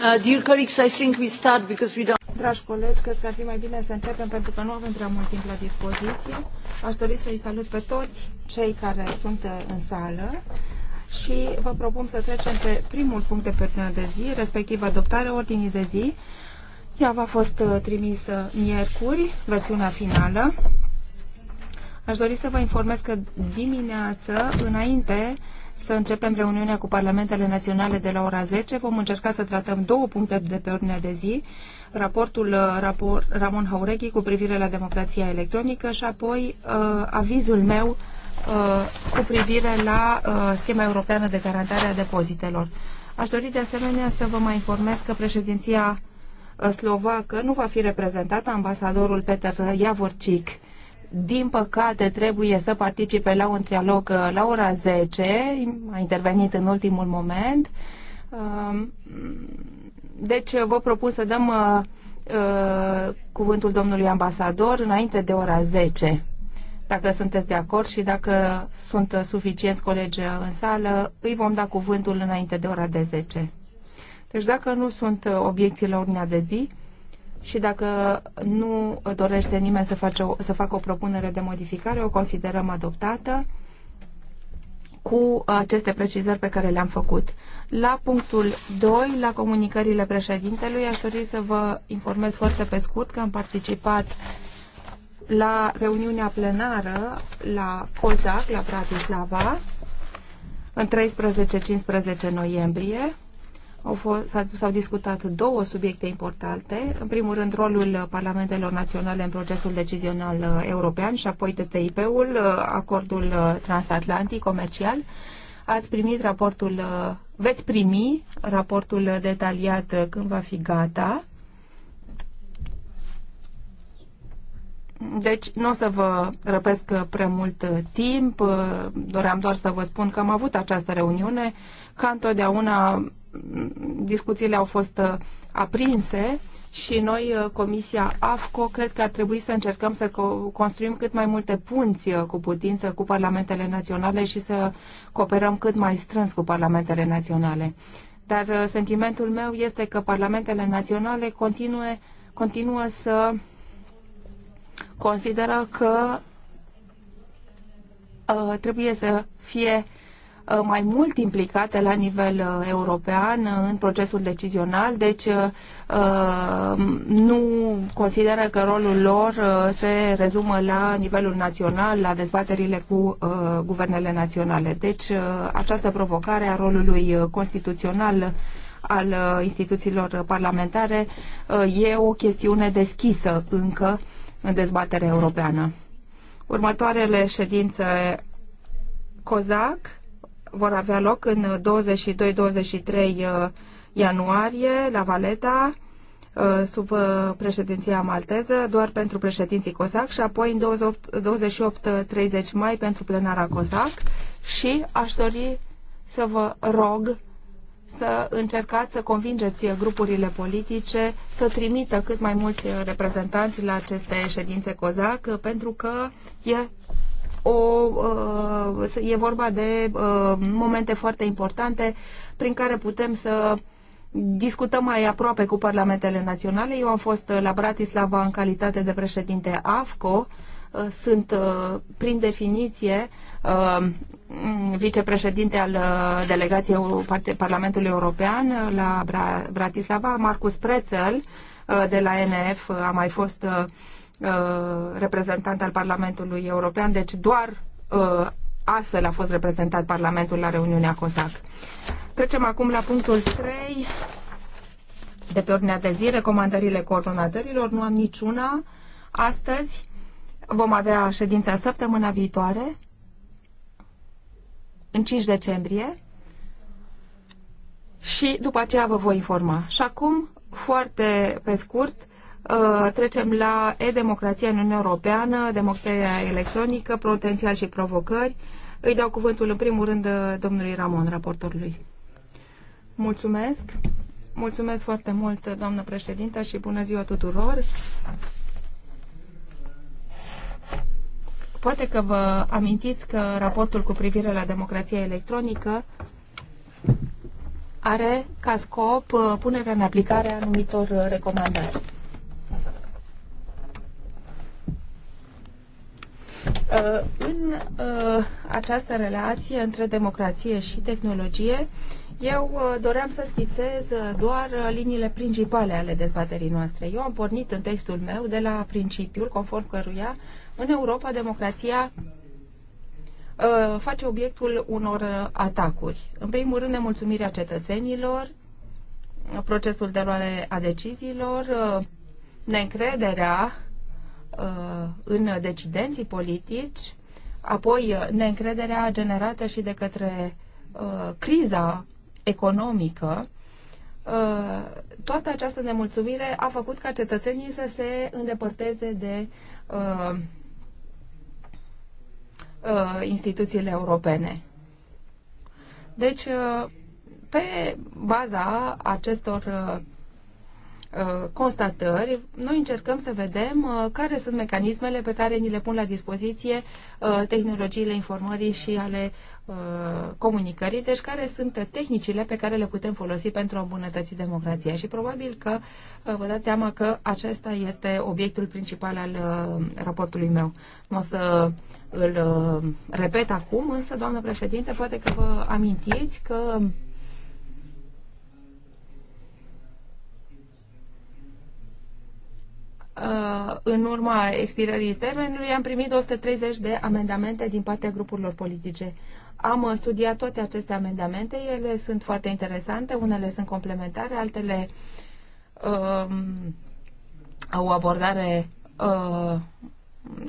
Uh, I think we start because we don't... Dragi colegi, cred că ar fi mai bine să începem pentru că nu avem prea mult timp la dispoziție. Aș dori să-i salut pe toți cei care sunt uh, în sală și vă propun să trecem pe primul punct de pe de zi, respectiv adoptarea ordinii de zi. Ea v-a fost uh, trimisă miercuri, versiunea finală. Aș dori să vă informez că dimineață, înainte să începem reuniunea cu Parlamentele Naționale de la ora 10, vom încerca să tratăm două puncte de pe ordinea de zi, raportul uh, rapor, Ramon Haureghi cu privire la democrația electronică și apoi uh, avizul meu uh, cu privire la uh, schema europeană de garantare a depozitelor. Aș dori de asemenea să vă mai informez că președinția uh, slovacă nu va fi reprezentată ambasadorul Peter Iavorcic din păcate, trebuie să participe la un trialog uh, la ora 10, a intervenit în ultimul moment. Um, deci vă propun să dăm uh, uh, cuvântul domnului ambasador înainte de ora 10. Dacă sunteți de acord și dacă sunt suficienți colegi în sală, îi vom da cuvântul înainte de ora de 10. Deci dacă nu sunt obiecții la ordinea de zi, și dacă nu dorește nimeni să, face o, să facă o propunere de modificare, o considerăm adoptată cu aceste precizări pe care le-am făcut. La punctul 2, la comunicările președintelui, aș dori să vă informez foarte pe scurt că am participat la reuniunea plenară la COZAC, la Bratislava, în 13-15 noiembrie. S-au discutat două subiecte importante. În primul rând, rolul parlamentelor naționale în procesul decizional uh, european și apoi TTIP-ul, uh, acordul uh, transatlantic comercial. Ați primit raportul, veți primi raportul detaliat când va fi gata. Deci nu o să vă răpesc prea mult timp, doream doar să vă spun că am avut această reuniune, ca întotdeauna discuțiile au fost uh, aprinse și noi, uh, Comisia AFCO, cred că ar trebui să încercăm să construim cât mai multe punți uh, cu putință cu parlamentele naționale și să cooperăm cât mai strâns cu parlamentele naționale. Dar sentimentul meu este că parlamentele naționale continue, continuă să consideră că trebuie să fie Uh, mai mult implicate la nivel uh, european uh, în procesul decizional, deci nu consideră că rolul lor se rezumă la nivelul național, la dezbaterile cu guvernele naționale. Deci această provocare a rolului constituțional al instituțiilor parlamentare e o chestiune deschisă încă în dezbaterea europeană. Următoarele ședințe COZAC vor avea loc în 22-23 uh, ianuarie la Valeta, uh, sub uh, președinția malteză, doar pentru președinții COSAC și apoi în 28-30 mai pentru plenara COSAC și aș dori să vă rog să încercați să convingeți grupurile politice să trimită cât mai mulți reprezentanți la aceste ședințe COSAC pentru că e o, uh, e vorba de uh, momente foarte importante prin care putem să discutăm mai aproape cu parlamentele naționale. Eu am fost la Bratislava în calitate de președinte AFCO. Uh, sunt, prin definiție, vicepreședinte al delegației Parlamentului European la Bratislava, Marcus Prețel, de la NF, a mai fost Uh, reprezentant al Parlamentului European, deci doar uh, astfel a fost reprezentat Parlamentul la reuniunea COSAC. Trecem acum la punctul 3 de pe ordinea de zi, recomandările coordonatorilor. Nu am niciuna astăzi. Vom avea ședința săptămâna viitoare, în 5 decembrie, și după aceea vă voi informa. Și acum, foarte pe scurt, Uh, trecem la e-democrația în Uniunea Europeană, democrația electronică, potențial și provocări. Îi dau cuvântul în primul rând uh, domnului Ramon, raportorului. Mulțumesc. Mulțumesc foarte mult, doamnă președintă, și bună ziua tuturor. Poate că vă amintiți că raportul cu privire la democrația electronică are ca scop uh, punerea în aplicare a anumitor recomandări. Uh, în uh, această relație între democrație și tehnologie, eu uh, doream să schițez doar liniile principale ale dezbaterii noastre. Eu am pornit în textul meu de la principiul conform căruia în Europa democrația face obiectul unor atacuri. În primul rând, nemulțumirea cetățenilor, procesul de luare a deciziilor, neîncrederea Uh, în decidenții politici, apoi uh, neîncrederea generată și de către uh, criza economică, toată această nemulțumire a făcut ca cetățenii să se îndepărteze de instituțiile europene. Deci, pe baza acestor Uh, constatări, noi încercăm să vedem uh, care sunt mecanismele pe care ni le pun la dispoziție uh, tehnologiile informării și ale comunicării, deci care sunt tehnicile pe care le putem folosi pentru a îmbunătăți democrația. Și probabil că vă dați seama că acesta este obiectul principal al raportului meu. Nu o să îl repet acum, însă, doamnă președinte, poate că vă amintiți că Uh, în urma expirării termenului, am primit 230 de amendamente din partea grupurilor politice. Am uh, studiat toate aceste amendamente, ele sunt foarte interesante, unele sunt complementare, altele uh, au o abordare uh,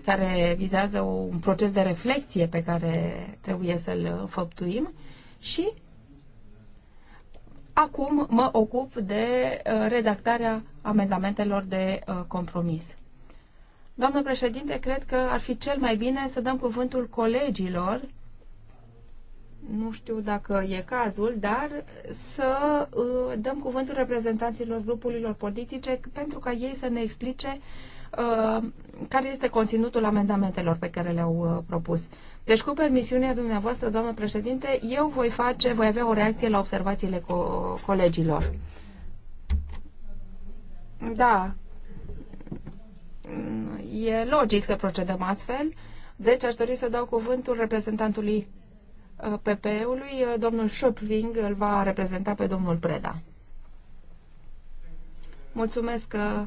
care vizează un proces de reflexie pe care trebuie să-l uh, făptuim și acum mă ocup de redactarea amendamentelor de uh, compromis. Doamnă președinte, cred că ar fi cel mai bine să dăm cuvântul colegilor nu știu dacă e cazul, dar să uh, dăm cuvântul reprezentanților grupurilor politice pentru ca ei să ne explice uh, care este conținutul amendamentelor pe care le-au uh, propus. Deci, cu permisiunea dumneavoastră, doamnă președinte, eu voi face, voi avea o reacție la observațiile co- colegilor. Da, e logic să procedăm astfel. Deci aș dori să dau cuvântul reprezentantului uh, PPE-ului, uh, domnul Schöpfling îl va reprezenta pe domnul Preda. Mulțumesc, uh,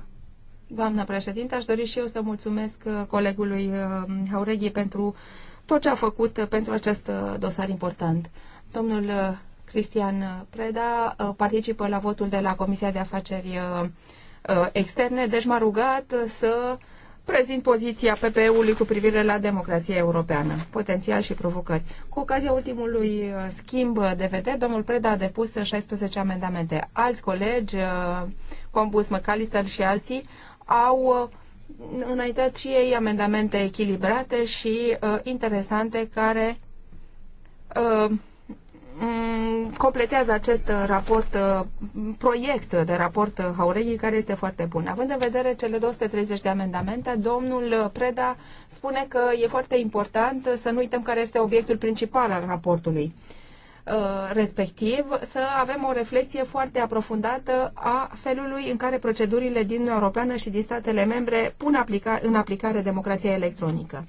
doamna președinte. Aș dori și eu să mulțumesc colegului Haureghi pentru tot ce a făcut pentru acest dosar important. Domnul Cristian Preda participă la votul de la Comisia de Afaceri Uh, externe, deci m-a rugat să prezint poziția PPE-ului cu privire la democrația europeană, potențial și provocări. Cu ocazia ultimului uh, schimb de vedere, domnul Preda a depus 16 amendamente. Alți colegi, uh, Combus McAllister și alții, au înaintat și ei amendamente echilibrate și uh, interesante care uh, Mm, completează acest uh, raport, uh, proiect de raport Haureghi, care este foarte bun. Având în vedere cele 230 de amendamente, domnul Preda spune că e foarte important să nu uităm care este obiectul principal al raportului uh, respectiv, să avem o reflexie foarte aprofundată a felului în care procedurile din Uniunea Europeană și din statele membre pun aplica- în aplicare democrația electronică.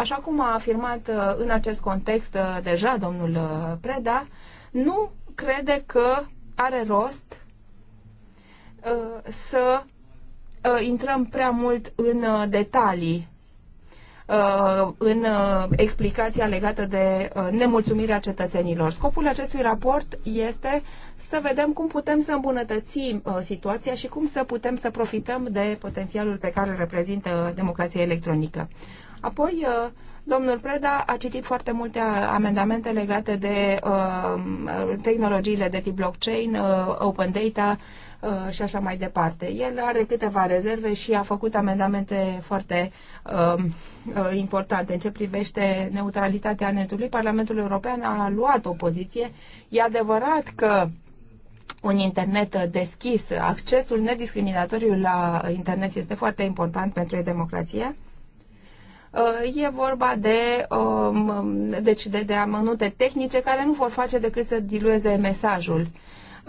Așa cum a afirmat uh, în acest context uh, deja domnul uh, Preda, nu crede că are rost să intrăm prea mult în detalii în explicația legată de nemulțumirea cetățenilor. Scopul acestui raport este să vedem cum putem să îmbunătățim situația și cum să putem să profităm de potențialul pe care îl reprezintă democrația electronică. Apoi, uh, domnul Preda a citit foarte multe uh, amendamente legate de uh, tehnologiile de tip blockchain, open data și așa mai departe. El are câteva rezerve și a făcut amendamente foarte um, importante. În ce privește neutralitatea netului, Parlamentul European a luat o poziție. E adevărat că un internet deschis, accesul nediscriminatoriu la internet este foarte important pentru democrație Uh, e vorba de, um, deci de, de amănunte tehnice care nu vor face decât să dilueze mesajul.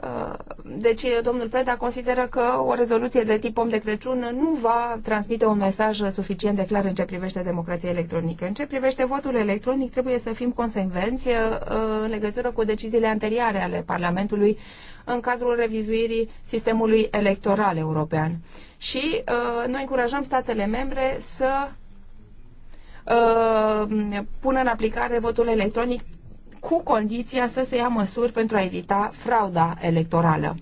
Uh, deci, domnul Preda consideră că o rezoluție de tip om de Crăciun nu va transmite un mesaj suficient de clar în ce privește democrația electronică. În ce privește votul electronic, trebuie să fim consecvenți uh, în legătură cu deciziile anterioare ale Parlamentului în cadrul revizuirii sistemului electoral european. Și noi încurajăm statele membre să Uh, pună în aplicare votul electronic cu condiția să se ia măsuri pentru a evita frauda electorală.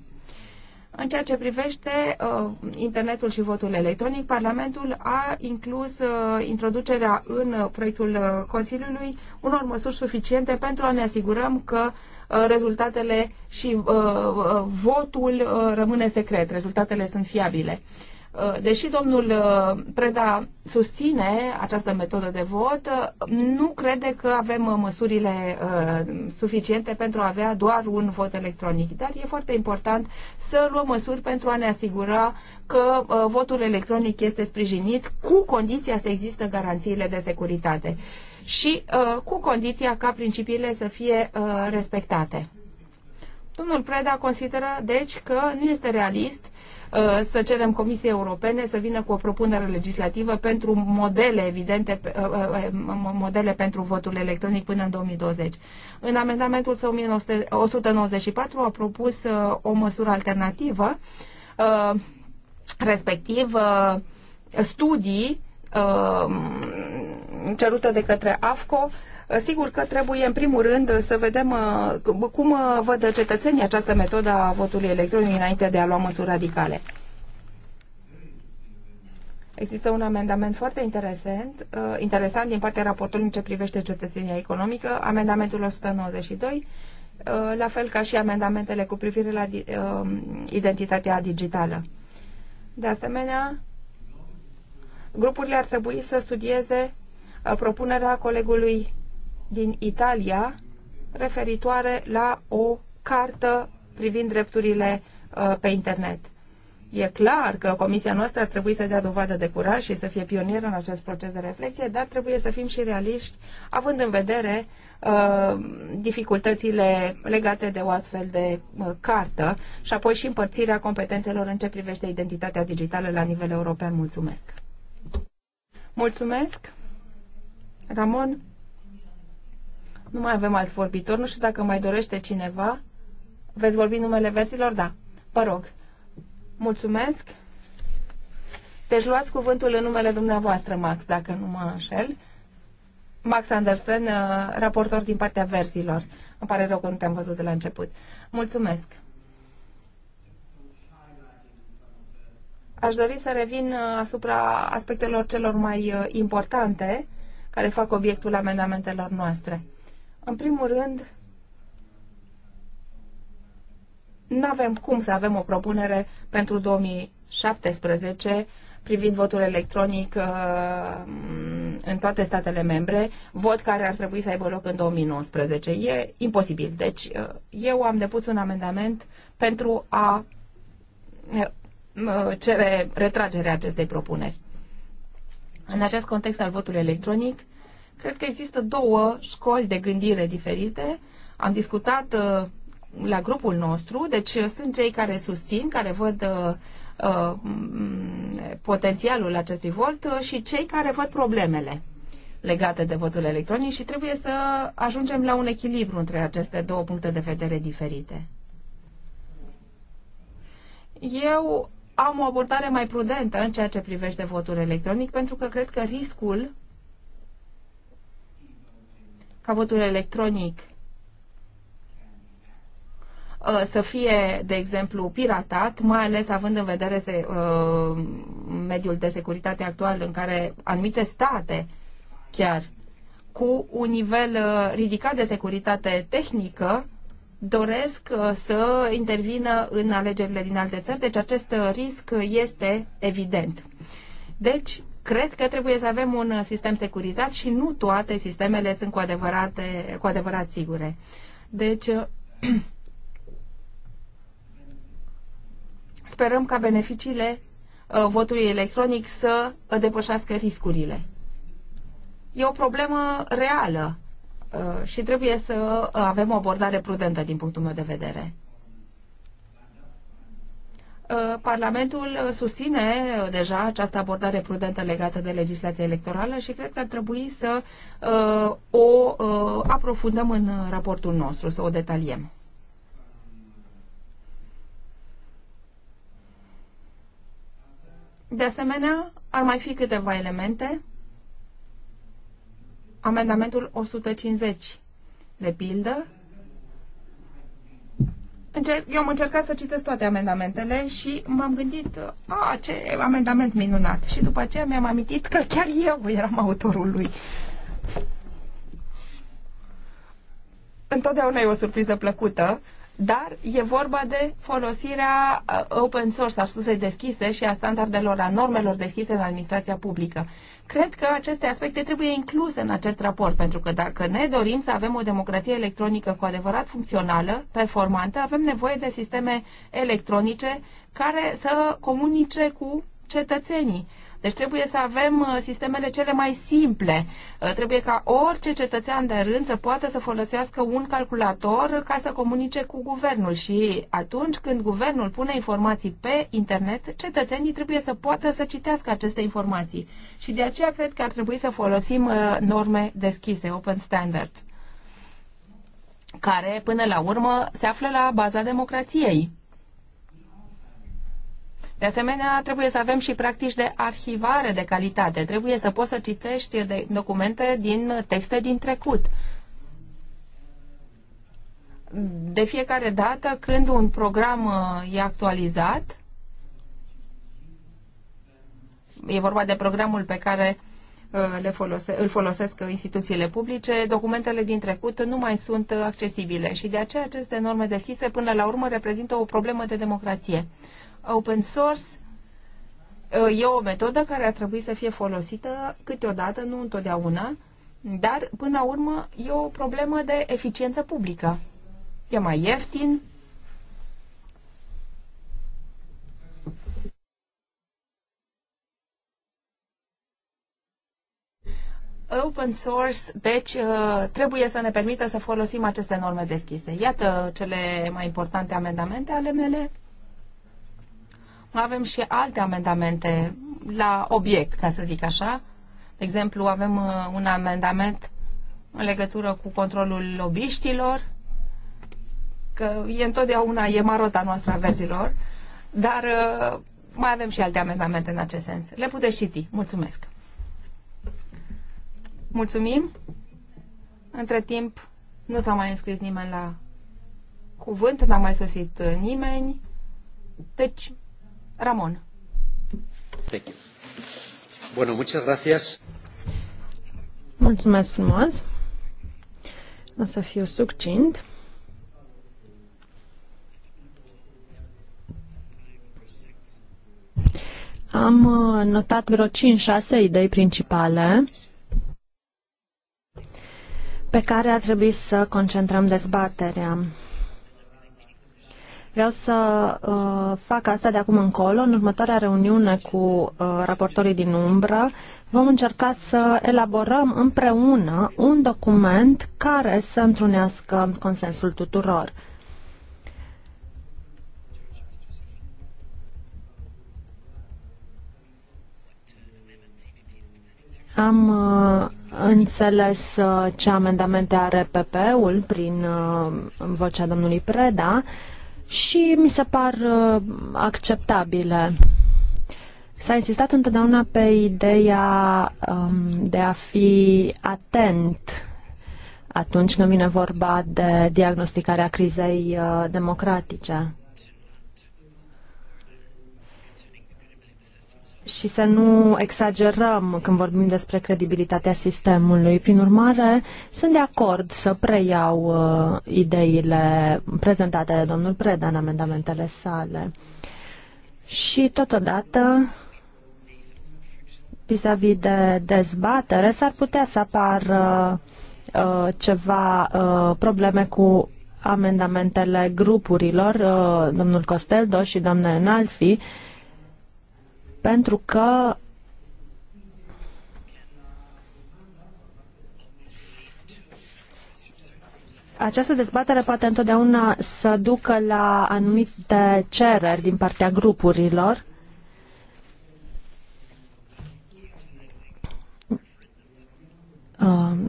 În ceea ce privește uh, internetul și votul electronic, Parlamentul a inclus uh, introducerea în uh, proiectul uh, Consiliului unor măsuri suficiente pentru a ne asigurăm că uh, rezultatele și uh, uh, votul uh, rămâne secret, rezultatele sunt fiabile. Uh, Uh, deși domnul uh, Preda susține această metodă de vot, uh, nu crede că avem măsurile suficiente pentru a avea doar un vot electronic. Dar e foarte important să luăm măsuri pentru a ne asigura că votul electronic este sprijinit cu condiția să există garanțiile de securitate și cu condiția ca principiile să fie respectate. Domnul Preda consideră, deci, că nu este realist Uh, să cerem Comisiei Europene să vină cu o propunere legislativă pentru modele evidente, uh, uh, modele pentru votul electronic până în 2020. În amendamentul său 194 a propus o măsură alternativă, respectiv studii cerută de către AFCO. Uh, sigur că trebuie, în primul rând, să vedem uh, cum uh, văd cetățenii această metodă a votului electronic înainte de a lua măsuri radicale. Există un amendament foarte interesant, interesant din partea raportului în ce privește cetățenia economică, amendamentul 192, la fel ca și amendamentele cu privire la identitatea digitală. De asemenea, grupurile ar trebui să studieze Uh, propunerea colegului din Italia referitoare la o cartă privind drepturile uh, pe internet. E clar că comisia noastră ar trebui să dea dovadă de curaj și să fie pionieră în acest proces de reflexie, dar trebuie să fim și realiști, având în vedere uh, dificultățile legate de o astfel de uh, cartă și apoi și împărțirea competențelor în ce privește identitatea digitală la nivel european. Mulțumesc! Mulțumesc! Ramon? Nu mai avem alți vorbitori. Nu știu dacă mai dorește cineva. Veți vorbi numele versilor? Da. Vă rog. Mulțumesc. Deci luați cuvântul în numele dumneavoastră, Max, dacă nu mă înșel. Max Andersen, uh, raportor din partea verzilor. Îmi pare rău că nu te-am văzut de la început. Mulțumesc. Aș dori să revin uh, asupra aspectelor celor mai uh, importante care fac obiectul amendamentelor noastre. În primul rând, nu avem cum să avem o propunere pentru 2017 privind votul electronic uh, în toate statele membre, vot care ar trebui să aibă loc în 2019. E imposibil. Deci, uh, eu am depus un amendament pentru a uh, cere retragerea acestei propuneri. În acest context al votului electronic, cred că există două școli de gândire diferite. Am discutat uh, la grupul nostru, deci uh, sunt cei care susțin, care văd uh, potențialul acestui vot și cei care văd problemele legate de votul electronic și trebuie să ajungem la un echilibru între aceste două puncte de vedere diferite. Eu am o abordare mai prudentă în ceea ce privește votul electronic, pentru că cred că riscul ca votul electronic uh, să fie, de exemplu, piratat, mai ales având în vedere se, uh, mediul de securitate actual în care anumite state chiar cu un nivel uh, ridicat de securitate tehnică doresc uh, să intervină în alegerile din alte țări, deci acest uh, risc este evident. Deci, cred că trebuie să avem un uh, sistem securizat și nu toate sistemele sunt cu, adevărat cu adevărat sigure. Deci, sperăm ca beneficiile votului electronic să depășească riscurile. E o problemă reală Uh, și trebuie să uh, avem o abordare prudentă din punctul meu de vedere. Uh, Parlamentul susține deja această abordare prudentă legată de legislația electorală și cred că ar trebui să o aprofundăm în raportul nostru, să o detaliem. De asemenea, ar mai fi câteva elemente amendamentul 150. De pildă, eu am încercat să citesc toate amendamentele și m-am gândit, a, ce amendament minunat. Și după aceea mi-am amintit că chiar eu eram autorul lui. Întotdeauna e o surpriză plăcută dar e vorba de folosirea uh, open source, a sursei deschise și a standardelor, a normelor deschise în administrația publică. Cred că aceste aspecte trebuie incluse în acest raport, pentru că dacă ne dorim să avem o democrație electronică cu adevărat funcțională, performantă, avem nevoie de sisteme electronice care să comunice cu cetățenii deci trebuie să avem uh, sistemele cele mai simple. Uh, trebuie ca orice cetățean de rând să poată să folosească un calculator ca să comunice cu guvernul și atunci când guvernul pune informații pe internet, cetățenii trebuie să poată să citească aceste informații. Și de aceea cred că ar trebui să folosim uh, norme deschise, open standards care, până la urmă, se află la baza democrației. De asemenea, trebuie să avem și practici de arhivare de calitate. Trebuie să poți să citești documente din texte din trecut de fiecare dată când un program uh, e actualizat, e vorba de programul pe care uh, le folose, îl folosesc instituțiile publice, documentele din trecut nu mai sunt uh, accesibile și de aceea aceste norme deschise până la urmă reprezintă o problemă de democrație. Open source e o metodă care ar trebui să fie folosită câteodată, nu întotdeauna, dar până la urmă e o problemă de eficiență publică. E mai ieftin, open source, deci uh, trebuie să ne permită să folosim aceste norme deschise. Iată cele mai importante amendamente ale mele. Mai avem și alte amendamente la obiect, ca să zic așa. De exemplu, avem uh, un amendament în legătură cu controlul lobiștilor, că e întotdeauna e marota noastră a verzilor, dar uh, mai avem și alte amendamente în acest sens. Le puteți citi. Mulțumesc. Mulțumim. Între timp, nu s-a mai înscris nimeni la cuvânt, n-a mai sosit uh, nimeni. Deci, Mulțumesc frumos. O să fiu succint. Am uh, notat vreo 5-6 idei principale pe care ar trebui să concentrăm dezbaterea. Vreau să uh, fac asta de acum încolo. În următoarea reuniune cu uh, raportorii din umbră vom încerca să elaborăm împreună un document care să întrunească consensul tuturor. Am uh, înțeles uh, ce amendamente are PP-ul prin uh, vocea domnului Preda. Uh, și mi se par uh, acceptabile. S-a insistat întotdeauna pe ideea um, de a fi atent atunci când vine vorba de diagnosticarea crizei uh, democratice. și să nu exagerăm când vorbim despre credibilitatea sistemului. Prin urmare, sunt de acord să preiau uh, ideile prezentate de domnul Preda în amendamentele sale. Și totodată, vis-a-vis de dezbatere, s-ar putea să apară uh, ceva uh, probleme cu amendamentele grupurilor, uh, domnul Costeldo și doamna Nalfi. uh, pentru că această dezbatere poate întotdeauna să ducă la anumite cereri din partea grupurilor. Um,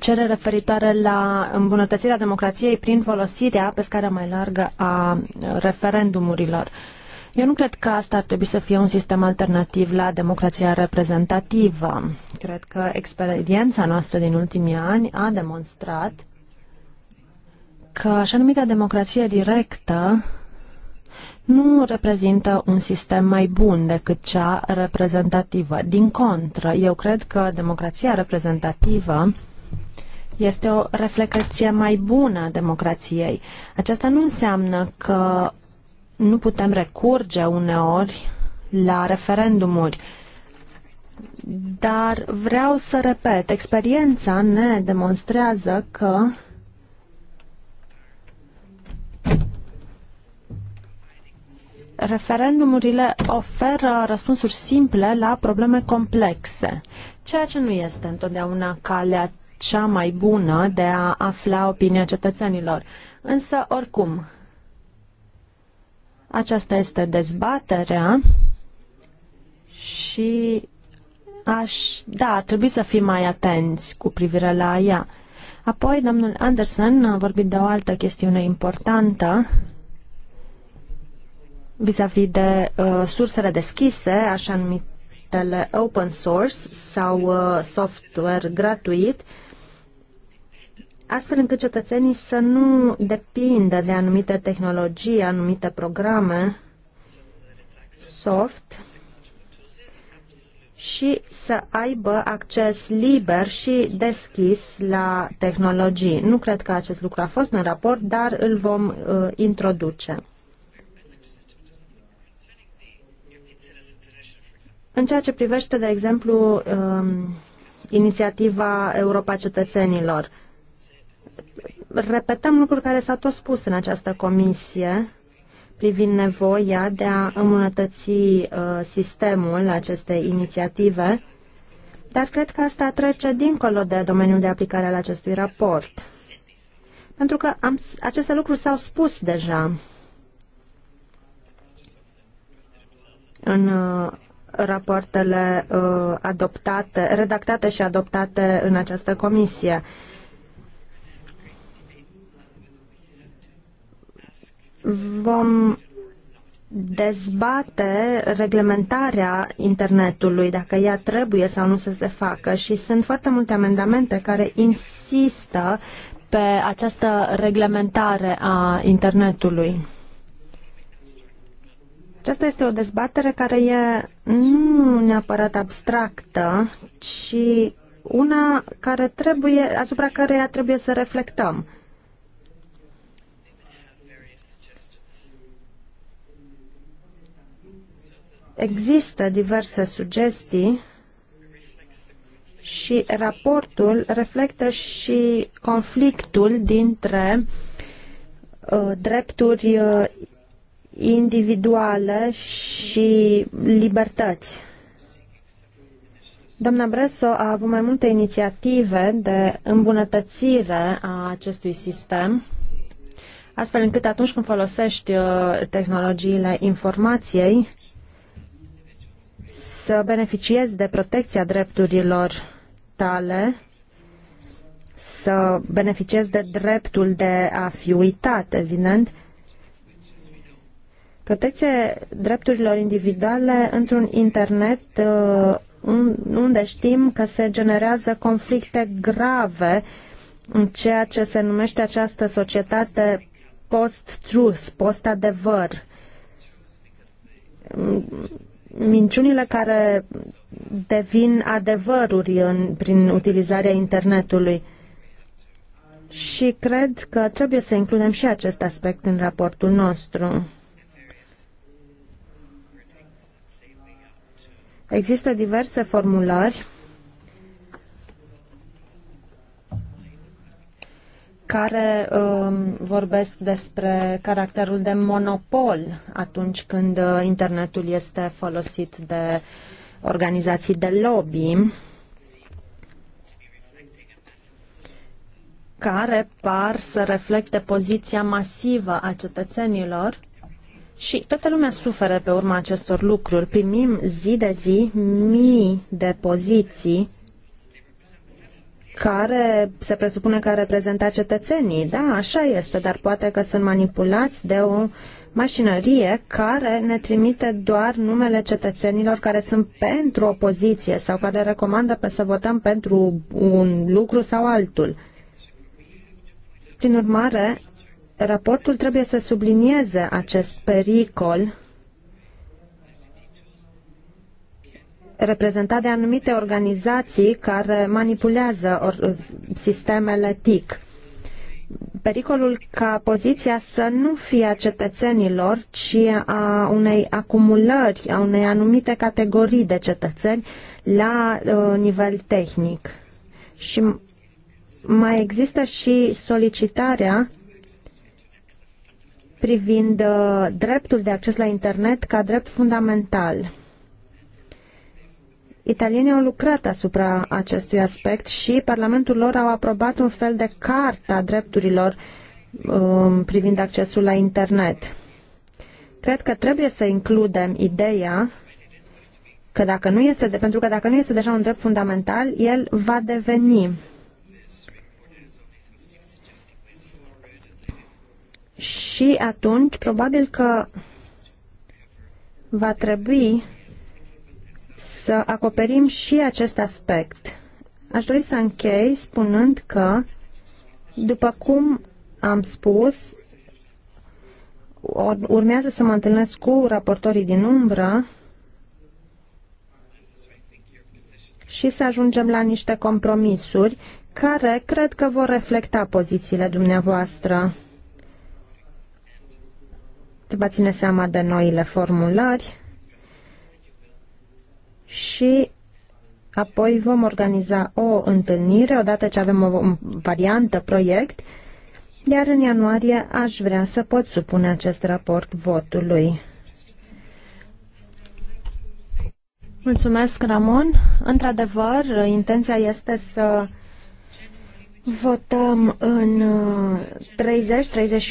Cere referitoare la îmbunătățirea democrației prin folosirea pe scară mai largă a referendumurilor. Uh, eu nu cred că asta ar trebui să fie un sistem alternativ la democrația reprezentativă. Cred că experiența noastră din ultimii ani a demonstrat că așa numita democrație directă nu reprezintă un sistem mai bun decât cea reprezentativă. Din contră, eu cred că democrația reprezentativă este o reflecție mai bună a democrației. Aceasta nu înseamnă că nu putem recurge uneori la referendumuri. Dar vreau să repet, experiența ne demonstrează că referendumurile oferă răspunsuri simple la probleme complexe, ceea ce nu este întotdeauna calea cea mai bună de a afla opinia cetățenilor. Însă, oricum, aceasta este dezbaterea și aș, da, ar trebui să fim mai atenți cu privire la ea. Apoi, domnul Anderson a vorbit de o altă chestiune importantă vis-a-vis -vis de uh, sursele deschise, așa numitele open source sau uh, software gratuit, uh, astfel încât cetățenii să nu depindă de anumite tehnologii, anumite programe soft și să aibă acces liber și deschis la tehnologii. Nu cred că acest lucru a fost în raport, dar îl vom uh, introduce. În ceea ce privește, de exemplu, um, inițiativa Europa Cetățenilor, uh, repetăm lucruri care s-au tot spus în această comisie privind nevoia de a îmbunătăți uh, sistemul acestei inițiative, dar cred că asta trece dincolo de domeniul de aplicare al acestui raport. Pentru că am, aceste lucruri s-au spus deja în uh, rapoartele uh, adoptate, redactate și adoptate în această comisie. Uh, vom dezbate reglementarea internetului, dacă ea trebuie sau nu să se facă și sunt foarte multe amendamente care insistă pe această reglementare a internetului. Aceasta este o dezbatere care e nu neapărat abstractă, ci una care trebuie, asupra căreia trebuie să reflectăm. Există diverse sugestii și raportul reflectă și conflictul dintre uh, drepturi uh, individuale și libertăți. Doamna Bresso a avut mai multe inițiative de îmbunătățire a acestui sistem, astfel încât atunci când folosești uh, tehnologiile informației, să beneficiezi de protecția drepturilor tale, să beneficiezi de dreptul de a fi uitat, evident, protecție drepturilor individuale într-un internet uh, unde știm că se generează conflicte grave în ceea ce se numește această societate post-truth, post-adevăr minciunile care devin adevăruri în, prin utilizarea internetului. Și cred că trebuie să includem și acest aspect în raportul nostru. Există diverse formulări care um, vorbesc despre caracterul de monopol atunci când uh, internetul este folosit de organizații de lobby care par să reflecte poziția masivă a cetățenilor și toată lumea suferă pe urma acestor lucruri. Primim zi de zi mii de poziții care se presupune că reprezenta cetățenii. Da, așa este, dar poate că sunt manipulați de o mașinărie care ne trimite doar numele cetățenilor care sunt pentru opoziție sau care recomandă pe să votăm pentru un lucru sau altul. Prin urmare, raportul trebuie să sublinieze acest pericol reprezentat de anumite organizații care manipulează or- sistemele TIC. Pericolul ca poziția să nu fie a cetățenilor, ci a unei acumulări, a unei anumite categorii de cetățeni la uh, nivel tehnic. Și mai există și solicitarea privind uh, dreptul de acces la internet ca drept fundamental. Italienii au lucrat asupra acestui aspect și Parlamentul lor au aprobat un fel de carta drepturilor um, privind accesul la internet. Cred că trebuie să includem ideea că dacă nu este, de, pentru că dacă nu este deja un drept fundamental, el va deveni. Și atunci, probabil că va trebui să acoperim și acest aspect. Aș dori să închei spunând că, după cum am spus, urmează să mă întâlnesc cu raportorii din umbră și să ajungem la niște compromisuri care cred că vor reflecta pozițiile dumneavoastră. Trebuie ține seama de noile formulări și apoi vom organiza o întâlnire odată ce avem o variantă proiect, iar în ianuarie aș vrea să pot supune acest raport votului. Mulțumesc, Ramon. Într-adevăr, intenția este să Votăm în 30-31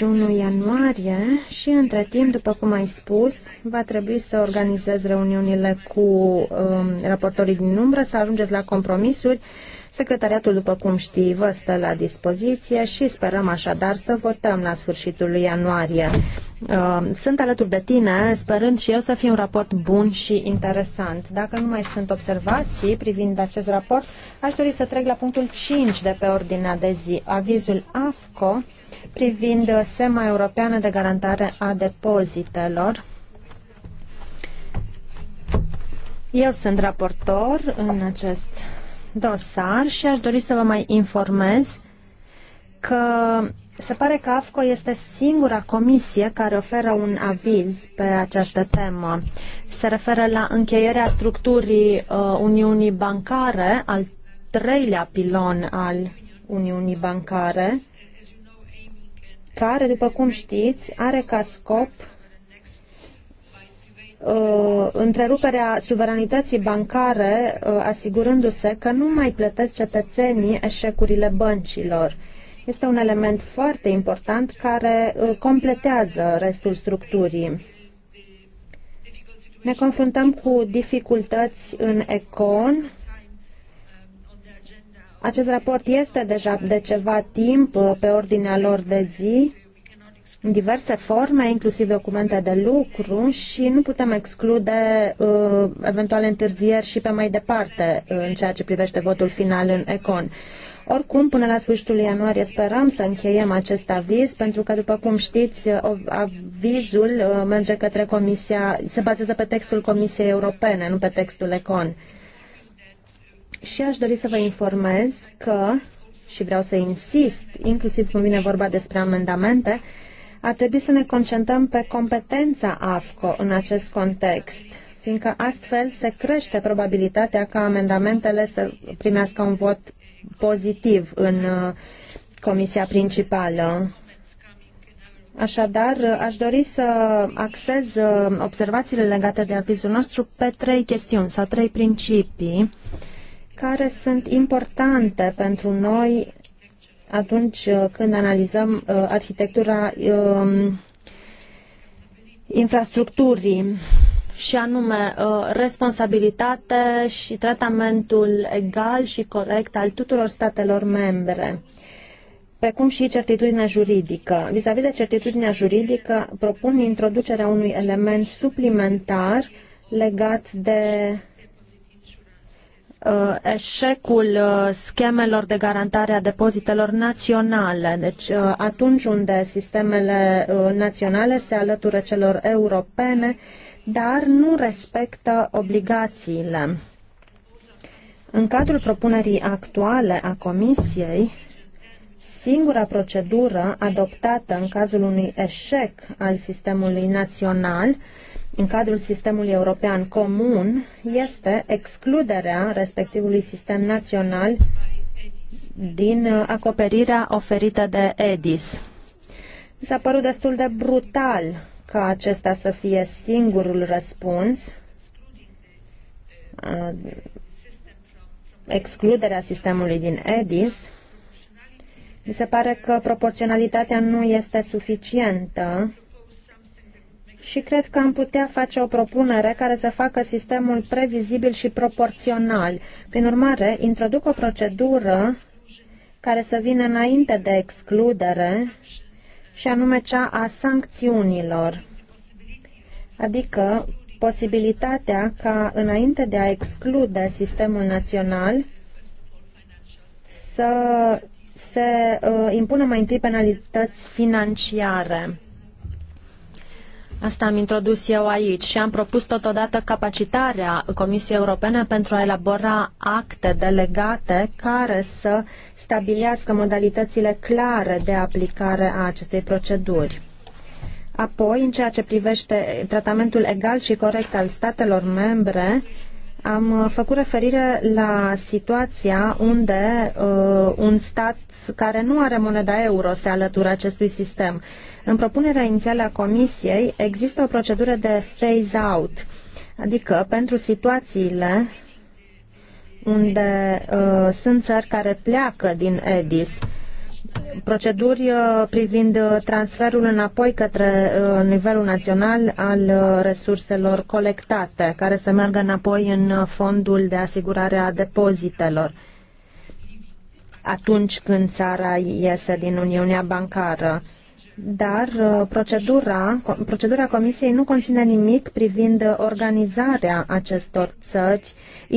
uh, ianuarie și între timp, după cum ai spus, va trebui să organizez reuniunile cu um, raportorii din umbră, să ajungeți la compromisuri Secretariatul, după cum știi, vă stă la dispoziție și sperăm așadar să votăm la sfârșitul lui ianuarie. Uh, sunt alături de tine, sperând și eu să fie un raport bun și interesant. Dacă nu mai sunt observații privind acest raport, aș dori să trec la punctul 5 de pe ordinea de zi, avizul AFCO privind SEMA Europeană de Garantare a Depozitelor. Eu sunt raportor în acest dosar și aș dori să vă mai informez că se pare că AFCO este singura comisie care oferă un aviz pe această temă. Se referă la încheierea structurii uh, Uniunii Bancare, al treilea pilon al Uniunii Bancare, care, după cum știți, are ca scop uh, întreruperea suveranității bancare, uh, asigurându-se că nu mai plătesc cetățenii eșecurile băncilor. Este un element foarte important care uh, completează restul structurii. Ne confruntăm cu dificultăți în econ. Acest raport este deja de ceva timp uh, pe ordinea lor de zi în diverse forme, inclusiv documente de lucru și nu putem exclude uh, eventuale întârzieri și pe mai departe uh, în ceea ce privește votul final în Econ. Oricum, până la sfârșitul ianuarie sperăm să încheiem acest aviz, pentru că, după cum știți, avizul uh, merge către Comisia, se bazează pe textul Comisiei Europene, nu pe textul ECON. Și aș dori să vă informez că, și vreau să insist, inclusiv când vine vorba despre amendamente, ar trebui să ne concentrăm pe competența AFCO în acest context, fiindcă astfel se crește probabilitatea ca amendamentele să primească un vot pozitiv în uh, comisia principală. Așadar, uh, aș dori să axez uh, observațiile legate de avizul nostru pe trei chestiuni sau trei principii care sunt importante pentru noi atunci uh, când analizăm uh, arhitectura um, infrastructurii și anume uh, responsabilitate și tratamentul egal și corect al tuturor statelor membre precum și certitudinea juridică. Vis-a-vis -vis de certitudinea juridică, propun introducerea unui element suplimentar legat de Uh, eșecul uh, schemelor de garantare a depozitelor naționale. Deci uh, atunci unde sistemele naționale se alătură celor europene, dar nu respectă obligațiile. În cadrul propunerii actuale a Comisiei, singura procedură adoptată în cazul unui eșec al sistemului național în cadrul sistemului european comun este excluderea respectivului sistem național din acoperirea oferită de EDIS. Mi s-a părut destul de brutal ca acesta să fie singurul răspuns, uh, excluderea sistemului din EDIS. Mi se pare că proporționalitatea nu este suficientă și cred că am putea face o propunere care să facă sistemul previzibil și proporțional. Prin urmare, introduc o procedură care să vină înainte de excludere și anume cea a sancțiunilor, adică posibilitatea ca înainte de a exclude sistemul național să se uh, impună mai întâi penalități financiare. Asta am introdus eu aici și am propus totodată capacitarea Comisiei Europene pentru a elabora acte delegate care să stabilească modalitățile clare de aplicare a acestei proceduri. Apoi, în ceea ce privește tratamentul egal și corect al statelor membre, am făcut referire la situația unde uh, un stat care nu are moneda euro se alătură acestui sistem. Uh, în propunerea inițială a Comisiei există o procedură de phase-out, adică pentru situațiile unde uh, sunt țări care pleacă din EDIS, proceduri uh, privind uh, transferul înapoi către uh, nivelul național al resurselor colectate, care să meargă înapoi în fondul de asigurare a depozitelor atunci când țara iese din Uniunea Bancară dar uh, procedura, procedura Comisiei nu conține nimic privind organizarea acestor țări,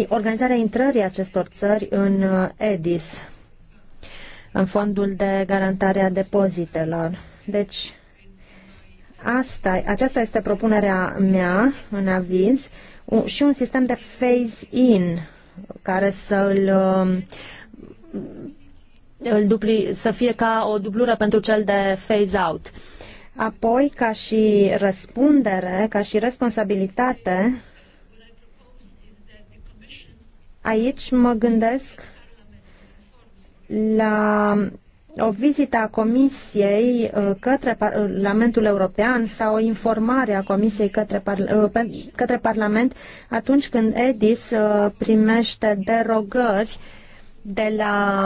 organizarea intrării acestor țări în EDIS, uh, în fondul de garantare a depozitelor. Deci, asta, aceasta este propunerea mea în aviz și un sistem de phase-in care să îl um, îl dupli, să fie ca o dublură pentru cel de phase-out. Apoi, ca și răspundere, ca și responsabilitate, aici mă gândesc la o vizită a Comisiei uh, către uh, Parlamentul European sau o informare a Comisiei către, Parla uh, către Parlament atunci când EDIS primește derogări uh, de la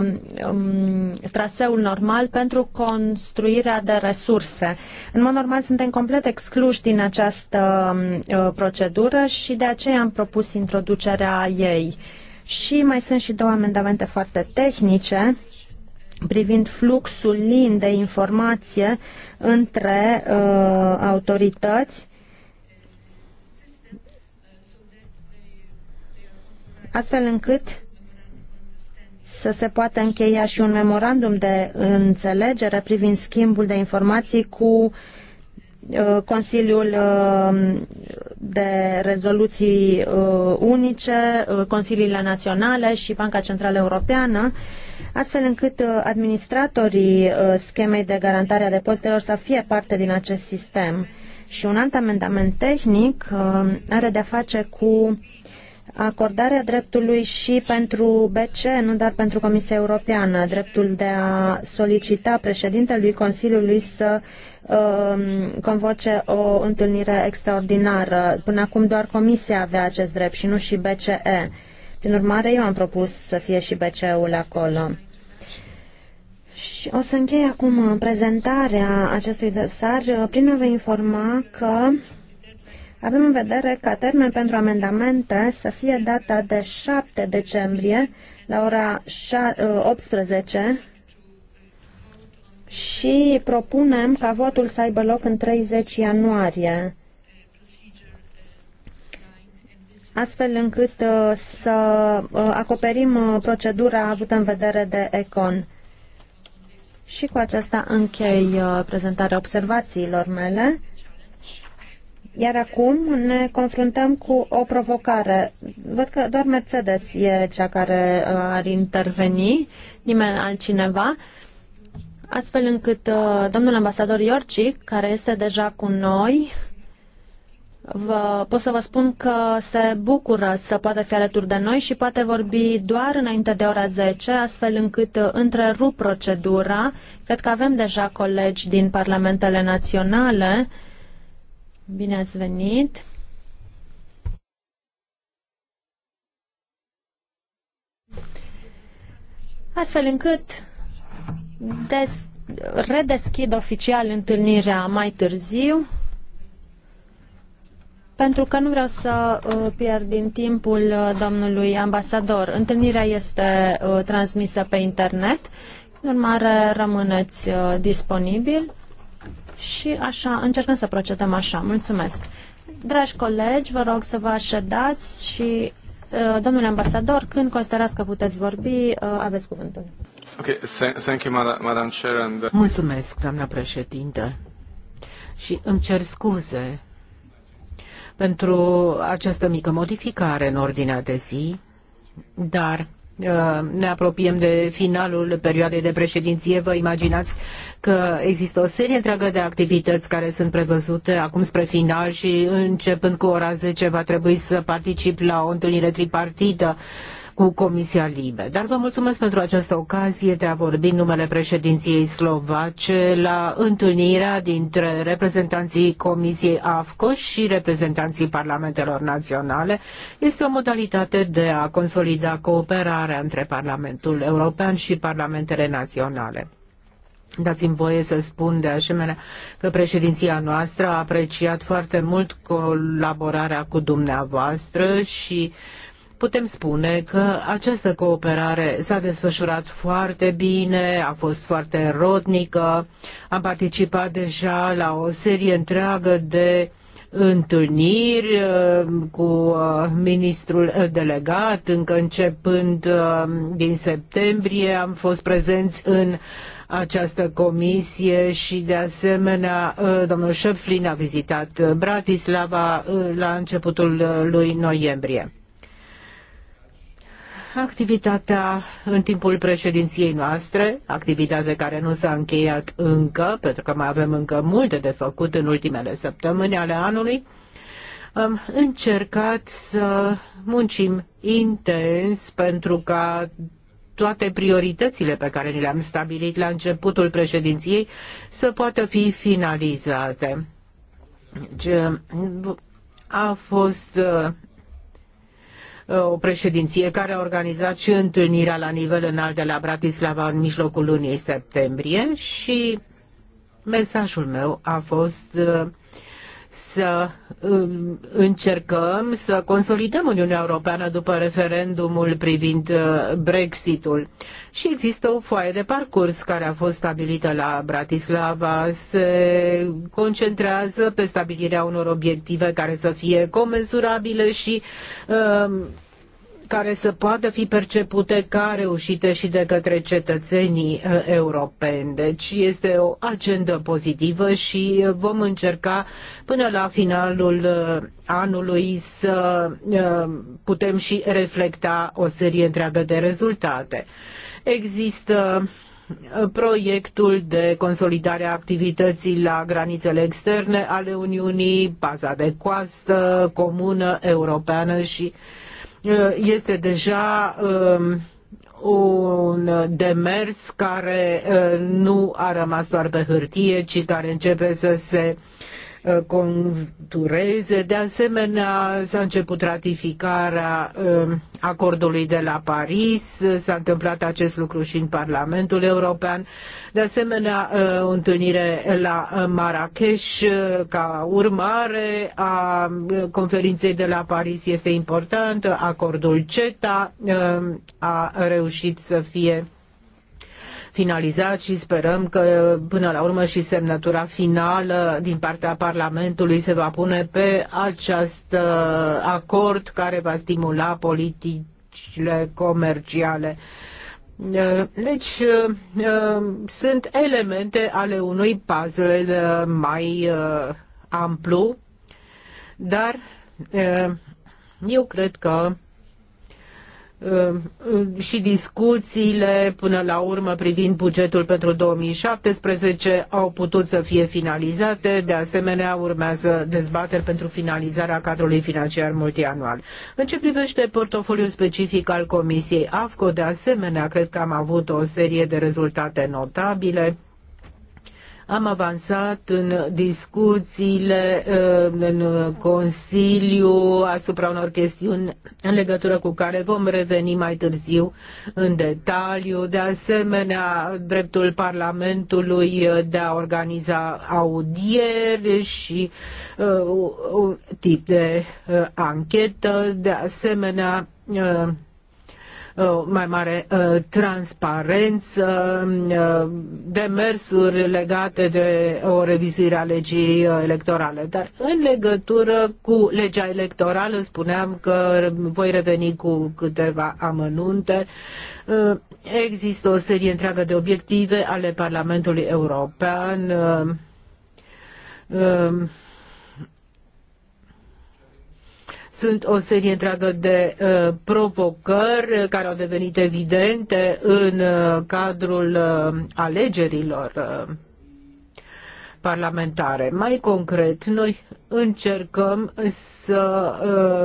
um, traseul normal pentru construirea de resurse. În mod normal suntem complet excluși din această um, uh, procedură și de aceea am propus introducerea ei. Și mai sunt și două amendamente foarte tehnice privind fluxul lin de informație între uh, autorități astfel încât să se poată încheia și un memorandum de înțelegere privind schimbul de informații cu uh, Consiliul uh, de rezoluții uh, unice, Consiliile Naționale și Banca Centrală Europeană, astfel încât administratorii schemei de garantare a depozitelor să fie parte din acest sistem. Și un alt amendament tehnic are de-a face cu acordarea dreptului și pentru BC, nu doar pentru Comisia Europeană, dreptul de a solicita președintelui Consiliului să um, convoce o întâlnire extraordinară. Până acum doar Comisia avea acest drept și nu și BCE. Prin urmare, eu am propus să fie și BCE-ul acolo. Și o să închei acum prezentarea acestui dosar prin a vă informa că avem în vedere ca termen pentru amendamente să fie data de 7 decembrie la ora 18 ă, și propunem ca votul să aibă loc în 30 ianuarie, astfel încât ă, să ă, acoperim procedura avută în vedere de ECON. Și cu aceasta închei prezentarea observațiilor mele iar acum ne confruntăm cu o provocare. Văd că doar Mercedes e cea care uh, ar interveni, nimeni altcineva, astfel încât uh, domnul ambasador Iorcic, care este deja cu noi, Vă, pot să vă spun că se bucură să poată fi alături de noi și poate vorbi doar înainte de ora 10, astfel încât uh, întrerup procedura. Cred că avem deja colegi din parlamentele naționale Bine ați venit! Astfel încât des, redeschid oficial întâlnirea mai târziu, pentru că nu vreau să uh, pierd din timpul uh, domnului ambasador. Întâlnirea este uh, transmisă pe internet, în urmare rămâneți disponibil și așa, încercăm să procedăm așa. Mulțumesc. Dragi colegi, vă rog să vă aședați și, uh, domnule ambasador, când considerați că puteți vorbi, uh, aveți cuvântul. Okay, thank you, Madam Chair. And... Uh, Mulțumesc, doamna președinte. Și îmi cer scuze pentru această mică modificare în ordinea de zi, dar Uh, ne apropiem de finalul perioadei de președinție, vă imaginați că există o serie întreagă de activități care sunt prevăzute acum spre final și începând cu ora 10 va trebui să particip la o întâlnire tripartită cu Comisia Libe. Dar vă mulțumesc pentru această ocazie de a vorbi în numele președinției slovace la întâlnirea dintre reprezentanții Comisiei AFCO și reprezentanții Parlamentelor Naționale. Este o modalitate de a consolida cooperarea între Parlamentul European și Parlamentele Naționale. Dați-mi voie să spun de asemenea că președinția noastră a apreciat foarte mult colaborarea cu dumneavoastră și uh, putem spune că această cooperare s-a desfășurat foarte bine, a fost foarte rodnică, am participat deja la o serie întreagă de întâlniri uh, cu uh, ministrul uh, delegat, încă începând din septembrie am fost prezenți în această comisie și de asemenea domnul Șeflin a vizitat Bratislava la începutul lui noiembrie activitatea în timpul președinției noastre, activitate care nu s-a încheiat încă, pentru că mai avem încă multe de făcut în ultimele săptămâni ale anului, am încercat să muncim intens pentru ca toate prioritățile pe care ni le-am stabilit la începutul președinției să poată fi finalizate. a fost uh, Uh, o președinție care a organizat și întâlnirea la nivel înalt de la Bratislava în mijlocul lunii septembrie și mesajul meu a fost uh, să um, încercăm să consolidăm Uniunea Europeană după referendumul privind uh, Brexitul. Și există o foaie de parcurs care a fost stabilită la Bratislava, se concentrează pe stabilirea unor obiective care să fie comensurabile și uh, care să poată fi percepute ca reușite și de către cetățenii uh, europeni. Deci este o agendă pozitivă și uh, vom încerca până la finalul uh, anului să putem și reflecta o serie întreagă de rezultate. Există proiectul de consolidare a activității la granițele externe ale Uniunii, baza de coastă comună europeană și uh, Uh, este deja um, un demers care uh, nu a rămas doar pe hârtie, ci care începe să se uh, Uh, contureze. De asemenea, s-a început ratificarea um, acordului de la Paris, s-a întâmplat acest lucru și în Parlamentul European. De asemenea, o uh, întâlnire la Marrakesh uh, ca urmare a conferinței de la Paris este importantă, acordul CETA um, a reușit să fie finalizat și sperăm că până la urmă și semnătura finală din partea Parlamentului se va pune pe acest uh, acord care va stimula politicile comerciale. Uh, deci uh, sunt elemente ale unui puzzle mai amplu, dar eu cred că Ehm, și discuțiile până la urmă privind bugetul pentru 2017 au putut să fie finalizate, de asemenea urmează dezbateri pentru finalizarea cadrului financiar multianual. În ce privește portofoliul specific al Comisiei AFCO, de asemenea, cred că am avut o serie de rezultate notabile. Am avansat în discuțiile uh, în Consiliu asupra unor chestiuni în legătură cu care vom reveni mai târziu în detaliu. De asemenea, dreptul Parlamentului de a organiza audieri și uh, un tip de uh, anchetă. De asemenea, Uh, mai mare uh, transparență, uh, demersuri legate de o revizuire a legii electorale. Dar în legătură cu legea electorală spuneam că voi reveni cu câteva amănunte. Există o serie întreagă de obiective ale Parlamentului European Sunt o serie întreagă de uh, provocări care au devenit evidente în uh, cadrul uh, alegerilor uh, parlamentare. Mai concret, noi încercăm să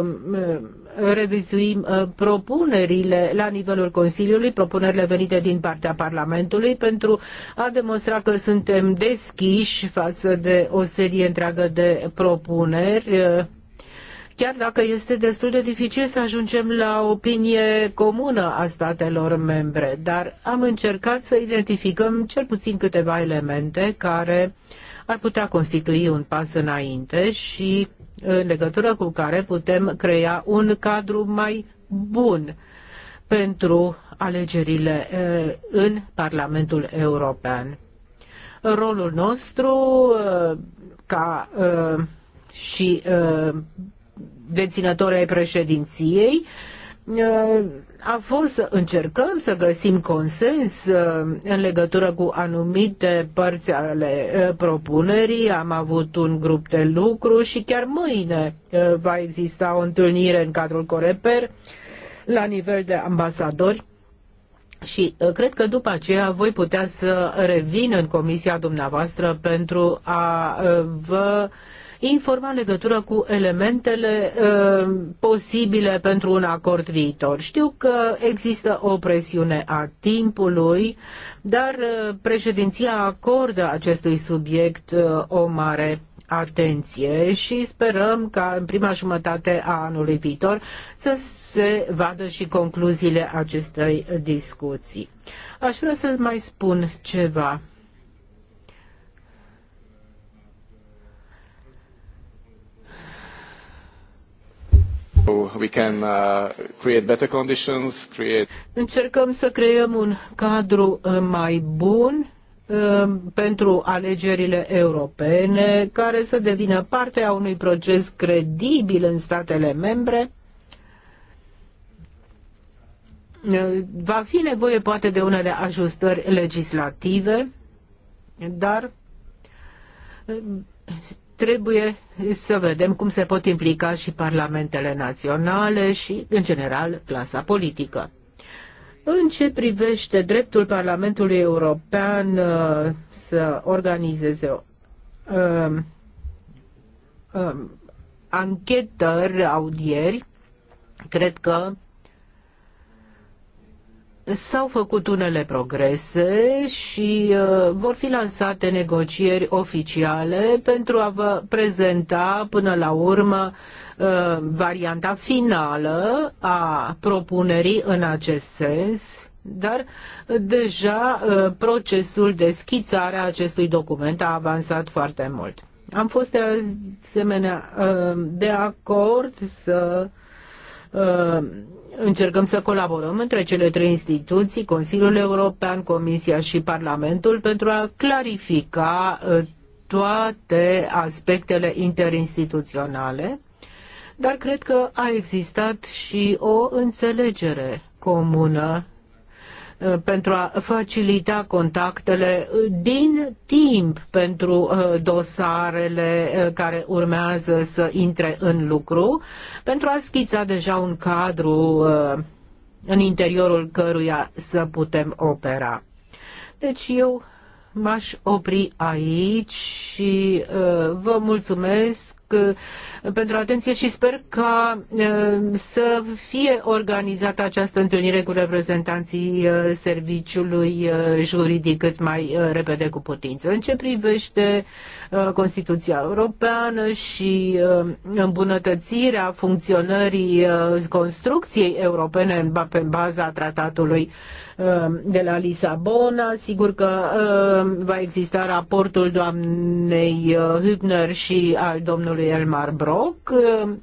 uh, revizuim uh, propunerile la nivelul Consiliului, propunerile venite din partea Parlamentului, pentru a demonstra că suntem deschiși față de o serie întreagă de propuneri. Uh, chiar dacă este destul de dificil să ajungem la opinie comună a statelor membre, dar am încercat să identificăm cel puțin câteva elemente care ar putea constitui un pas înainte și în legătură cu care putem crea un cadru mai bun pentru alegerile eh, în Parlamentul European. Rolul nostru eh, ca eh, și deținători ai președinției, uh, a fost să încercăm să găsim consens uh, în legătură cu anumite părți ale uh, propunerii. Am avut un grup de lucru și chiar mâine va exista o întâlnire în cadrul Coreper la nivel de ambasadori. Și cred că după aceea voi putea să revin în comisia dumneavoastră pentru a vă uh, informa în legătură cu elementele uh, posibile pentru un acord viitor. Știu că există o presiune a timpului, dar uh, președinția acordă acestui subiect uh, o mare atenție și sperăm ca în prima jumătate a anului viitor să se vadă și concluziile acestei discuții. Aș vrea să mai spun ceva Uh, Încercăm să creăm un cadru uh, mai bun uh, pentru alegerile europene, care să devină parte a unui proces credibil în statele membre. Va fi nevoie poate de unele ajustări legislative, dar trebuie să vedem cum se pot implica și parlamentele naționale și, în general, clasa politică. În ce privește dreptul Parlamentului European uh, să organizeze o, um, um, anchetări, audieri, cred că S-au făcut unele progrese și uh, vor fi lansate negocieri oficiale pentru a vă prezenta până la urmă uh, varianta finală a propunerii în acest sens, dar deja uh, procesul de schițare a acestui document a avansat foarte mult. Am fost de asemenea uh, de acord să uh, încercăm să colaborăm între cele trei instituții, Consiliul European, Comisia și Parlamentul, pentru a clarifica uh, toate aspectele interinstituționale, dar cred că a existat și o înțelegere comună Uh, pentru a facilita contactele din timp pentru uh, dosarele uh, care urmează să intre în lucru, pentru a schița deja un cadru în interiorul căruia să putem opera. Deci eu m-aș opri aici și vă mulțumesc Uh, pentru atenție și sper ca uh, să fie organizată această întâlnire cu reprezentanții uh, serviciului juridic cât mai repede cu putință. În ce privește Constituția Europeană și îmbunătățirea funcționării construcției europene pe baza tratatului Ehm, de la Lisabona. Sigur că ehm, va exista raportul doamnei eh, Hübner și al domnului Elmar Brock. Ehm,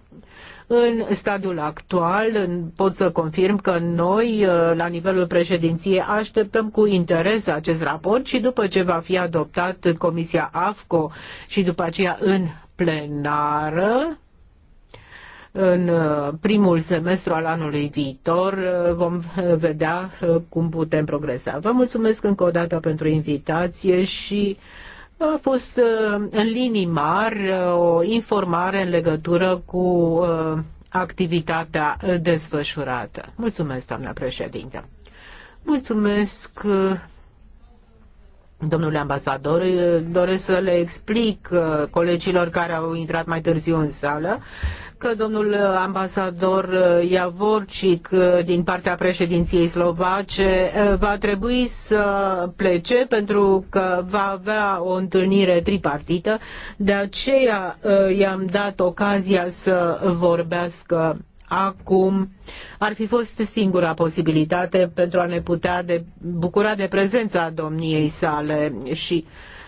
în stadiul actual pot să confirm că noi, eh, la nivelul președinției, așteptăm cu interes acest raport și după ce va fi adoptat în Comisia AFCO și după aceea în plenară, în uh, primul semestru al anului viitor uh, vom uh, vedea cum putem progresa. Vă mulțumesc încă o dată pentru invitație și a fost în linii mari o informare în legătură cu activitatea desfășurată. Mulțumesc, doamna președintă. Mulțumesc Domnule ambasador, doresc să le explic uh, colegilor care au intrat mai târziu în sală că domnul ambasador uh, Iavorcic uh, din partea președinției slovace va trebui să plece pentru că va avea o întâlnire tripartită. De aceea i-am dat ocazia să vorbească acum ar fi fost singura posibilitate pentru a ne putea de, bucura de prezența domniei sale și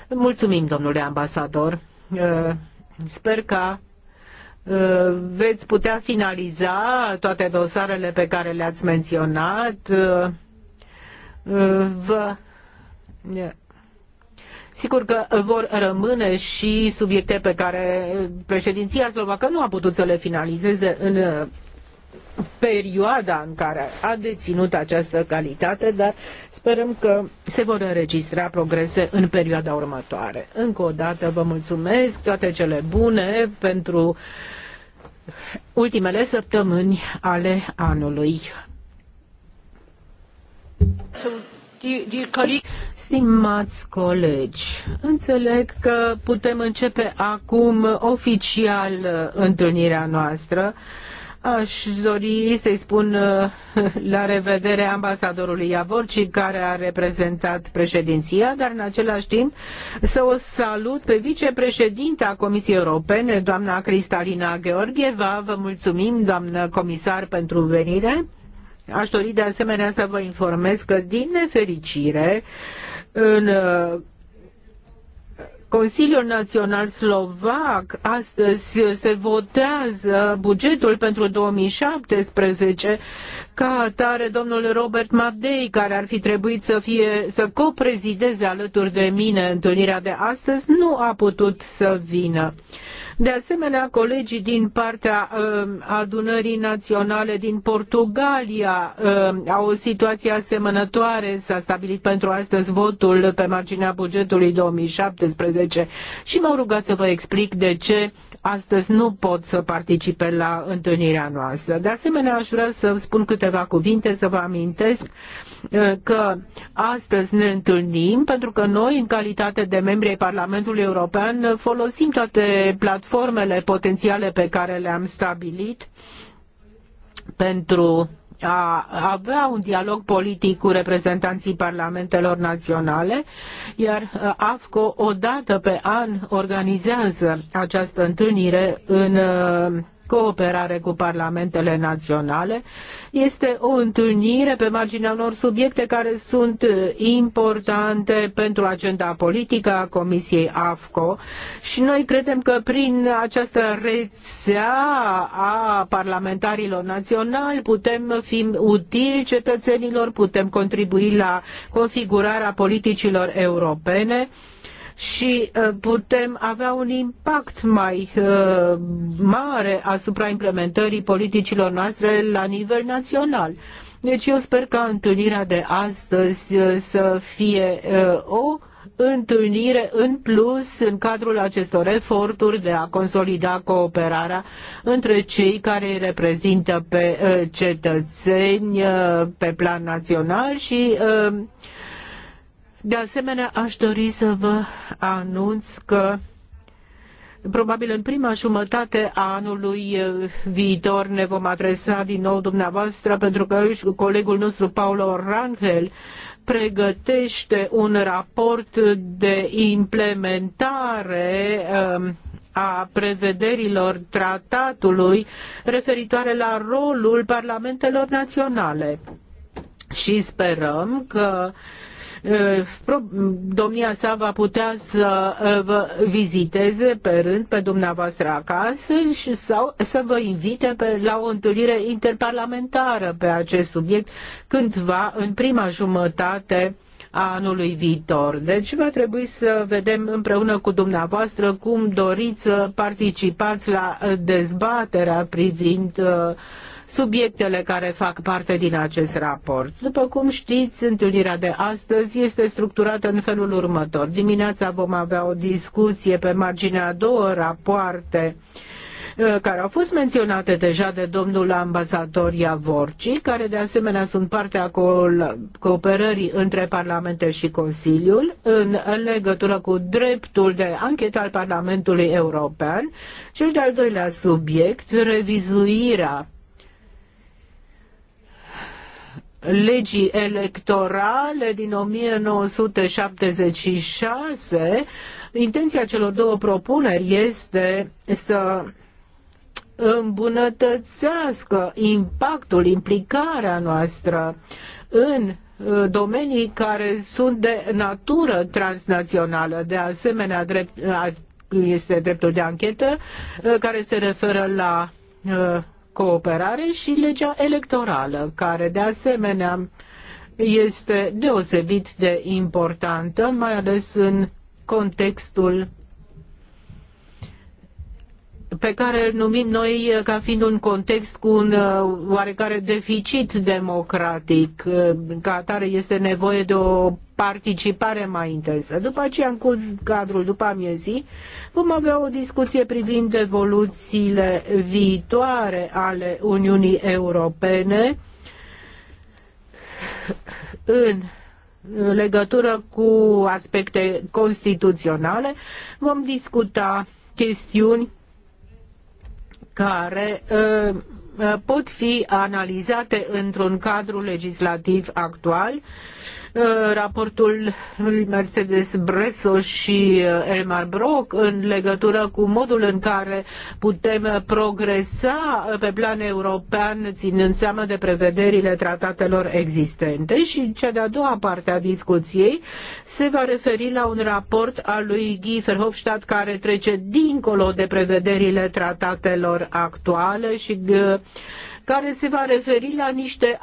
mulțumim, domnule ambasador. Uh, sper că uh, veți putea finaliza toate dosarele pe care le-ați menționat. Uh, vă Sigur că vor rămâne și subiecte pe care președinția slovacă nu a putut să le finalizeze în perioada în care a deținut această calitate, dar sperăm că se vor înregistra progrese în perioada următoare. Încă o dată vă mulțumesc toate cele bune pentru ultimele săptămâni ale anului. Stimați colegi, înțeleg că putem începe acum oficial uh, întâlnirea noastră. Aș dori să-i spun uh, la revedere ambasadorului Iavorci, care a reprezentat președinția, dar în același timp să o salut pe vicepreședinta Comisiei Europene, doamna Cristalina Gheorgheva. Vă mulțumim, doamnă comisar, pentru venire. Aș dori de asemenea să vă informez că, din nefericire, în uh, Consiliul Național Slovac astăzi se votează bugetul pentru 2017 ca atare domnul Robert Madei, care ar fi trebuit să, fie, să coprezideze alături de mine întâlnirea de astăzi, nu a putut să vină. De asemenea, colegii din partea um, adunării naționale din Portugalia um, au o situație asemănătoare. S-a stabilit pentru astăzi votul pe marginea bugetului 2017 2012 și m-au rugat să vă explic de ce astăzi nu pot să participe la întâlnirea noastră. De asemenea, aș vrea să spun câteva cuvinte, să vă amintesc uh, că astăzi ne întâlnim pentru că noi, în calitate de membri ai Parlamentului European, folosim toate platformele potențiale pe care le-am stabilit pentru a avea un dialog politic cu reprezentanții parlamentelor naționale, iar uh, AFCO o dată pe an organizează această întâlnire în uh, cooperare cu parlamentele naționale. Este o întâlnire pe marginea unor subiecte care sunt importante pentru agenda politică a Comisiei AFCO și noi credem că prin această rețea a parlamentarilor naționali putem fi utili cetățenilor, putem contribui la configurarea politicilor europene și uh, putem avea un impact mai uh, mare asupra implementării politicilor noastre la nivel național. Deci eu sper ca întâlnirea de astăzi uh, să fie o întâlnire în plus în cadrul acestor eforturi de a consolida cooperarea între cei care îi reprezintă pe cetățeni pe plan național și de asemenea, aș dori să vă anunț că Probabil în prima jumătate a anului uh, viitor ne vom adresa din nou dumneavoastră, pentru că colegul nostru, Paulo Rangel, pregătește un raport de implementare um, a prevederilor tratatului referitoare la rolul parlamentelor naționale. Și sperăm că uh, Eh, domnia sa va putea să eh, vă viziteze pe rând pe dumneavoastră acasă și sau să vă invite pe, la o întâlnire interparlamentară pe acest subiect cândva în prima jumătate a anului viitor. Deci va trebui să vedem împreună cu dumneavoastră cum doriți să participați la eh, dezbaterea privind uh, subiectele care fac parte din acest raport. După cum știți, întâlnirea de astăzi este structurată în felul următor. Dimineața vom avea o discuție pe marginea a două rapoarte uh, care au fost menționate deja de domnul ambasador Iavorci, care de asemenea sunt parte a cooperării între Parlamente și Consiliul în legătură cu dreptul de anchetă al Parlamentului European. Cel de-al doilea subiect, revizuirea legii electorale din 1976, intenția celor două propuneri este să îmbunătățească impactul, implicarea noastră în uh, domenii care sunt de natură transnațională. De asemenea, drept, este dreptul de anchetă uh, care se referă la uh, cooperare și legea electorală, care de asemenea este deosebit de importantă, mai ales în contextul pe care îl numim noi uh, ca fiind un context cu un uh, oarecare deficit democratic. Uh, ca atare este nevoie de o participare mai intensă. După aceea, în cadrul după amiezii, vom avea o discuție privind evoluțiile viitoare ale Uniunii Europene în legătură cu aspecte constituționale. Vom discuta chestiuni care ă, ă, pot fi analizate într-un cadru legislativ actual Uh, raportul lui Mercedes Bresso și uh, Elmar Brock în legătură cu modul în care putem progresa pe plan european ținând seama de prevederile tratatelor existente și cea de-a doua parte a discuției se va referi la un raport al lui Guy Verhofstadt care trece dincolo de prevederile tratatelor actuale și uh, care se va referi la niște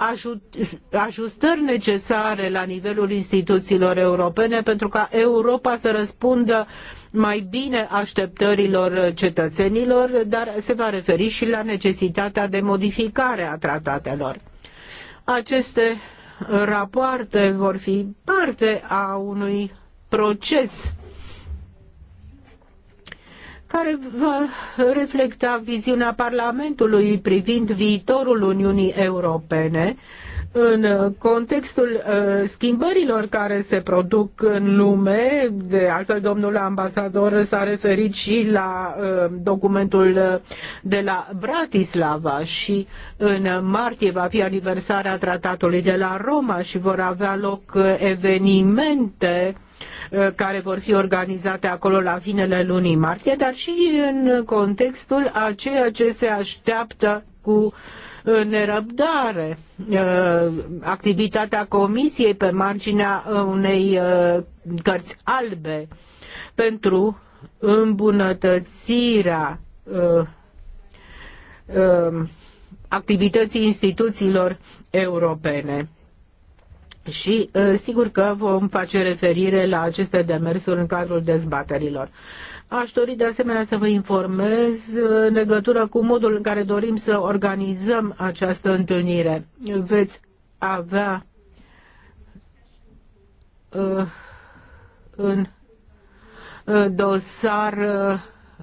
ajustări necesare la nivelul instituțiilor europene pentru ca Europa să răspundă mai bine așteptărilor cetățenilor, dar se va referi și la necesitatea de modificare a tratatelor. Aceste rapoarte vor fi parte a unui proces care va reflecta viziunea Parlamentului privind viitorul Uniunii Europene în contextul uh, schimbărilor care se produc în lume. De altfel, domnul ambasador s-a referit și la uh, documentul uh, de la Bratislava și în martie va fi aniversarea tratatului de la Roma și vor avea loc evenimente Uh, care vor fi organizate acolo la finele lunii martie, dar și în contextul a ceea ce se așteaptă cu uh, nerăbdare uh, activitatea comisiei pe marginea unei cărți albe pentru îmbunătățirea activității instituțiilor europene. Și uh, sigur că vom face referire la aceste demersuri în cadrul dezbaterilor. Aș dori de asemenea să vă informez uh, în legătură cu modul în care dorim să organizăm această întâlnire. Veți avea uh, în uh, dosar uh,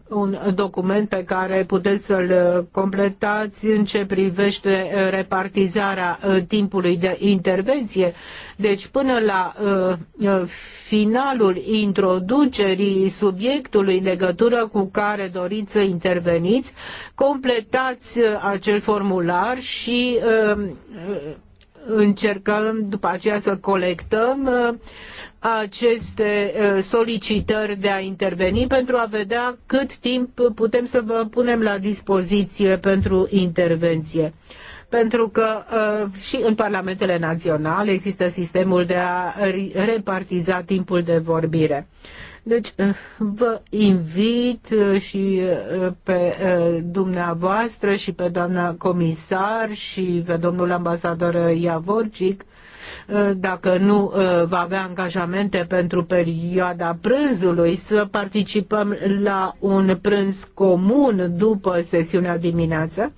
un document pe care puteți să-l uh, completați în ce privește uh, repartizarea uh, timpului de intervenție. Deci până la finalul introducerii subiectului în legătură cu care doriți să interveniți, completați acel formular și încercăm după aceea să colectăm uh, aceste uh, solicitări de a interveni pentru a vedea cât timp putem să vă punem la dispoziție pentru intervenție. Pentru că uh, și în parlamentele naționale există sistemul de a repartiza timpul de vorbire. Deci eh, vă invit eh, și eh, pe dumneavoastră și pe doamna comisar și pe domnul ambasador Iavorcic dacă nu va avea angajamente pentru perioada prânzului, să participăm la un prânz comun după sesiunea dimineață.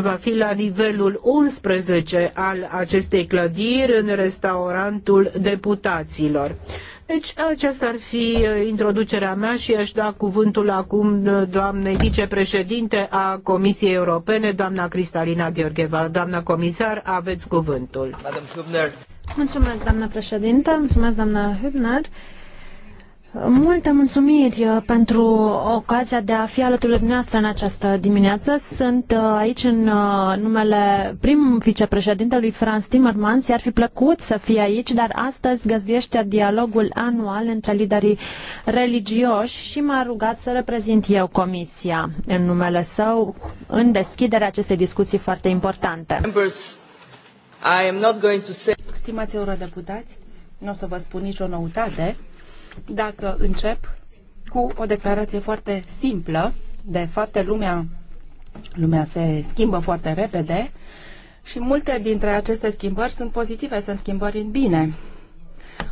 Va fi la nivelul 11 al acestei clădiri în restaurantul deputaților. Deci aceasta ar fi uh, introducerea mea și aș da cuvântul acum uh, doamnei vicepreședinte a Comisiei Europene, doamna Cristalina Gheorgheva. Doamna comisar, aveți cuvântul. Mulțumesc, doamna președinte, mulțumesc, doamna Hübner. Multe mulțumiri uh, pentru ocazia de a fi alături de dumneavoastră în această dimineață. Sunt uh, aici în uh, numele prim vicepreședintelui Franz Timmermans. I-ar fi plăcut să fie aici, dar astăzi găzduiește dialogul anual între liderii religioși și m-a rugat să reprezint eu comisia în numele său în deschiderea acestei discuții foarte importante. Stimați eurodeputați, nu o să vă spun nicio noutate, dacă încep cu o declarație foarte simplă. De fapt, lumea, lumea se schimbă foarte repede și multe dintre aceste schimbări sunt pozitive, sunt schimbări în bine.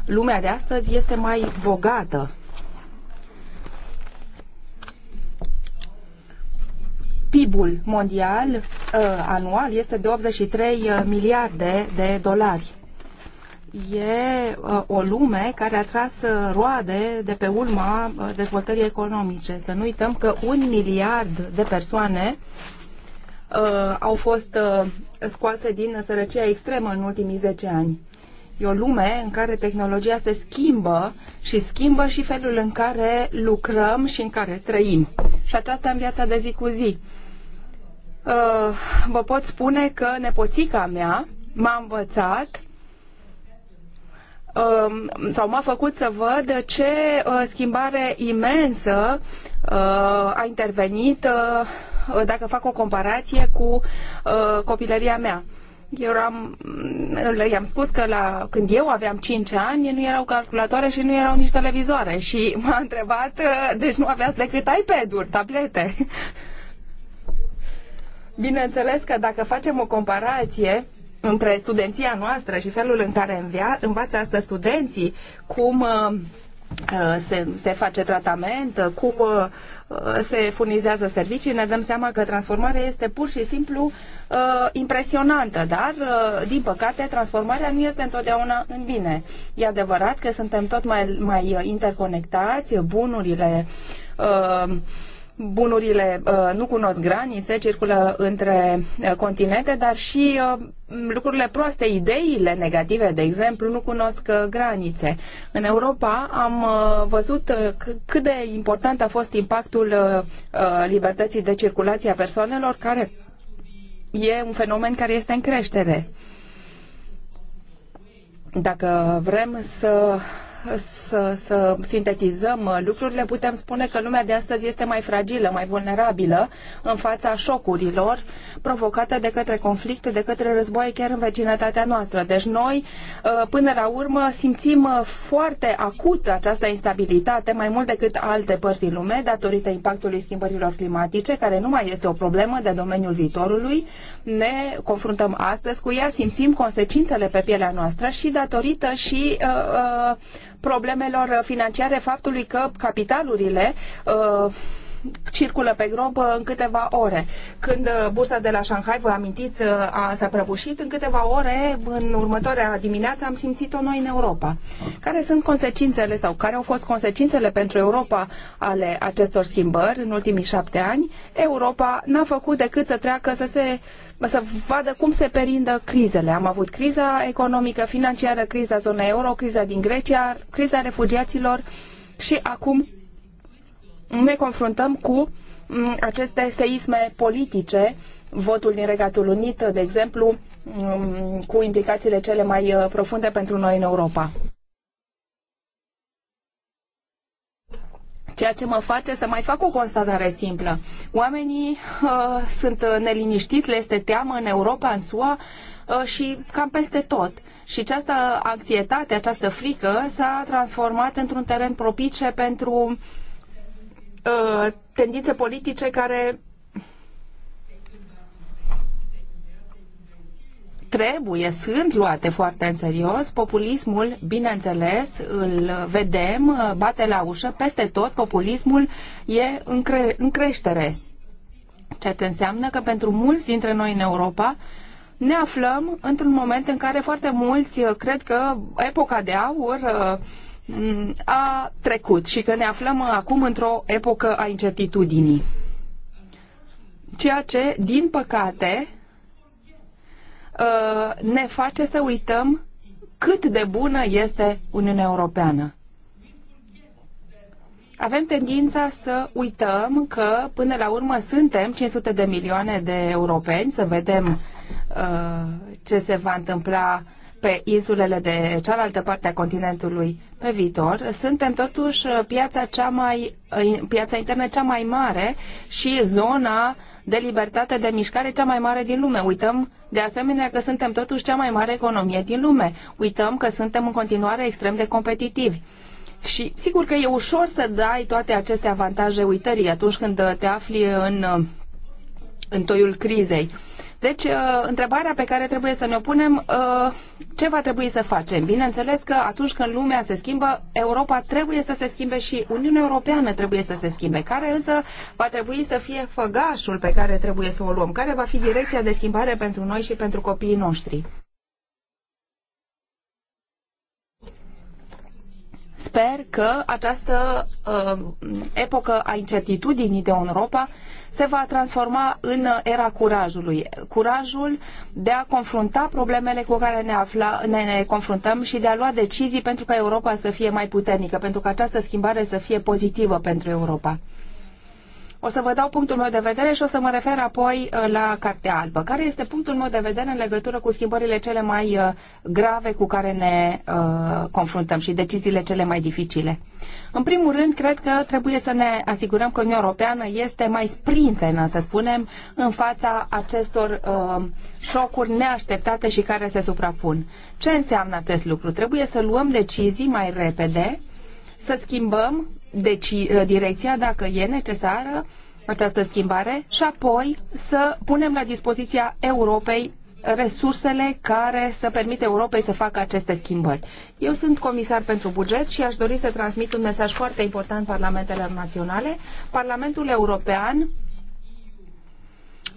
Lumea de astăzi este mai bogată. PIB-ul mondial uh, anual este de 83 miliarde de dolari e uh, o lume care a tras uh, roade de pe urma uh, dezvoltării economice. Să nu uităm că un miliard de persoane au fost scoase din sărăcia extremă în ultimii 10 ani. E o lume în care tehnologia se schimbă și schimbă și felul în care lucrăm și în care trăim. Și aceasta în viața de zi cu zi. Vă pot spune că nepoțica mea m-a învățat Um, sau m-a făcut să văd ce uh, schimbare imensă uh, a intervenit uh, dacă fac o comparație cu copilăria mea. Eu am, i-am spus că la, când eu aveam 5 ani nu erau calculatoare și nu erau nici televizoare și m-a întrebat, deci nu aveați decât iPad-uri, tablete. Bineînțeles că dacă facem o comparație între studenția noastră și felul în care învia, învață asta studenții, cum uh, uh, se, se face tratament, uh, cum se furnizează servicii, ne dăm seama că transformarea este pur și simplu uh, impresionantă, dar, uh, din păcate, transformarea nu este întotdeauna în bine. E adevărat că suntem tot mai, mai interconectați, bunurile. Uh, bunurile uh, nu cunosc granițe, circulă între uh, continente, dar și uh, lucrurile proaste, ideile negative, de exemplu, nu cunosc granițe. În Europa am văzut cât de important a fost impactul libertății de circulație a persoanelor, care e un fenomen care este în creștere. Dacă vrem să să, să sintetizăm lucrurile, putem spune că lumea de astăzi este mai fragilă, mai vulnerabilă în fața șocurilor provocate de către conflicte, de către războaie chiar în vecinătatea noastră. Deci noi, uh, până la urmă, simțim foarte acut această instabilitate, mai mult decât alte părți din lume, datorită impactului schimbărilor climatice, care nu mai este o problemă de domeniul viitorului. Ne confruntăm astăzi cu ea, simțim consecințele pe pielea noastră și datorită și uh, uh, problemelor financiare faptului că capitalurile uh, circulă pe glob uh, în câteva ore. Când uh, bursa de la Shanghai, vă amintiți, uh, a, s-a prăbușit, în câteva ore, în următoarea dimineață, am simțit-o noi în Europa. Care sunt consecințele sau care au fost consecințele pentru Europa ale acestor schimbări în ultimii șapte ani? Europa n-a făcut decât să treacă să se să vadă cum se perindă crizele. Am avut criza economică, financiară, criza zonei euro, criza din Grecia, criza refugiaților și acum ne confruntăm cu mm, aceste seisme politice, votul din Regatul Unit, de exemplu, mm, cu implicațiile cele mai uh, profunde pentru noi în Europa. ceea ce mă face să mai fac o constatare simplă. Oamenii uh, sunt uh, neliniștiți, le este teamă în Europa, în SUA uh, și cam peste tot. Și această anxietate, această frică s-a transformat într-un teren propice pentru uh, Uh, tendințe politice care trebuie, sunt luate foarte în serios. Populismul, bineînțeles, îl vedem, uh, bate la ușă, peste tot populismul e în, cre- în creștere. Ceea ce înseamnă că pentru mulți dintre noi în Europa ne aflăm într-un moment în care foarte mulți uh, cred că epoca de aur uh, a trecut și că ne aflăm acum într-o epocă a incertitudinii. Ceea ce, din păcate, uh, ne face să uităm cât de bună este Uniunea Europeană. Avem tendința să uităm că, până la urmă, suntem 500 de milioane de europeni, să vedem uh, ce se va întâmpla pe insulele de cealaltă parte a continentului pe viitor, suntem totuși uh, piața, cea mai, uh, piața internă cea mai mare și zona de libertate de mișcare cea mai mare din lume. Uităm de asemenea că suntem totuși cea mai mare economie din lume. Uităm că suntem în continuare extrem de competitivi. Și sigur că e ușor să dai toate aceste avantaje uitării atunci când te afli în, uh, în toiul crizei. Deci, uh, întrebarea pe care trebuie să ne o punem, uh, ce va trebui să facem? Bineînțeles că atunci când lumea se schimbă, Europa trebuie să se schimbe și Uniunea Europeană trebuie să se schimbe, care însă va trebui să fie făgașul pe care trebuie să o luăm, care va fi direcția de schimbare pentru noi și pentru copiii noștri. Sper că această uh, epocă a incertitudinii de Europa se va transforma în era curajului. Curajul de a confrunta problemele cu care ne, afla, ne, ne confruntăm și de a lua decizii pentru ca Europa să fie mai puternică, pentru ca această schimbare să fie pozitivă pentru Europa. O să vă dau punctul meu de vedere și o să mă refer apoi uh, la Cartea Albă. Care este punctul meu de vedere în legătură cu schimbările cele mai uh, grave cu care ne uh, confruntăm și deciziile cele mai dificile? În primul rând, cred că trebuie să ne asigurăm că Uniunea Europeană este mai sprintenă, să spunem, în fața acestor uh, șocuri neașteptate și care se suprapun. Ce înseamnă acest lucru? Trebuie să luăm decizii mai repede, să schimbăm deci, uh, direcția dacă e necesară această schimbare și apoi să punem la dispoziția Europei resursele care să permite Europei să facă aceste schimbări. Eu sunt comisar pentru buget și aș dori să transmit un mesaj foarte important parlamentelor naționale. Parlamentul European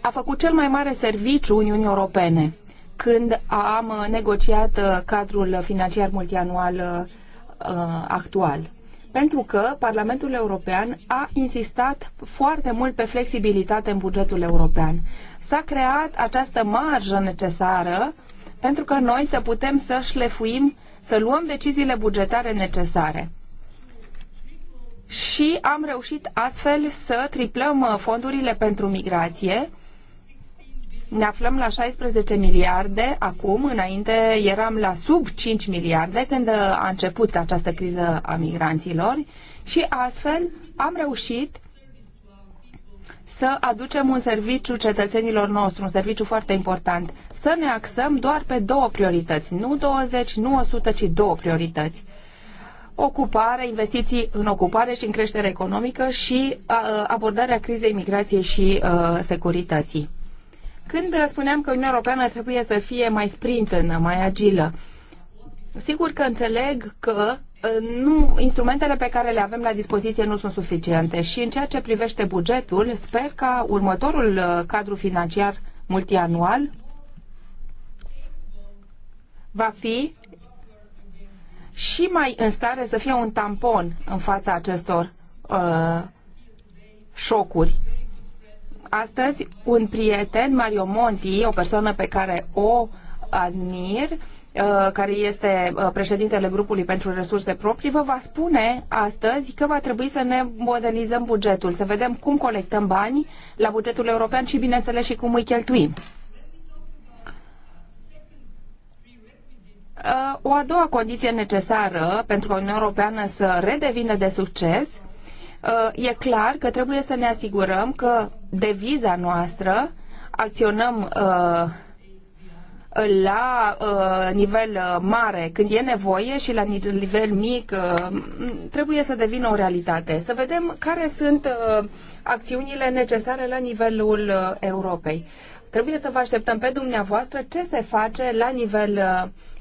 a făcut cel mai mare serviciu Uniunii Europene când am negociat uh, cadrul financiar multianual uh, actual pentru că Parlamentul European a insistat foarte mult pe flexibilitate în bugetul european. S-a creat această marjă necesară pentru că noi să putem să șlefuim, să luăm deciziile bugetare necesare. Și am reușit astfel să triplăm uh, fondurile pentru migrație, ne aflăm la 16 miliarde acum, înainte eram la sub 5 miliarde când a început această criză a migranților și astfel am reușit să aducem un serviciu cetățenilor nostru, un serviciu foarte important. Să ne axăm doar pe două priorități, nu 20, nu 100, ci două priorități. Ocupare, investiții în ocupare și în creștere economică și uh, abordarea crizei migrației și uh, securității. Când spuneam că Uniunea Europeană trebuie să fie mai sprintenă, mai agilă, sigur că înțeleg că uh, nu, instrumentele pe care le avem la dispoziție nu sunt suficiente și în ceea ce privește bugetul, sper ca următorul uh, cadru financiar multianual va fi și mai în stare să fie un tampon în fața acestor uh, șocuri astăzi un prieten, Mario Monti, o persoană pe care o admir, uh, care este uh, președintele grupului pentru resurse proprii, vă va spune astăzi că va trebui să ne modernizăm bugetul, să vedem cum colectăm bani la bugetul european și, bineînțeles, și cum îi cheltuim. Uh, o a doua condiție necesară pentru ca Uniunea Europeană să redevină de succes – Uh, e clar că trebuie să ne asigurăm că deviza noastră acționăm uh, la uh, nivel mare când e nevoie și la nivel mic trebuie să devină o realitate. Să vedem care sunt acțiunile necesare la nivelul Europei. Trebuie să vă așteptăm pe dumneavoastră ce se face la nivel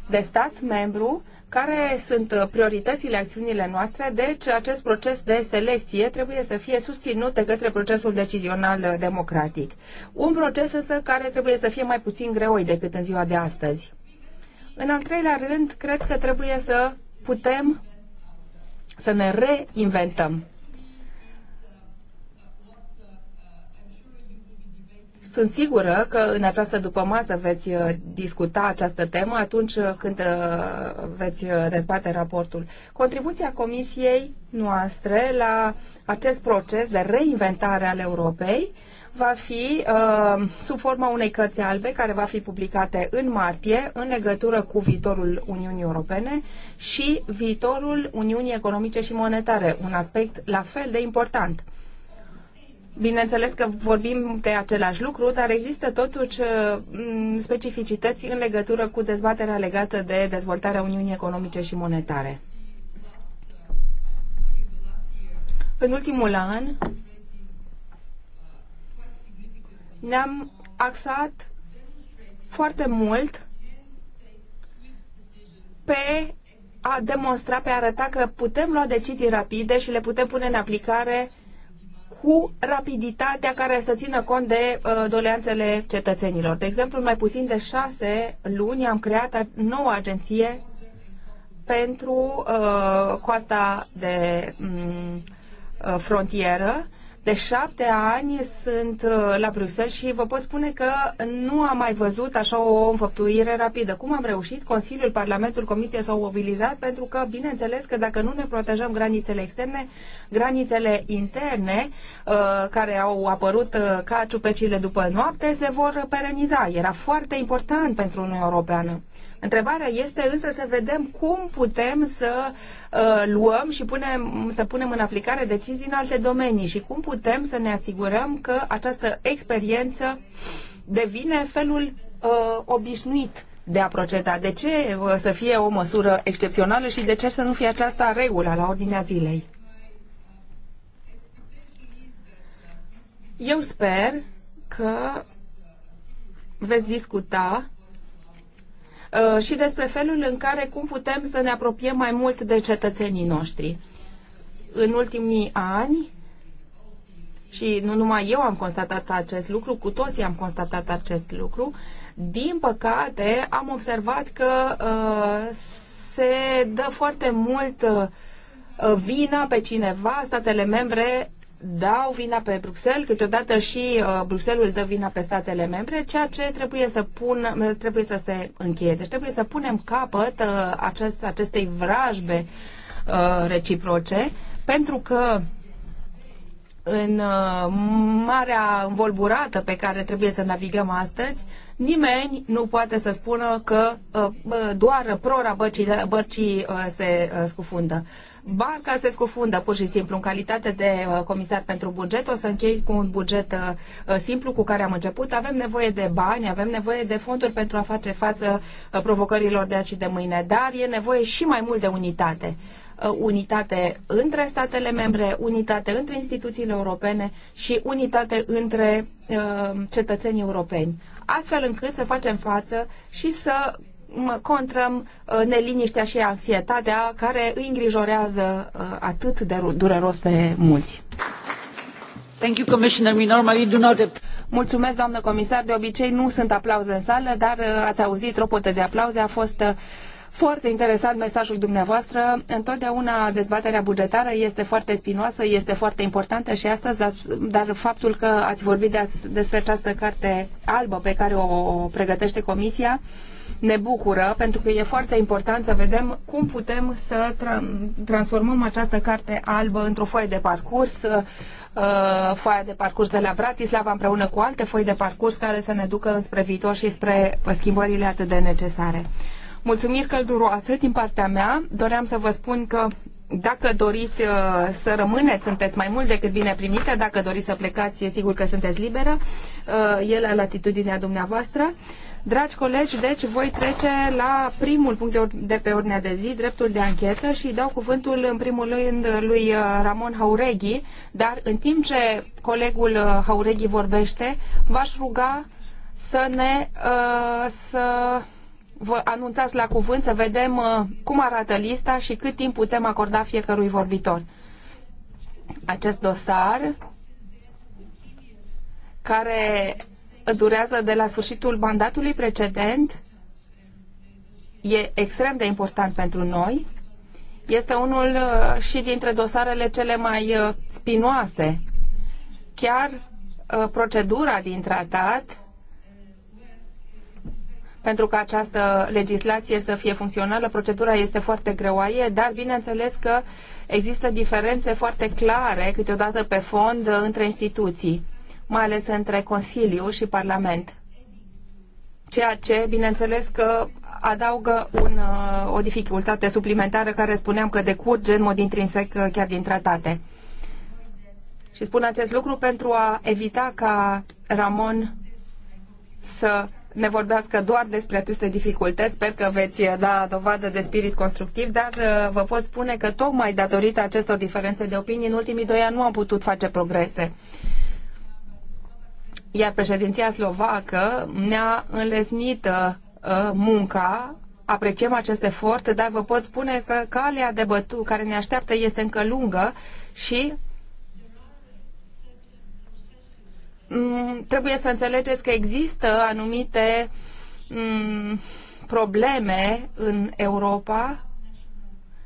de stat membru care sunt uh, prioritățile, acțiunile noastre, deci acest proces de selecție trebuie să fie susținut de către procesul decizional uh, democratic. Un proces însă care trebuie să fie mai puțin greoi decât în ziua de astăzi. În al treilea rând, cred că trebuie să putem să ne reinventăm Sunt sigură că în această dupămasă veți uh, discuta această temă atunci uh, când uh, veți dezbate raportul. Contribuția Comisiei noastre la acest proces de reinventare al Europei va fi uh, sub forma unei cărți albe care va fi publicate în martie în legătură cu viitorul Uniunii Europene și viitorul Uniunii Economice și Monetare, un aspect la fel de important Bineînțeles că vorbim de același lucru, dar există totuși uh, specificități în legătură cu dezbaterea legată de dezvoltarea Uniunii Economice și Monetare. În ultimul an ne-am axat foarte mult pe a demonstra, pe a arăta că putem lua decizii rapide și le putem pune în aplicare cu rapiditatea care să țină cont de uh, doleanțele cetățenilor. De exemplu, în mai puțin de șase luni am creat nouă agenție pentru uh, coasta de um, frontieră de șapte ani sunt uh, la Bruxelles și vă pot spune că nu am mai văzut așa o înfăptuire rapidă. Cum am reușit? Consiliul, Parlamentul, Comisia s-au mobilizat pentru că, bineînțeles, că dacă nu ne protejăm granițele externe, granițele interne, uh, care au apărut uh, ca ciupecile după noapte, se vor pereniza. Era foarte important pentru Uniunea Europeană. Întrebarea este însă să vedem cum putem să uh, luăm și punem, să punem în aplicare decizii în alte domenii și cum putem să ne asigurăm că această experiență devine felul uh, obișnuit de a proceda. De ce uh, să fie o măsură excepțională și de ce să nu fie aceasta regula la ordinea zilei? Eu sper că veți discuta Uh, și despre felul în care cum putem să ne apropiem mai mult de cetățenii noștri. În ultimii ani, și nu numai eu am constatat acest lucru, cu toții am constatat acest lucru, din păcate am observat că uh, se dă foarte mult uh, vină vina pe cineva, statele membre dau vina pe Bruxelles, câteodată și uh, Bruxelles dă vina pe statele membre, ceea ce trebuie să, pun, trebuie să se încheie. Deci trebuie să punem capăt uh, acest, acestei vrajbe uh, reciproce, pentru că în uh, marea învolburată pe care trebuie să navigăm astăzi, nimeni nu poate să spună că uh, doar prora bărcii, bărcii uh, se scufundă. Barca se scufundă pur și simplu. În calitate de comisar pentru buget, o să închei cu un buget simplu cu care am început. Avem nevoie de bani, avem nevoie de fonduri pentru a face față provocărilor de azi și de mâine, dar e nevoie și mai mult de unitate. Uh, unitate între statele membre, unitate între instituțiile europene și unitate între uh, cetățenii europeni, astfel încât să facem față și să contrăm uh, neliniștea și anxietatea care îi îngrijorează atât de dureros pe mulți. Thank you, Commissioner. We normally do not... Mulțumesc, doamnă comisar. De obicei nu sunt aplauze în sală, dar ați auzit tropote de aplauze. A fost foarte interesant mesajul dumneavoastră. Întotdeauna dezbaterea bugetară este foarte spinoasă, este foarte importantă și astăzi, dar, dar faptul că ați vorbit de, despre această carte albă pe care o, pregătește Comisia, ne bucură pentru că e foarte important să vedem cum putem să tra- transformăm această carte albă într-o foaie de parcurs, uh, foaia de parcurs de la Bratislava împreună cu alte foi de parcurs care să ne ducă înspre viitor și spre schimbările atât de necesare. Mulțumiri călduroase din partea mea. Doream să vă spun că dacă doriți uh, să rămâneți, sunteți mai mult decât bine primite. Dacă doriți să plecați, e sigur că sunteți liberă. Uh, e la latitudinea dumneavoastră. Dragi colegi, deci voi trece la primul punct de, de pe ordinea de zi, dreptul de anchetă și dau cuvântul în primul rând lui uh, Ramon Haureghi, dar în timp ce colegul Haureghi vorbește, v-aș ruga să ne uh, să vă anunțați la cuvânt să vedem uh, cum arată lista și cât timp putem acorda fiecărui vorbitor. Acest dosar care durează de la sfârșitul mandatului precedent e extrem de important pentru noi. Este unul uh, și dintre dosarele cele mai uh, spinoase. Chiar procedura din tratat pentru ca această legislație să fie funcțională. Procedura este foarte greoaie, dar bineînțeles că există diferențe foarte clare câteodată pe fond între instituții, mai ales între Consiliu și Parlament. Ceea ce, bineînțeles, că adaugă un, uh, o dificultate suplimentară care spuneam că decurge în mod intrinsec uh, chiar din tratate. Și spun acest lucru pentru a evita ca Ramon să ne vorbească doar despre aceste dificultăți. Sper că veți uh, da dovadă de spirit constructiv, dar uh, vă pot spune că tocmai datorită acestor diferențe de opinii, în ultimii doi ani nu am putut face progrese. Iar președinția slovacă ne-a înlesnit uh, munca apreciem acest efort, dar vă pot spune că calea de bătut care ne așteaptă este încă lungă și Mm, trebuie să înțelegeți că există anumite mm, probleme în Europa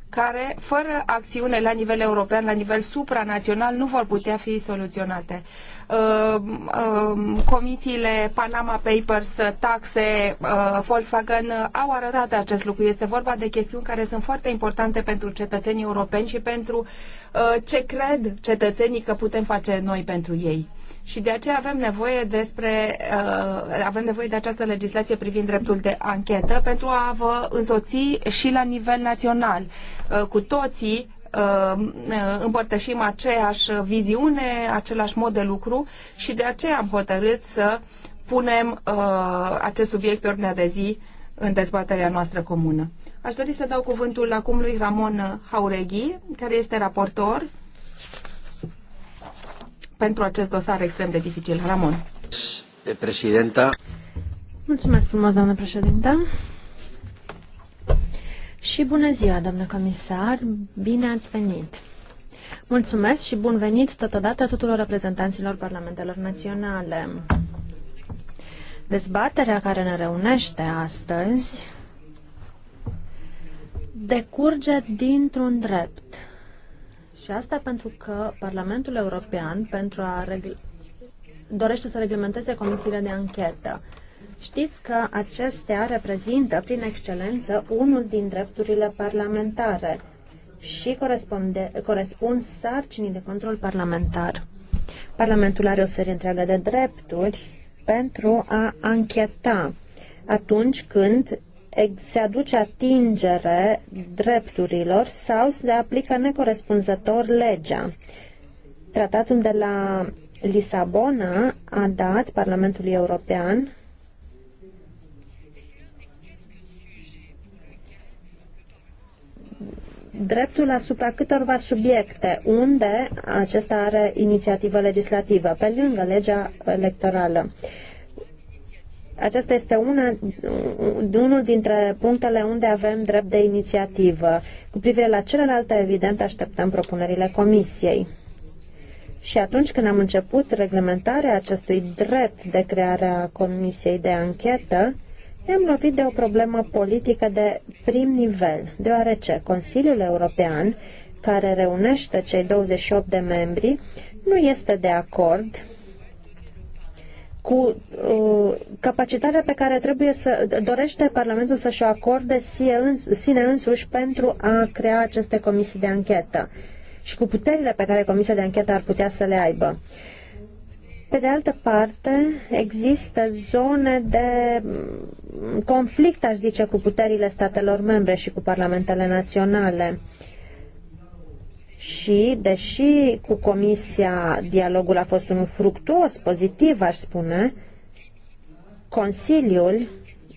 care, fără acțiune la nivel european, la nivel supranațional, nu vor putea fi soluționate. Uh, uh, comisiile Panama Papers, taxe, uh, Volkswagen au arătat acest lucru. Este vorba de chestiuni care sunt foarte importante pentru cetățenii europeni și pentru Uh, ce cred cetățenii că putem face noi pentru ei. Și de aceea avem nevoie despre uh, avem nevoie de această legislație privind dreptul de anchetă pentru a vă însoți și la nivel național. Uh, cu toții împărtășim aceeași viziune, același mod de lucru și de aceea am hotărât să punem acest subiect pe ordinea de zi în dezbaterea noastră comună. Aș dori să dau cuvântul acum lui Ramon Haureghi, care este raportor pentru acest dosar extrem de dificil. Ramon. Președinta. Mulțumesc frumos, doamnă președinte. Și bună ziua, doamnă comisar, bine ați venit. Mulțumesc și bun venit totodată tuturor reprezentanților parlamentelor naționale. Dezbaterea care ne reunește astăzi decurge dintr-un drept. Și asta pentru că Parlamentul European pentru a regl- dorește să reglementeze comisiile de anchetă. Știți că acestea reprezintă, prin excelență, unul din drepturile parlamentare și corespund sarcinii de control parlamentar. Parlamentul are o serie întreagă de drepturi pentru a ancheta atunci când se aduce atingere drepturilor sau se le aplică necorespunzător legea. Tratatul de la Lisabona a dat Parlamentului European dreptul asupra câtorva subiecte unde acesta are inițiativă legislativă, pe lângă legea electorală. Uh, aceasta este una, unul dintre punctele unde avem drept de inițiativă. Cu privire la celelalte, evident, așteptăm propunerile Comisiei. Și atunci când am început reglementarea acestui drept de creare a Comisiei de anchetă, ne-am lovit de o problemă politică de prim nivel, deoarece Consiliul European, care reunește cei 28 de membri, nu este de acord cu uh, capacitatea pe care trebuie să dorește Parlamentul să-și o acorde sine însuși pentru a crea aceste comisii de anchetă și cu puterile pe care comisia de anchetă ar putea să le aibă. Pe de altă parte, există zone de mm, conflict, aș zice, cu puterile statelor membre și cu parlamentele naționale. Uh, și, deși cu Comisia dialogul a fost unul fructuos, pozitiv, aș spune, Consiliul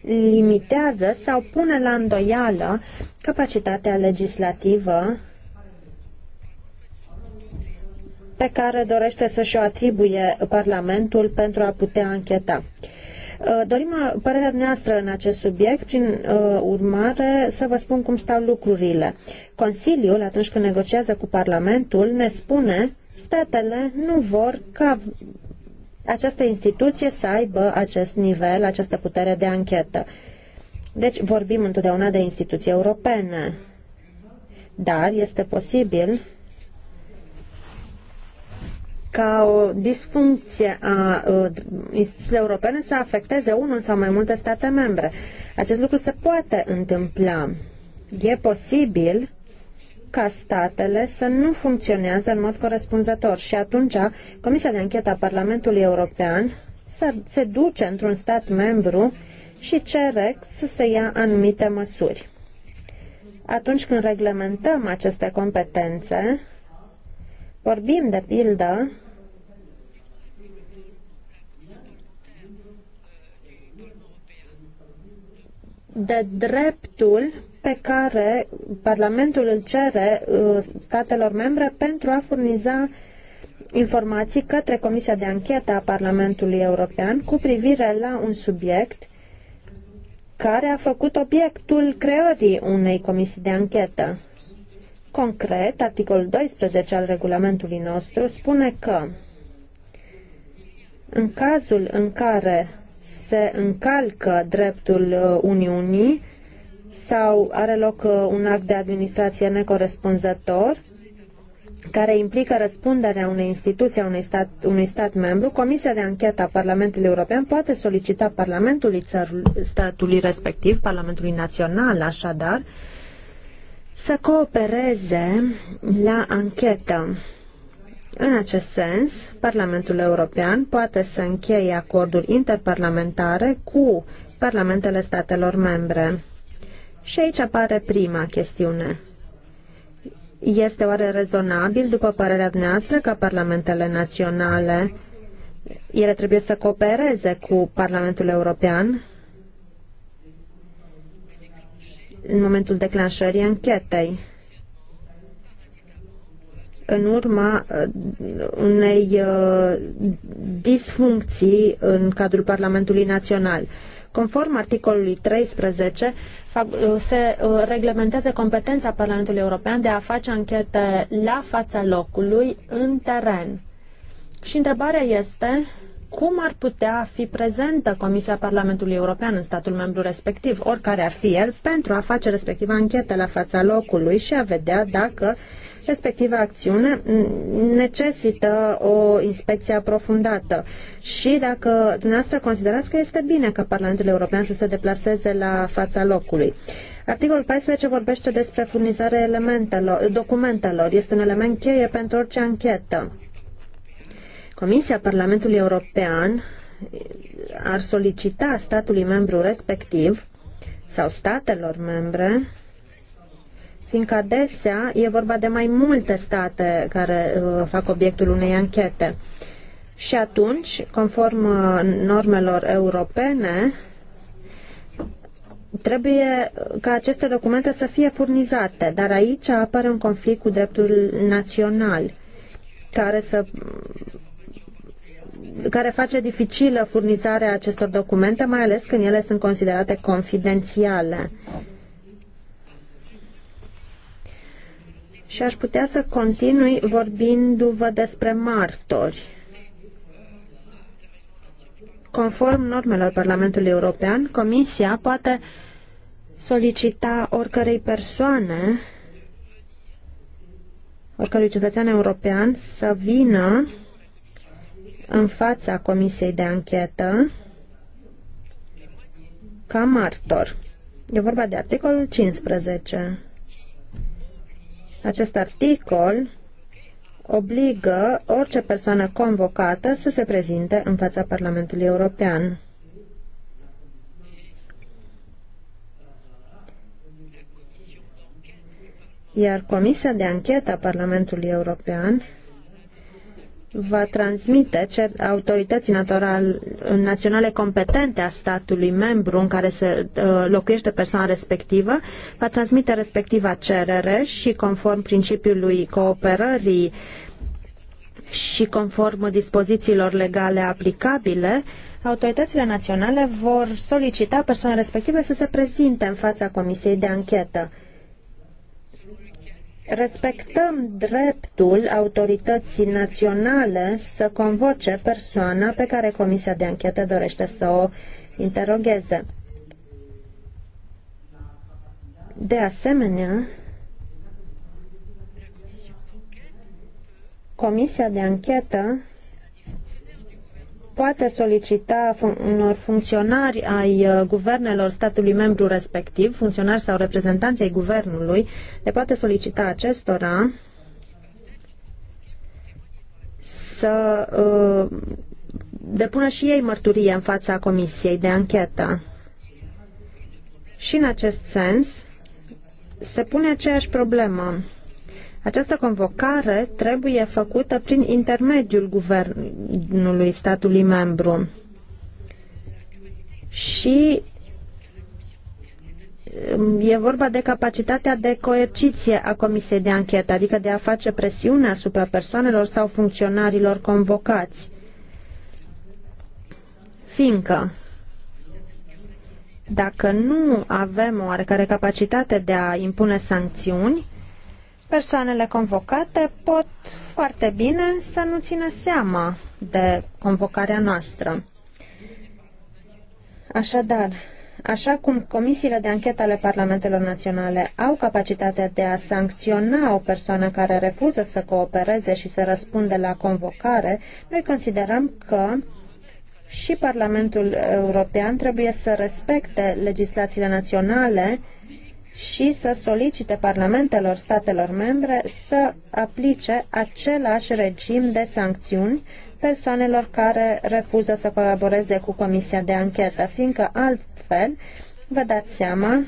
limitează sau pune la îndoială capacitatea legislativă pe care dorește să și-o atribuie Parlamentul pentru a putea ancheta. Uh, dorim uh, părerea noastră în acest subiect, prin uh, urmare să vă spun cum stau lucrurile. Consiliul, atunci când negociază cu Parlamentul, ne spune statele nu vor ca această instituție să aibă acest nivel, această putere de anchetă. Deci vorbim întotdeauna de instituții europene, dar este posibil ca o disfuncție a uh, instituțiilor europene să afecteze unul sau mai multe state membre. Acest lucru se poate întâmpla. E posibil ca statele să nu funcționează în mod corespunzător și atunci Comisia de Anchetă a Parlamentului European se duce într-un stat membru și cere să se ia anumite măsuri. Atunci când reglementăm aceste competențe, vorbim de pildă de dreptul pe care Parlamentul îl cere uh, statelor membre pentru a furniza informații către Comisia de Anchetă a Parlamentului European cu privire la un subiect care a făcut obiectul creării unei comisii de anchetă. Concret, articolul 12 al regulamentului nostru spune că în cazul în care se încalcă dreptul uh, Uniunii sau are loc uh, un act de administrație necorespunzător care implică răspunderea unei instituții a unui stat, unui stat membru, Comisia de Anchetă a Parlamentului European poate solicita Parlamentului țărul, statului respectiv, Parlamentului Național, așadar, să coopereze la anchetă. În acest sens, Parlamentul European poate să încheie acorduri interparlamentare cu parlamentele statelor membre. Și aici apare prima chestiune. Este oare rezonabil, după părerea noastră, ca parlamentele naționale ele trebuie să coopereze cu Parlamentul European în momentul declanșării anchetei? în urma uh, unei uh, disfuncții în cadrul Parlamentului Național. Conform articolului 13, uh, se reglementează competența Parlamentului European de a face anchete la fața locului, în teren. Și întrebarea este cum ar putea fi prezentă Comisia Parlamentului European în statul membru respectiv, oricare ar fi el, pentru a face respectiva anchetă la fața locului și a vedea dacă uh, respectiva acțiune necesită o inspecție aprofundată. Și dacă dumneavoastră considerați că este bine ca Parlamentul European să se deplaseze la fața locului. Articolul 14 vorbește despre furnizarea elementelor, documentelor. Este un element cheie pentru orice anchetă. Comisia Parlamentului European ar solicita statului membru respectiv sau statelor membre fiindcă adesea e vorba de mai multe state care uh, fac obiectul unei anchete. Și atunci, conform uh, normelor europene, trebuie uh, ca aceste documente să fie furnizate, dar aici apare un conflict cu dreptul național care să care face dificilă furnizarea acestor documente, mai ales când ele sunt considerate confidențiale. și aș putea să continui vorbindu-vă despre martori. Conform normelor Parlamentului European, Comisia poate solicita oricărei persoane, oricărui cetățean european să vină în fața Comisiei de Anchetă ca martor. E vorba de articolul 15. Acest articol obligă orice persoană convocată să se prezinte în fața Parlamentului European. Iar Comisia de Anchetă a Parlamentului European va transmite autorității natural, naționale competente a statului membru în care se uh, locuiește persoana respectivă, va transmite respectiva cerere și conform principiului cooperării și conform dispozițiilor legale aplicabile, autoritățile naționale vor solicita persoana respectivă să se prezinte în fața Comisiei de Anchetă respectăm dreptul autorității naționale să convoce persoana pe care Comisia de Anchetă dorește să o interogheze. De asemenea, Comisia de Anchetă poate solicita unor funcționari ai uh, guvernelor statului membru respectiv, funcționari sau reprezentanți ai guvernului, le poate solicita acestora să uh, depună și ei mărturie în fața comisiei de anchetă. Și în acest sens se pune aceeași problemă. Această convocare trebuie făcută prin intermediul guvernului statului membru. Și um, e vorba de capacitatea de coerciție a Comisiei de Anchetă, adică de a face presiune asupra persoanelor sau funcționarilor convocați. Fiindcă dacă nu avem oarecare capacitate de a impune sancțiuni, persoanele convocate pot foarte bine să nu țină seama de convocarea noastră. Așadar, Așa cum comisiile de anchetă ale parlamentelor naționale au capacitatea de a sancționa o persoană care refuză să coopereze și să răspunde la convocare, noi considerăm că și Parlamentul European trebuie să respecte legislațiile naționale și să solicite parlamentelor statelor membre să aplice același regim de sancțiuni persoanelor care refuză să colaboreze cu Comisia de Anchetă, fiindcă altfel vă dați seama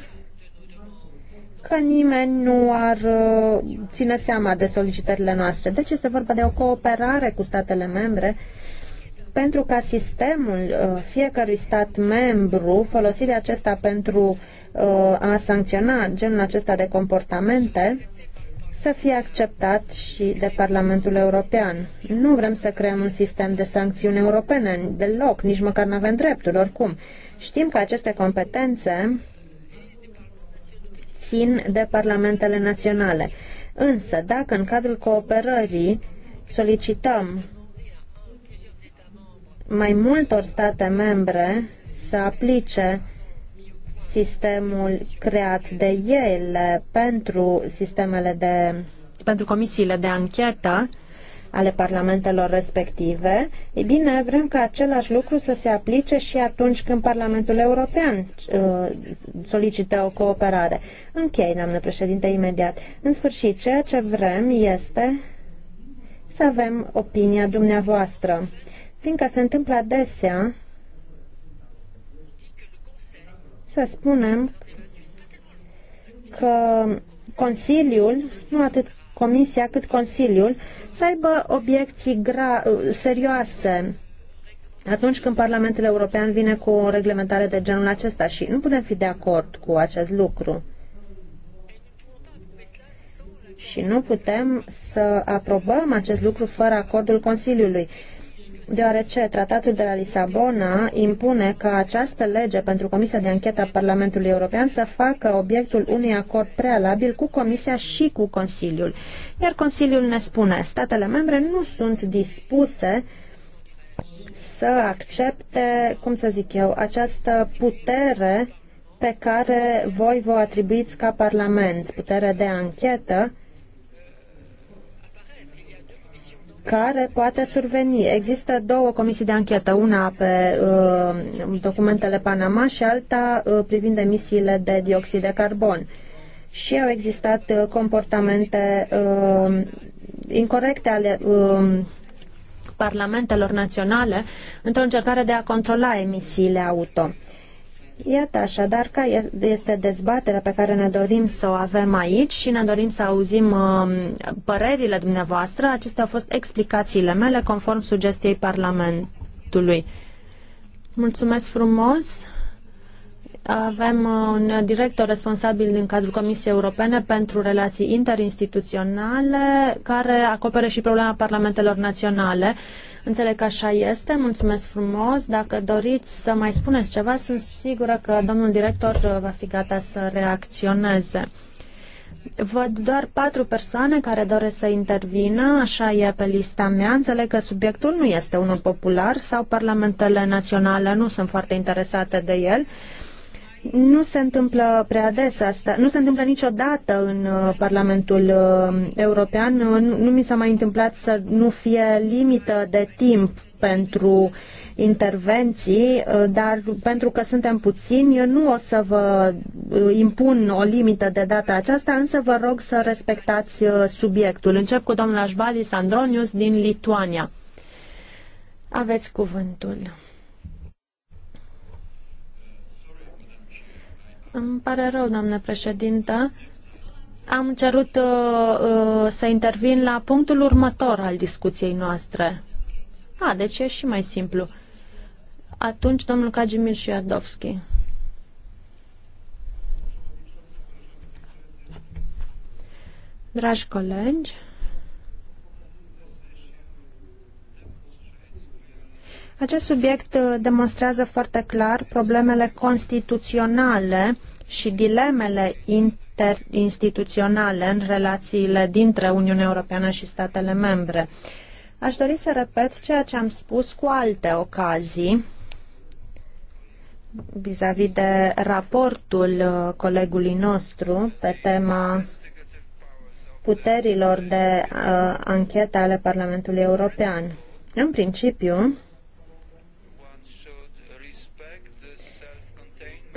că nimeni nu ar uh, ține seama de solicitările noastre. Deci este vorba de o cooperare cu statele membre pentru ca sistemul uh, fiecărui stat membru folosit de acesta pentru uh, a sancționa genul acesta de comportamente să fie acceptat și de Parlamentul European. Nu vrem să creăm un sistem de sancțiuni europene deloc, nici măcar nu avem dreptul, oricum. Știm că aceste competențe țin de parlamentele naționale. Însă, dacă în cadrul cooperării solicităm mai multor state membre să aplice sistemul creat de ele pentru sistemele de pentru comisiile de anchetă ale parlamentelor respective, e bine, vrem ca același lucru să se aplice și atunci când Parlamentul European uh, solicită o cooperare. Închei, doamnă președinte, imediat. În sfârșit, ceea ce vrem este să avem opinia dumneavoastră fiindcă se întâmplă adesea să spunem că Consiliul, nu atât Comisia cât Consiliul, să aibă obiecții gra- serioase atunci când Parlamentul European vine cu o reglementare de genul acesta și nu putem fi de acord cu acest lucru. Și nu putem să aprobăm acest lucru fără acordul Consiliului deoarece tratatul de la Lisabona impune ca această lege pentru Comisia de Anchetă a Parlamentului European să facă obiectul unui acord prealabil cu Comisia și cu Consiliul. Iar Consiliul ne spune, statele membre nu sunt dispuse să accepte, cum să zic eu, această putere pe care voi vă atribuiți ca Parlament, putere de anchetă, care poate surveni. Există două comisii de anchetă, una pe uh, documentele Panama și alta uh, privind emisiile de dioxid de carbon. Și au existat uh, comportamente uh, incorrecte ale uh, parlamentelor naționale într-o încercare de a controla emisiile auto. Uh, Iată așadar că este dezbaterea pe care ne dorim să o avem aici și ne dorim să auzim um, părerile dumneavoastră. Acestea au fost explicațiile mele conform sugestiei Parlamentului. Mulțumesc frumos! Avem uh, un director responsabil din cadrul Comisiei Europene pentru relații interinstituționale, care acopere și problema parlamentelor naționale. Înțeleg că așa este. Mulțumesc frumos. Dacă doriți să mai spuneți ceva, sunt sigură că domnul director uh, va fi gata să reacționeze. Văd doar patru persoane care doresc să intervină, așa e pe lista mea. Înțeleg că subiectul nu este unul popular sau parlamentele naționale nu sunt foarte interesate de el. Uh, nu se întâmplă prea des asta, nu se întâmplă niciodată în uh, Parlamentul uh, European. Uh, nu mi s-a mai întâmplat să nu fie limită de timp pentru intervenții, dar pentru că suntem puțini, eu nu o să vă impun o limită de data aceasta, însă vă rog să respectați subiectul. Încep cu domnul Așbali Andronius din Lituania. Aveți cuvântul. Îmi pare rău, doamnă președintă. Am cerut uh, uh, să intervin la punctul următor al discuției noastre. A, deci e și mai simplu. Atunci, domnul Cagimir Șiadovski. Dragi colegi, Acest subiect uh, demonstrează foarte clar problemele constituționale și dilemele interinstituționale în relațiile dintre Uniunea Europeană și statele membre. Aș dori să repet ceea ce am spus cu alte ocazii vis-a-vis -vis de raportul uh, colegului nostru pe tema puterilor de uh, anchetă ale Parlamentului European. În principiu,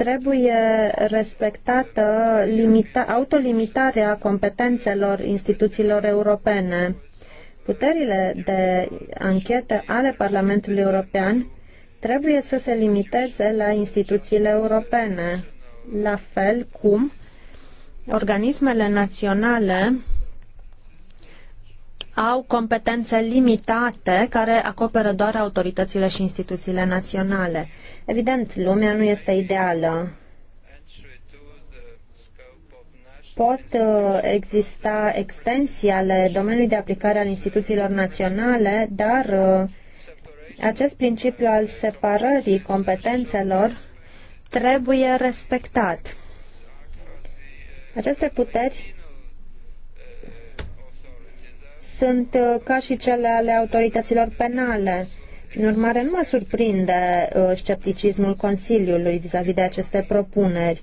trebuie respectată limita, autolimitarea competențelor instituțiilor europene. Puterile de anchetă ale Parlamentului European trebuie să se limiteze la instituțiile europene, la fel cum organismele naționale au competențe limitate care acoperă doar autoritățile și instituțiile naționale. Evident, lumea nu este ideală. Pot uh, exista extensii ale domeniului de aplicare al instituțiilor naționale, dar uh, acest principiu al separării competențelor trebuie respectat. Aceste puteri sunt uh, ca și cele ale autorităților penale. Prin urmare, nu mă surprinde uh, scepticismul Consiliului vis-a-vis -vis de aceste propuneri.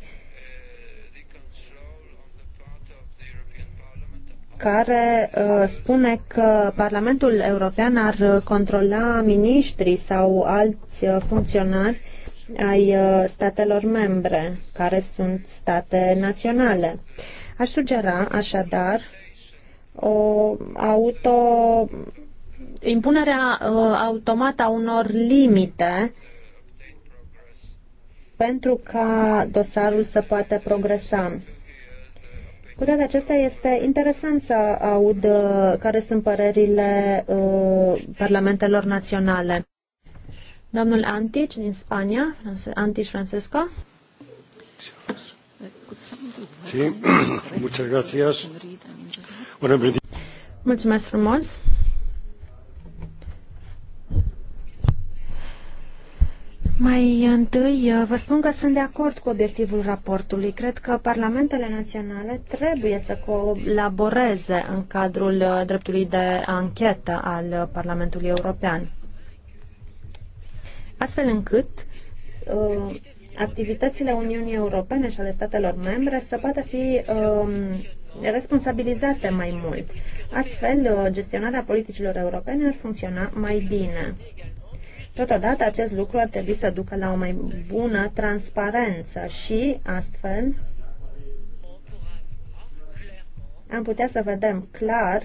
care uh, spune că Parlamentul European ar controla miniștrii sau alți funcționari ai statelor membre, care sunt state naționale. Aș sugera, așadar, o auto impunerea uh, automată a unor limite pentru ca dosarul să poată progresa. Cu toate acestea, este interesant să aud uh, care sunt părerile uh, parlamentelor naționale. Domnul Antic din Spania, Antic Francesco. Sí, muchas gracias. Mulțumesc frumos! Mai întâi, uh, vă spun că sunt de acord cu obiectivul raportului. Cred că parlamentele naționale trebuie să colaboreze în cadrul uh, dreptului de anchetă al Parlamentului European. Astfel încât uh, activitățile Uniunii Europene și ale statelor membre să poată fi um, responsabilizate mai mult. Astfel, gestionarea politicilor europene ar funcționa mai bine. Totodată, acest lucru ar trebui să ducă la o mai bună transparență și, astfel, am putea să vedem clar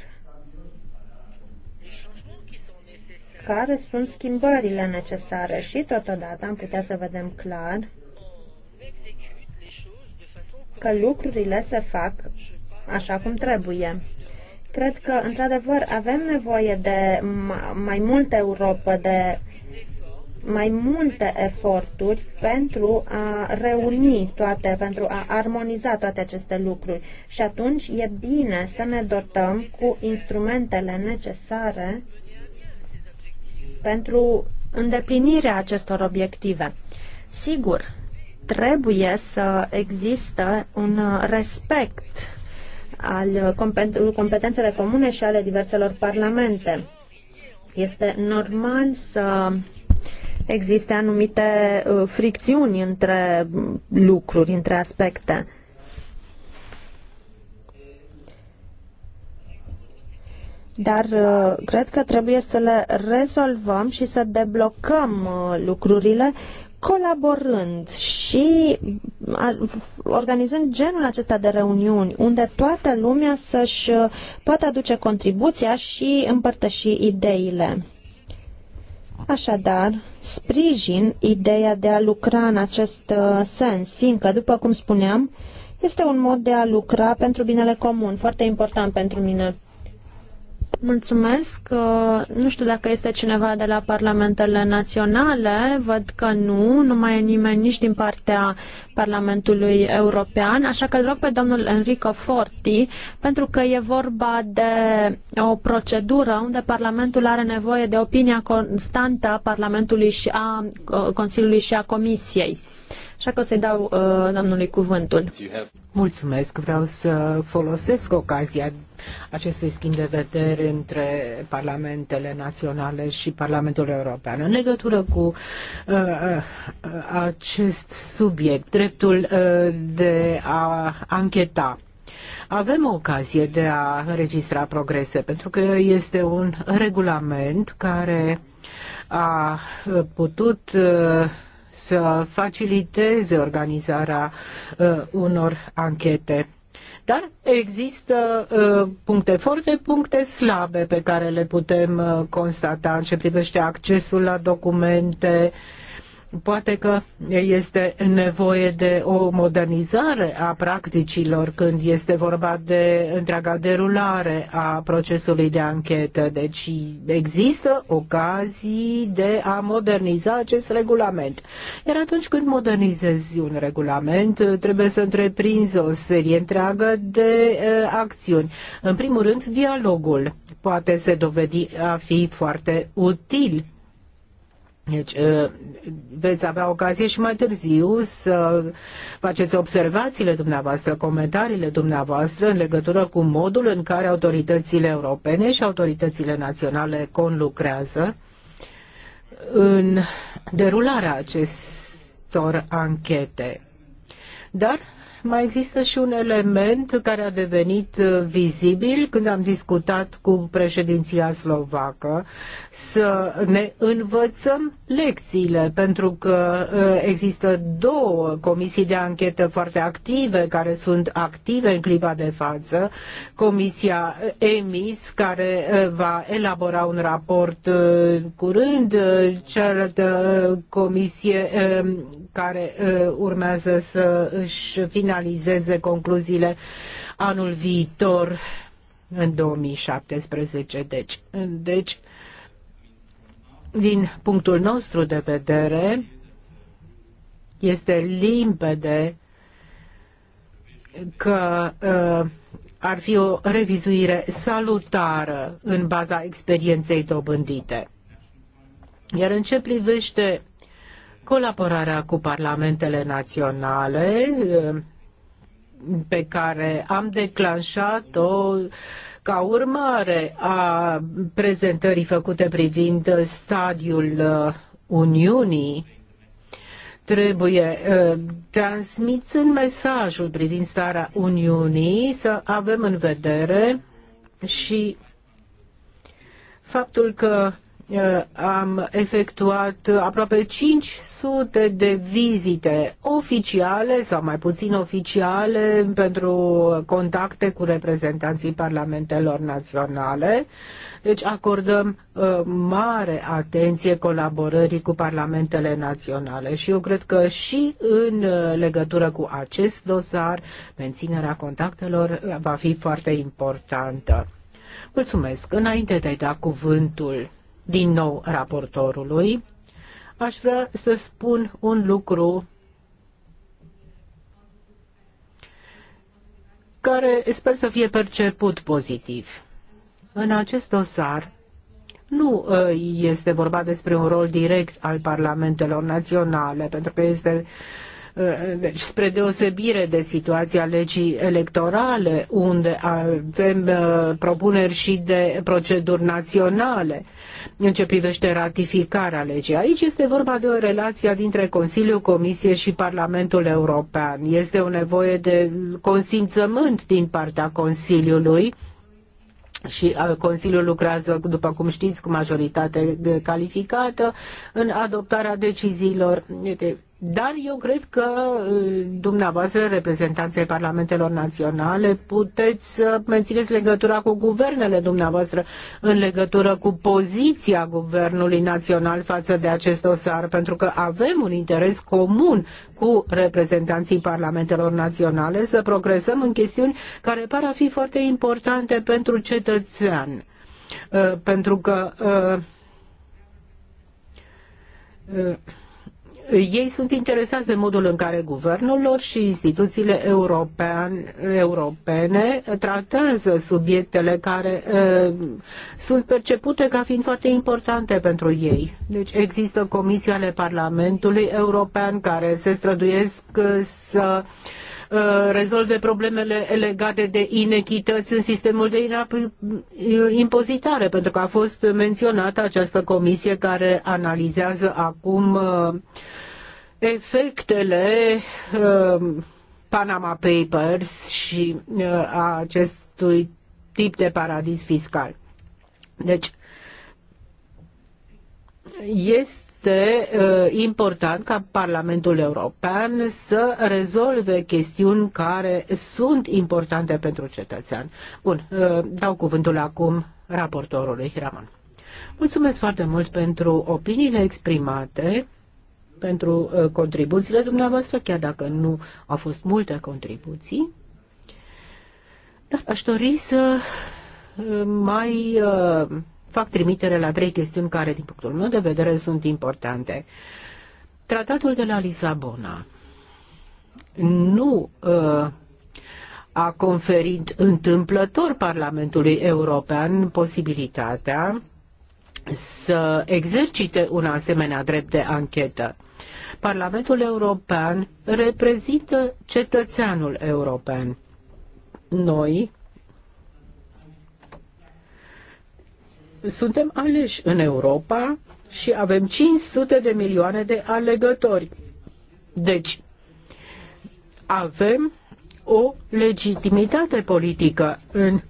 care sunt schimbările necesare și, totodată, am putea să vedem clar că lucrurile se fac așa cum trebuie. Cred că, într-adevăr, avem nevoie de mai multă Europa, de mai multe eforturi pentru a reuni toate, pentru a armoniza toate aceste lucruri. Și atunci e bine să ne dotăm cu instrumentele necesare pentru îndeplinirea acestor obiective. Sigur, trebuie să există un respect al uh, competențele comune și ale diverselor parlamente. Este normal să existe anumite uh, fricțiuni între lucruri, între aspecte. Dar uh, cred că trebuie să le rezolvăm și să deblocăm lucrurile colaborând și organizând genul acesta de reuniuni, unde toată lumea să-și uh, poată aduce contribuția și împărtăși ideile. Așadar, sprijin ideea de a lucra în acest uh, sens, fiindcă, după cum spuneam, este un mod de a lucra pentru binele comun, foarte important pentru mine Mulțumesc. Uh, nu știu dacă este cineva de la parlamentele naționale. Văd că nu. Nu mai e nimeni nici din partea Parlamentului European. Așa că îl rog pe domnul Enrico Forti, pentru că e vorba de o procedură unde Parlamentul are nevoie de opinia constantă a Parlamentului și a uh, Consiliului și a Comisiei. Așa că o să-i dau uh, domnului cuvântul. Mulțumesc, vreau să folosesc ocazia acestui schimb de vedere între parlamentele naționale și Parlamentul European. În legătură cu uh, uh, acest subiect, dreptul uh, de a ancheta avem o ocazie de a înregistra progrese, pentru că este un regulament care a putut să faciliteze organizarea unor anchete dar există uh, puncte forte, puncte slabe pe care le putem uh, constata în ce privește accesul la documente, uh, poate că este nevoie de o modernizare a practicilor când este vorba de întreaga derulare a procesului de anchetă. Deci există ocazii de a moderniza acest regulament. Iar atunci când modernizezi un regulament, trebuie să întreprinzi o serie întreagă de acțiuni. În primul rând, dialogul poate se dovedi a fi foarte util deci uh, veți avea ocazie și mai târziu să faceți observațiile dumneavoastră, comentariile dumneavoastră în legătură cu modul în care autoritățile europene și autoritățile naționale conlucrează în derularea acestor anchete. Dar mai există și un element care a devenit uh, vizibil când am discutat cu președinția slovacă, să ne învățăm lecțiile, pentru că uh, există două comisii de anchetă foarte active care sunt active în clipa de față. Comisia uh, EMIS, care va elabora un raport curând, de comisie um, care urmează să își finalizeze finalizeze concluziile anul viitor, în 2017. Deci, deci din punctul nostru de vedere, este limpede că uh, ar fi o revizuire salutară în baza experienței dobândite. Iar în ce privește colaborarea cu parlamentele naționale, uh, pe care am declanșat-o ca urmare a prezentării făcute privind stadiul uh, Uniunii trebuie uh, transmițând mesajul privind starea Uniunii să avem în vedere și faptul că Uh, am efectuat aproape 500 de vizite oficiale sau mai puțin oficiale pentru contacte cu reprezentanții parlamentelor naționale. Deci acordăm uh, mare atenție colaborării cu parlamentele naționale și eu cred că și în uh, legătură cu acest dosar menținerea contactelor va fi foarte importantă. Mulțumesc. Înainte de a da cuvântul din nou raportorului. Aș vrea să spun un lucru care sper să fie perceput pozitiv. În acest dosar nu ă, este vorba despre un rol direct al parlamentelor naționale, pentru că este uh, Eh, deci, spre deosebire de situația legii electorale, unde avem eh, propuneri și de proceduri naționale în ce privește ratificarea legii. Aici este vorba de o relație dintre Consiliu, Comisie și Parlamentul European. Este o nevoie de consimțământ din partea Consiliului și eh, Consiliul lucrează, după cum știți, cu majoritate calificată în adoptarea deciziilor. Dar eu cred că uh, dumneavoastră, reprezentanții parlamentelor naționale, puteți să mențineți legătura cu guvernele dumneavoastră în legătură cu poziția guvernului național față de acest dosar, pentru că avem un interes comun cu reprezentanții parlamentelor naționale să progresăm în chestiuni care par a fi foarte importante pentru cetățean. Uh, pentru că uh, ei sunt interesați de modul în care guvernul lor și instituțiile european, europene tratează subiectele care uh, sunt percepute ca fiind foarte importante pentru ei. Deci există comisii ale Parlamentului European care se străduiesc să uh, Uh, rezolve problemele legate de inechități în sistemul de uh, impozitare, pentru că a fost menționată această comisie care analizează acum uh, efectele Panama Papers și a acestui tip de paradis fiscal. Deci, este este uh, important ca Parlamentul European să rezolve chestiuni care sunt importante pentru cetățean. Bun, uh, dau cuvântul acum raportorului Ramon. Mulțumesc foarte mult pentru opiniile exprimate, pentru uh, contribuțiile dumneavoastră, chiar dacă nu au fost multe contribuții. Dar aș dori să mai fac trimitere la trei chestiuni care, din punctul meu de vedere, sunt importante. Tratatul de la Lisabona nu uh, a conferit întâmplător Parlamentului European posibilitatea să exercite un asemenea drept de anchetă. Parlamentul European reprezintă cetățeanul european. Noi suntem aleși în Europa și avem 500 de milioane de alegători. Deci, avem o legitimitate politică în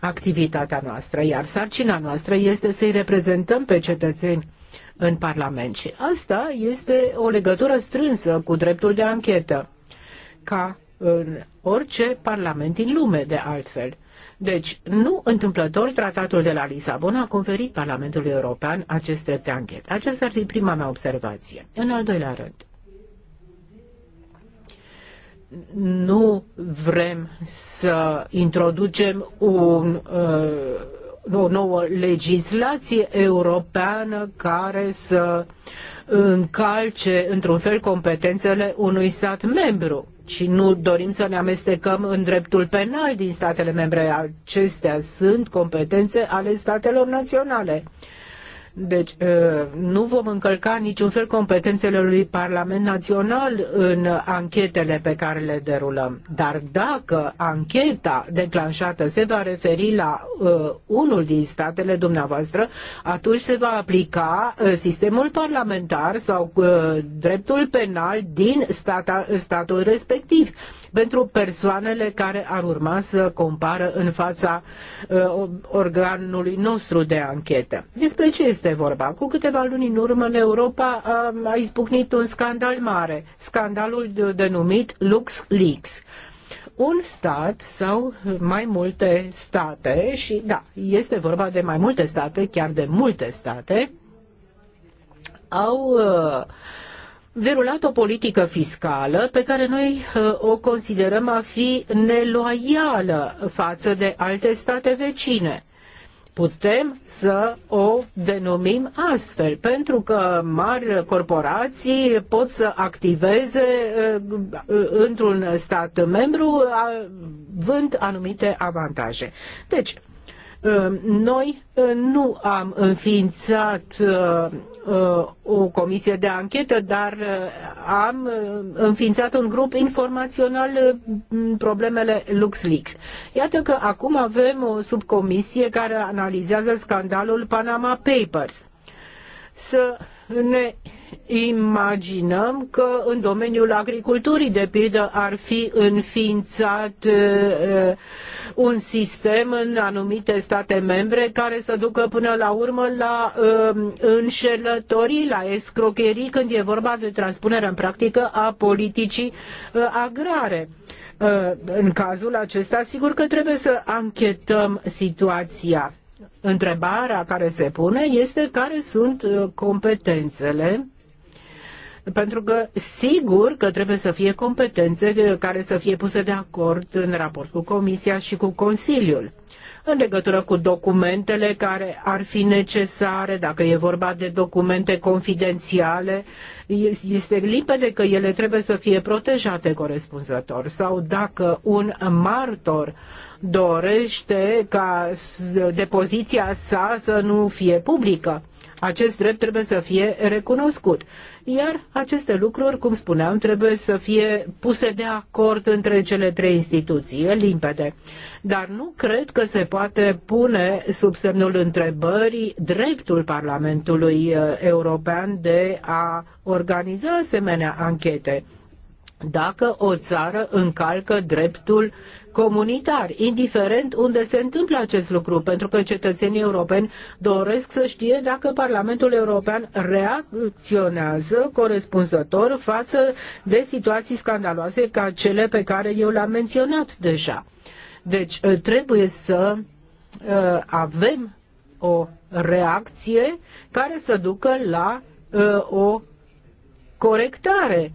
activitatea noastră, iar sarcina noastră este să-i reprezentăm pe cetățeni în Parlament. Și asta este o legătură strânsă cu dreptul de anchetă, ca în orice Parlament din lume, de altfel. Deci, nu întâmplător, tratatul de la Lisabona a conferit Parlamentului European acest drept de anchetă. Aceasta ar fi prima mea observație. În al doilea rând, nu vrem să introducem un, uh, o nouă legislație europeană care să încalce într-un fel competențele unui stat membru ci nu dorim să ne amestecăm în dreptul penal din statele membre. Acestea sunt competențe ale statelor naționale. Uh, deci uh, nu vom încălca niciun fel competențele lui Parlament Național în anchetele pe care le derulăm. Dar dacă ancheta declanșată se va referi la uh, unul din statele dumneavoastră, atunci se va aplica uh, sistemul parlamentar sau dreptul penal din stata, statul respectiv pentru persoanele care ar urma să compară în fața uh, organului nostru de anchetă. Despre ce este vorba? Cu câteva luni în urmă în Europa uh, a izbucnit un scandal mare, scandalul denumit LuxLeaks un stat sau mai multe state și da, este vorba de mai multe state, chiar de multe state, au uh, derulat o politică fiscală pe care noi uh, o considerăm a fi neloială față de alte state vecine. Putem să o denumim astfel, pentru că mari corporații pot să activeze uh, într-un stat membru vând anumite avantaje. Deci, uh, noi nu am înființat Uh, o comisie de anchetă, dar uh, am uh, înființat un grup informațional în problemele LuxLeaks. Iată că acum avem o subcomisie care analizează scandalul Panama Papers. Să ne imaginăm că în domeniul agriculturii, de pildă, ar fi înființat uh, uh, un sistem în anumite state membre care să ducă până la urmă la um, înșelătorii, la escrocherii când e vorba de transpunerea în practică a politicii uh, agrare. În cazul acesta, sigur că trebuie să anchetăm situația întrebarea care se pune este care sunt uh, competențele pentru că sigur că trebuie să fie competențe uh, care să fie puse de acord în raport cu Comisia și cu Consiliul în legătură cu documentele care ar fi necesare, dacă e vorba de documente confidențiale, este limpede că ele trebuie să fie protejate corespunzător sau dacă un martor dorește ca depoziția sa să nu fie publică acest drept trebuie să fie recunoscut. Iar aceste lucruri, cum spuneam, trebuie să fie puse de acord între cele trei instituții, limpede. Dar nu cred că se poate pune sub semnul întrebării dreptul Parlamentului eh, European de a organiza asemenea anchete dacă o țară încalcă dreptul comunitar, indiferent unde se întâmplă acest lucru, pentru că cetățenii europeni doresc să știe dacă Parlamentul European reacționează corespunzător față de situații scandaloase ca cele pe care eu le-am menționat deja. Deci ă, trebuie să uh, avem o reacție care să ducă la uh, o corectare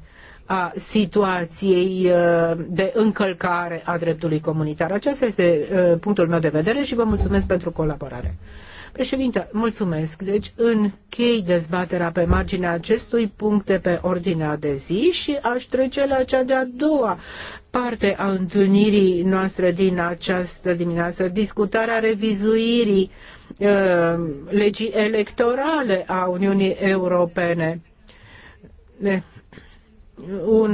a situației uh, de încălcare a dreptului comunitar. Acesta este uh, punctul meu de vedere și vă mulțumesc pentru colaborare. Președinte, mulțumesc. Deci închei dezbaterea pe marginea acestui punct de pe ordinea de zi și aș trece la cea de-a doua parte a întâlnirii noastre din această dimineață, discutarea revizuirii uh, legii electorale a Uniunii Europene. Ne un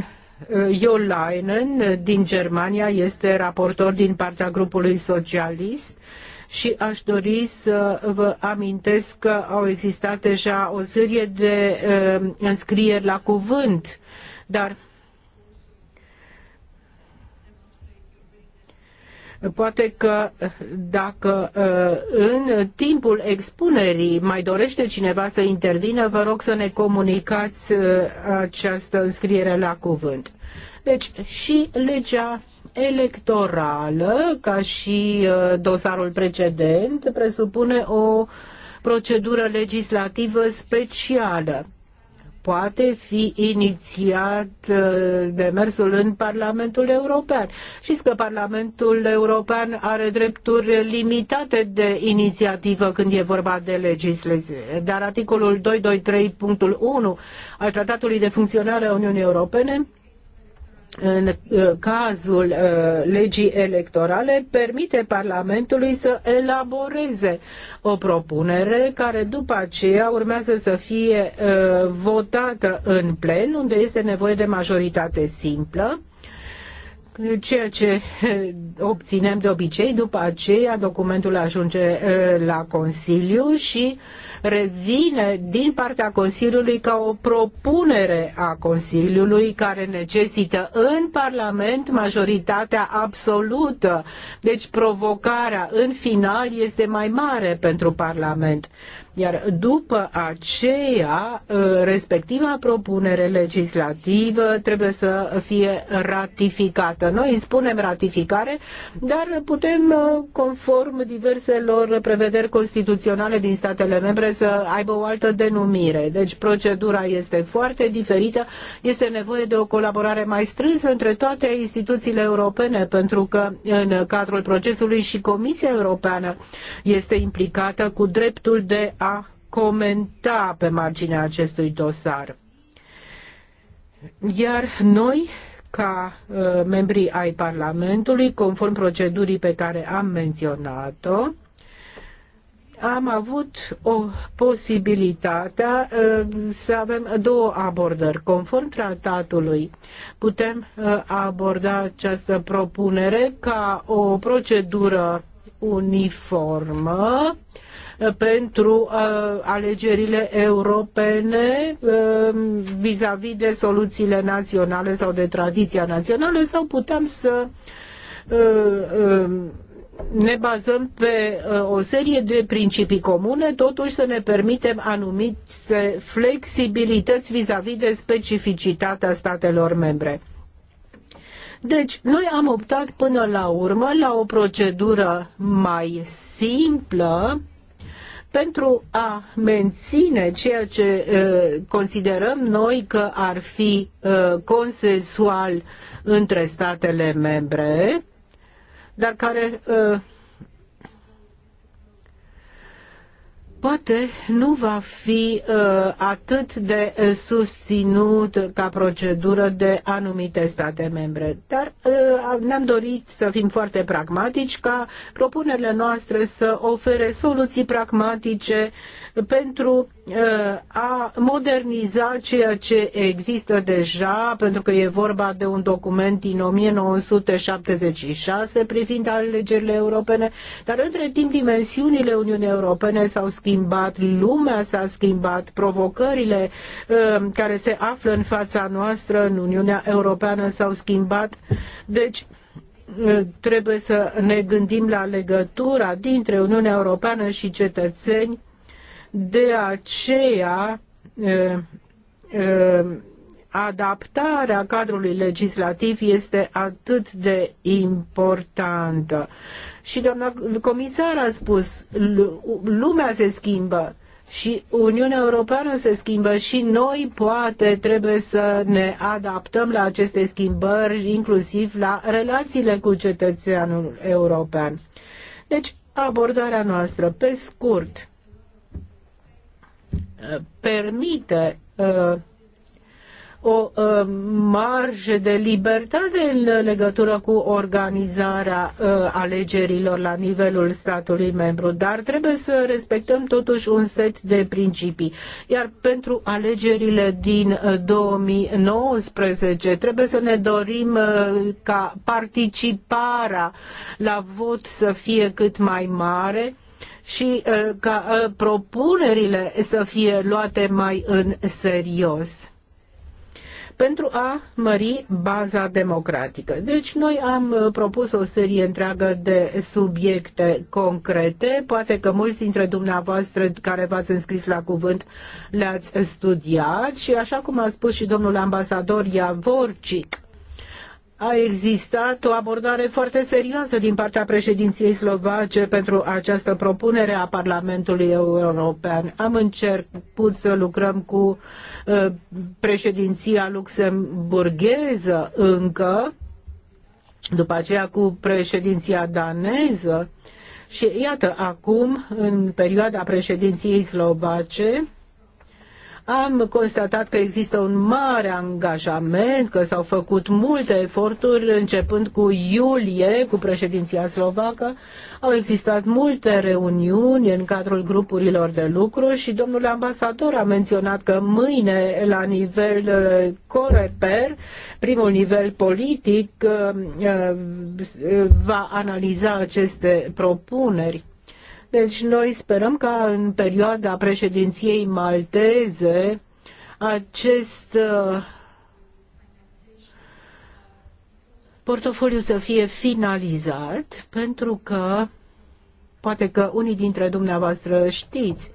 uh, Jo Leinen uh, din Germania este raportor din partea grupului socialist și aș dori să vă amintesc că au existat deja o serie de uh, înscrieri la cuvânt, dar Poate că dacă uh, în timpul expunerii mai dorește cineva să intervină, vă rog să ne comunicați uh, această înscriere la cuvânt. Deci și legea electorală, ca și uh, dosarul precedent, presupune o procedură legislativă specială poate fi inițiat uh, demersul în Parlamentul European. Știți că Parlamentul European are drepturi limitate de inițiativă când e vorba de legislație, dar articolul 223.1 al Tratatului de Funcționare a Uniunii Europene în uh, cazul uh, legii electorale permite Parlamentului să elaboreze o propunere care după aceea urmează să fie uh, votată în plen, unde este nevoie de majoritate simplă ceea ce eh, obținem de obicei, după aceea documentul ajunge eh, la Consiliu și revine din partea Consiliului ca o propunere a Consiliului care necesită în Parlament majoritatea absolută. Deci provocarea în final este mai mare pentru Parlament. Iar după aceea, ă, respectiva propunere legislativă trebuie să fie ratificată. Noi îi spunem ratificare, dar putem, ă, conform diverselor prevederi constituționale din statele membre, să aibă o altă denumire. Deci procedura este foarte diferită, este nevoie de o colaborare mai strânsă între toate instituțiile europene, pentru că în cadrul procesului și Comisia Europeană este implicată cu dreptul de a comenta pe marginea acestui dosar. Iar noi, ca uh, membrii ai Parlamentului, conform procedurii pe care am menționat-o, am avut o uh, să avem două abordări. Conform tratatului, putem uh, aborda această propunere ca o procedură uniformă uh, pentru uh, alegerile europene uh, vis-a-vis -vis de soluțiile naționale sau de tradiția națională sau putem să ne bazăm pe o serie de principii comune, totuși să ne permitem anumite flexibilități vis-a-vis -vis de specificitatea statelor membre. Deci, noi am optat până la urmă la o procedură mai simplă, pentru a menține ceea ce uh, considerăm noi că ar fi uh, consensual între statele membre, dar care uh, poate nu va fi uh, atât de uh, susținut ca procedură de anumite state membre. Dar uh, ne-am dorit să fim foarte pragmatici ca propunerile noastre să ofere soluții pragmatice pentru a moderniza ceea ce există deja, pentru că e vorba de un document din 1976 privind alegerile europene, dar între timp dimensiunile Uniunii Europene s-au schimbat, lumea s-a schimbat, provocările uh, care se află în fața noastră în Uniunea Europeană s-au schimbat. Deci, uh, trebuie să ne gândim la legătura dintre Uniunea Europeană și cetățeni de aceea, adaptarea cadrului legislativ este atât de importantă. Și doamna comisar a spus, lumea se schimbă și Uniunea Europeană se schimbă și noi poate trebuie să ne adaptăm la aceste schimbări, inclusiv la relațiile cu cetățeanul european. Deci, abordarea noastră, pe scurt, permite uh, o uh, marjă de libertate în legătură cu organizarea uh, alegerilor la nivelul statului membru, dar trebuie să respectăm totuși un set de principii. Iar pentru alegerile din 2019 trebuie să ne dorim ca participarea la vot să fie cât mai mare, și uh, ca uh, propunerile să fie luate mai în serios pentru a mări baza democratică. Deci noi am uh, propus o serie întreagă de subiecte concrete, poate că mulți dintre dumneavoastră care v-ați înscris la cuvânt le-ați studiat și așa cum a spus și domnul ambasador Iavorcic, a existat o abordare foarte serioasă din partea președinției slovace pentru această propunere a Parlamentului European. Am încercat să lucrăm cu uh, președinția luxemburgheză încă, după aceea cu președinția daneză și iată acum, în perioada președinției slovace, am constatat că există un mare angajament, că s-au făcut multe eforturi începând cu iulie, cu președinția slovacă. Au existat multe reuniuni în cadrul grupurilor de lucru și domnul ambasador a menționat că mâine la nivel uh, Coreper, primul nivel politic, uh, uh, va analiza aceste propuneri. Deci noi sperăm ca în perioada președinției malteze acest uh, portofoliu să fie finalizat pentru că poate că unii dintre dumneavoastră știți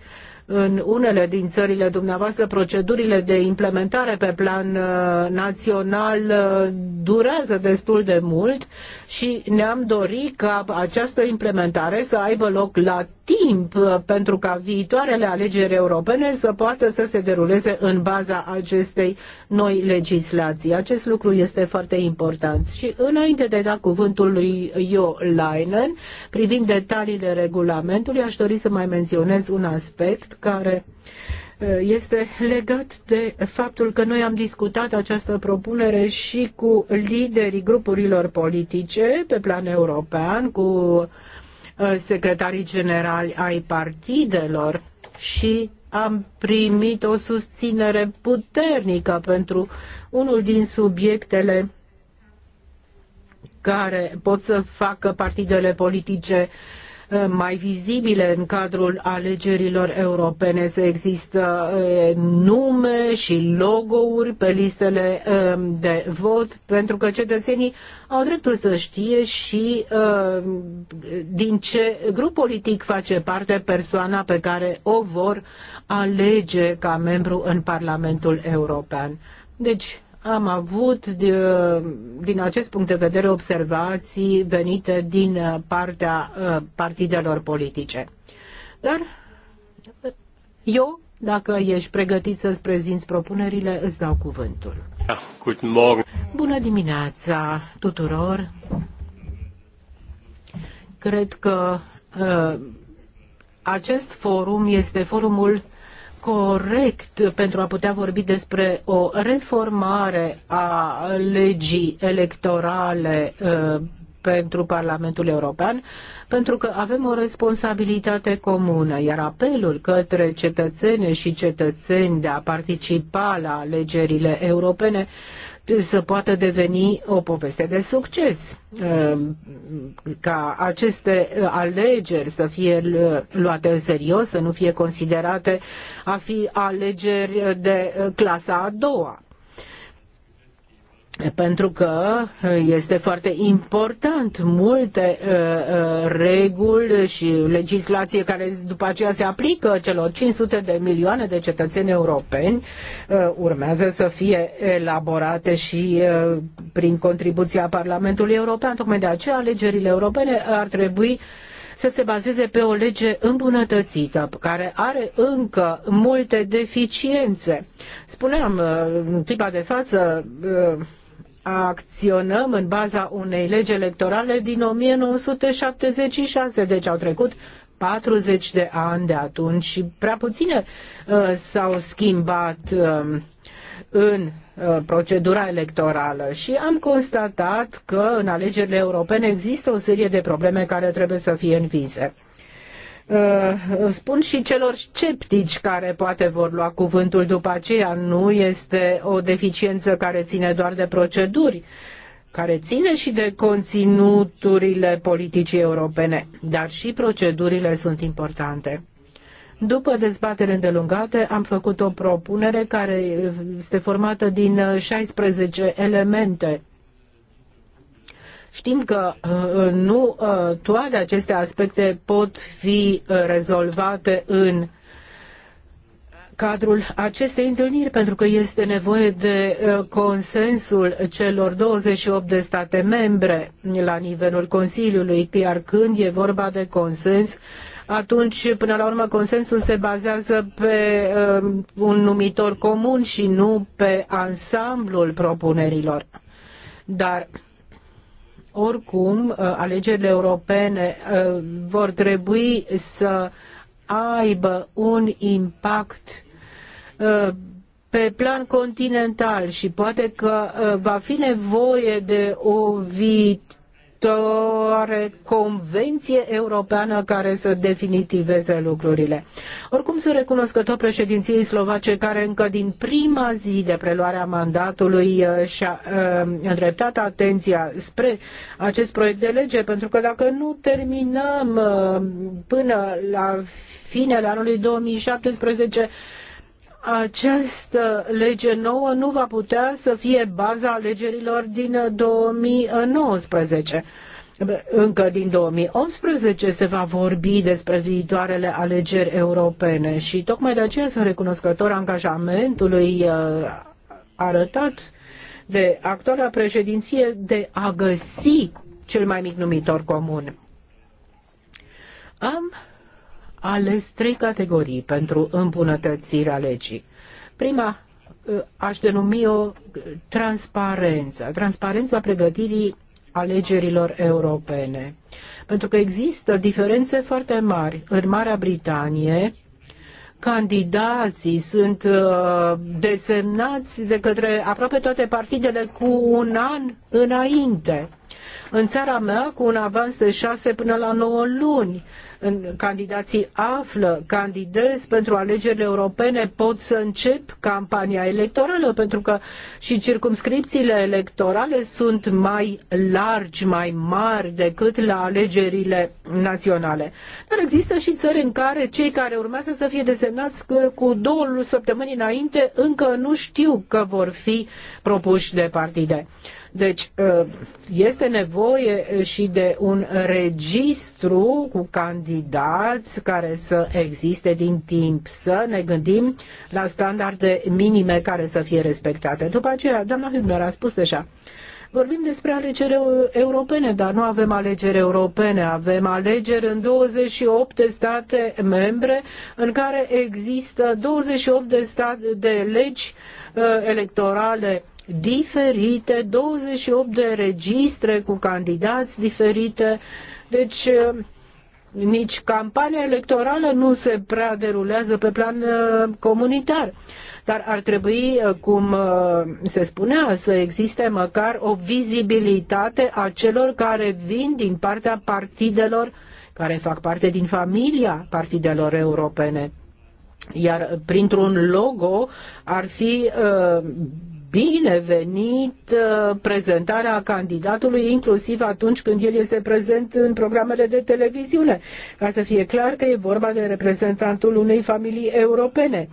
în unele din țările dumneavoastră procedurile de implementare pe plan uh, național uh, durează destul de mult și ne-am dorit ca această implementare să aibă loc la timp uh, pentru ca viitoarele alegeri europene să poată să se deruleze în baza acestei noi legislații. Acest lucru este foarte important. Și înainte de a da cuvântul lui Jo Leinen, privind detaliile regulamentului, aș dori să mai menționez un aspect care uh, este legat de faptul că noi am discutat această propunere și cu liderii grupurilor politice pe plan european, cu uh, secretarii generali ai partidelor și am primit o susținere puternică pentru unul din subiectele care pot să facă partidele politice uh, mai vizibile în cadrul alegerilor europene, să există nume și logo-uri pe listele de vot, pentru că cetățenii au dreptul să știe și din ce grup politic face parte persoana pe care o vor alege ca membru în Parlamentul European. Deci, am avut din acest punct de vedere observații venite din partea uh, partidelor politice. Dar eu, dacă ești pregătit să-ți prezinți propunerile, îți dau cuvântul. Bună dimineața tuturor! Cred că uh, acest forum este forumul corect pentru a putea vorbi despre o reformare a legii electorale uh, pentru Parlamentul European, pentru că avem o responsabilitate comună, iar apelul către cetățene și cetățeni de a participa la alegerile europene să poată deveni o poveste de succes. Ehm, ca aceste alegeri să fie luate în serios, să nu fie considerate a fi alegeri de eh, clasa a doua pentru că uh, este foarte important multe uh, uh, reguli și legislație care după aceea se aplică celor 500 de milioane de cetățeni europeni uh, urmează să fie elaborate și uh, prin contribuția Parlamentului European. Tocmai de aceea alegerile europene ar trebui să se bazeze pe o lege îmbunătățită, care are încă multe deficiențe. Spuneam, uh, în clipa de față, acționăm în baza unei legi electorale din 1976, deci au trecut 40 de ani de atunci și prea puține uh, s-au schimbat um, uh, în procedura electorală și am constatat că în alegerile europene există o serie de probleme care trebuie să fie învise. Uh, spun și celor sceptici care poate vor lua cuvântul după aceea, nu este o deficiență care ține doar de proceduri, care ține și de conținuturile politicii europene, dar și procedurile sunt importante. După dezbatere îndelungate, am făcut o propunere care este formată din 16 elemente Știm că uh, nu uh, toate aceste aspecte pot fi uh, rezolvate în cadrul acestei întâlniri, pentru că este nevoie de consensul celor 28 de state membre la nivelul Consiliului, iar când e vorba de consens, atunci, până la urmă, consensul se bazează pe uh, un numitor comun și nu pe ansamblul propunerilor. Dar oricum, uh, alegerile europene uh, vor trebui să aibă un impact uh, pe plan continental și poate că va fi nevoie de o viitoare viitoare convenție europeană care să definitiveze lucrurile. Oricum sunt recunoscător președinției slovace care încă din prima zi de preluarea mandatului uh, și-a uh, îndreptat atenția spre acest proiect de lege, pentru că dacă nu terminăm uh, până la finele anului 2017, această lege nouă nu va putea să fie baza alegerilor din 2019. Uh, Încă din 2018 se va vorbi despre viitoarele alegeri europene și tocmai de aceea sunt recunoscător angajamentului uh, arătat de actuala președinție de a găsi cel mai mic numitor comun. Am ales trei categorii pentru îmbunătățirea legii. Prima ă, aș denumi o ă, transparență, transparența pregătirii alegerilor europene. Pentru că există diferențe foarte mari. În Marea Britanie, candidații sunt ă, desemnați de către aproape toate partidele cu un an înainte. În țara mea, cu un avans de șase până la nouă luni în candidații află, candidez pentru alegerile europene, pot să încep campania electorală, pentru că și circumscripțiile electorale sunt mai largi, mai mari decât la alegerile naționale. Dar există și țări în care cei care urmează să fie desemnați cu două săptămâni înainte încă nu știu că vor fi propuși de partide. Deci ă, este nevoie și de un registru cu candidați care să existe din timp, să ne gândim la standarde minime care să fie respectate. După aceea, doamna Hübner a spus deja, Vorbim despre alegeri europene, dar nu avem alegeri europene, avem alegeri în 28 de state membre în care există 28 de, stat, de legi ă, electorale diferite, 28 de registre cu candidați diferite. Deci eh, nici campania electorală nu se prea derulează pe plan eh, comunitar. Dar ar trebui, eh, cum se spunea, să existe măcar o vizibilitate a celor care vin din partea partidelor care fac parte din familia partidelor europene iar printr-un logo ar fi uh, binevenit uh, prezentarea candidatului, inclusiv atunci când el este prezent în programele de televiziune, ca să fie clar că e vorba de reprezentantul unei familii europene.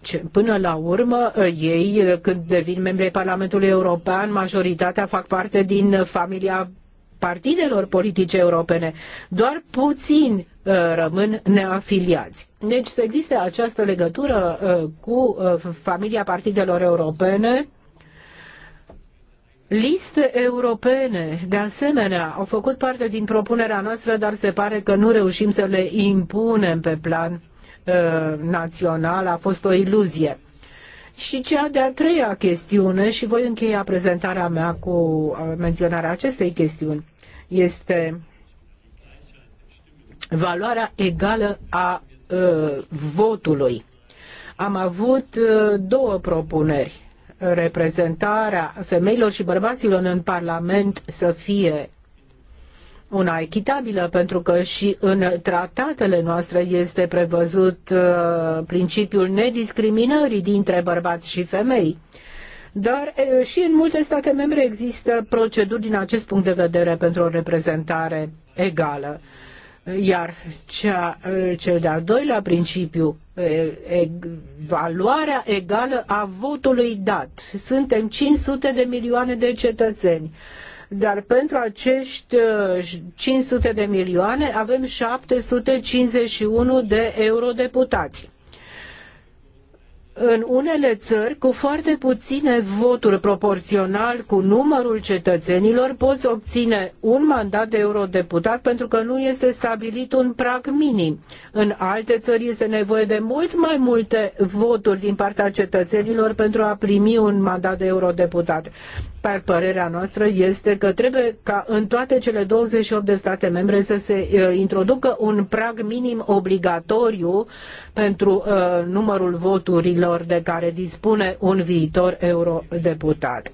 Ce, până la urmă, uh, ei, uh, când devin membri Parlamentului European, majoritatea fac parte din familia partidelor politice europene. Doar puțini Uh, rămân neafiliați. Deci să existe această legătură uh, cu uh, familia partidelor europene. Liste europene, de asemenea, au făcut parte din propunerea noastră, dar se pare că nu reușim să le impunem pe plan național. A fost o iluzie. Și cea de-a treia chestiune, și voi încheia prezentarea mea cu menționarea acestei chestiuni, este valoarea egală a uh, votului. Am avut uh, două propuneri reprezentarea femeilor și bărbaților în Parlament să fie una echitabilă, pentru că și în tratatele noastre este prevăzut uh, principiul nediscriminării dintre bărbați și femei. Dar și în multe state membre există proceduri din acest punct de vedere pentru o reprezentare egală. Iar cea, eh, cel de-al doilea principiu, eh, valoarea egală a votului dat. Suntem 500 de milioane de cetățeni dar pentru acești 500 eh, de milioane avem 751 de eurodeputați în unele țări, cu foarte puține voturi proporțional cu numărul cetățenilor, poți obține un mandat de eurodeputat pentru că nu este stabilit un prag minim. În alte țări este nevoie de mult mai multe voturi din partea cetățenilor pentru a primi un mandat de eurodeputat. Dar părerea noastră este că trebuie ca în toate cele 28 de state membre să se uh, introducă un prag minim obligatoriu pentru uh, numărul voturilor de care dispune un viitor eurodeputat.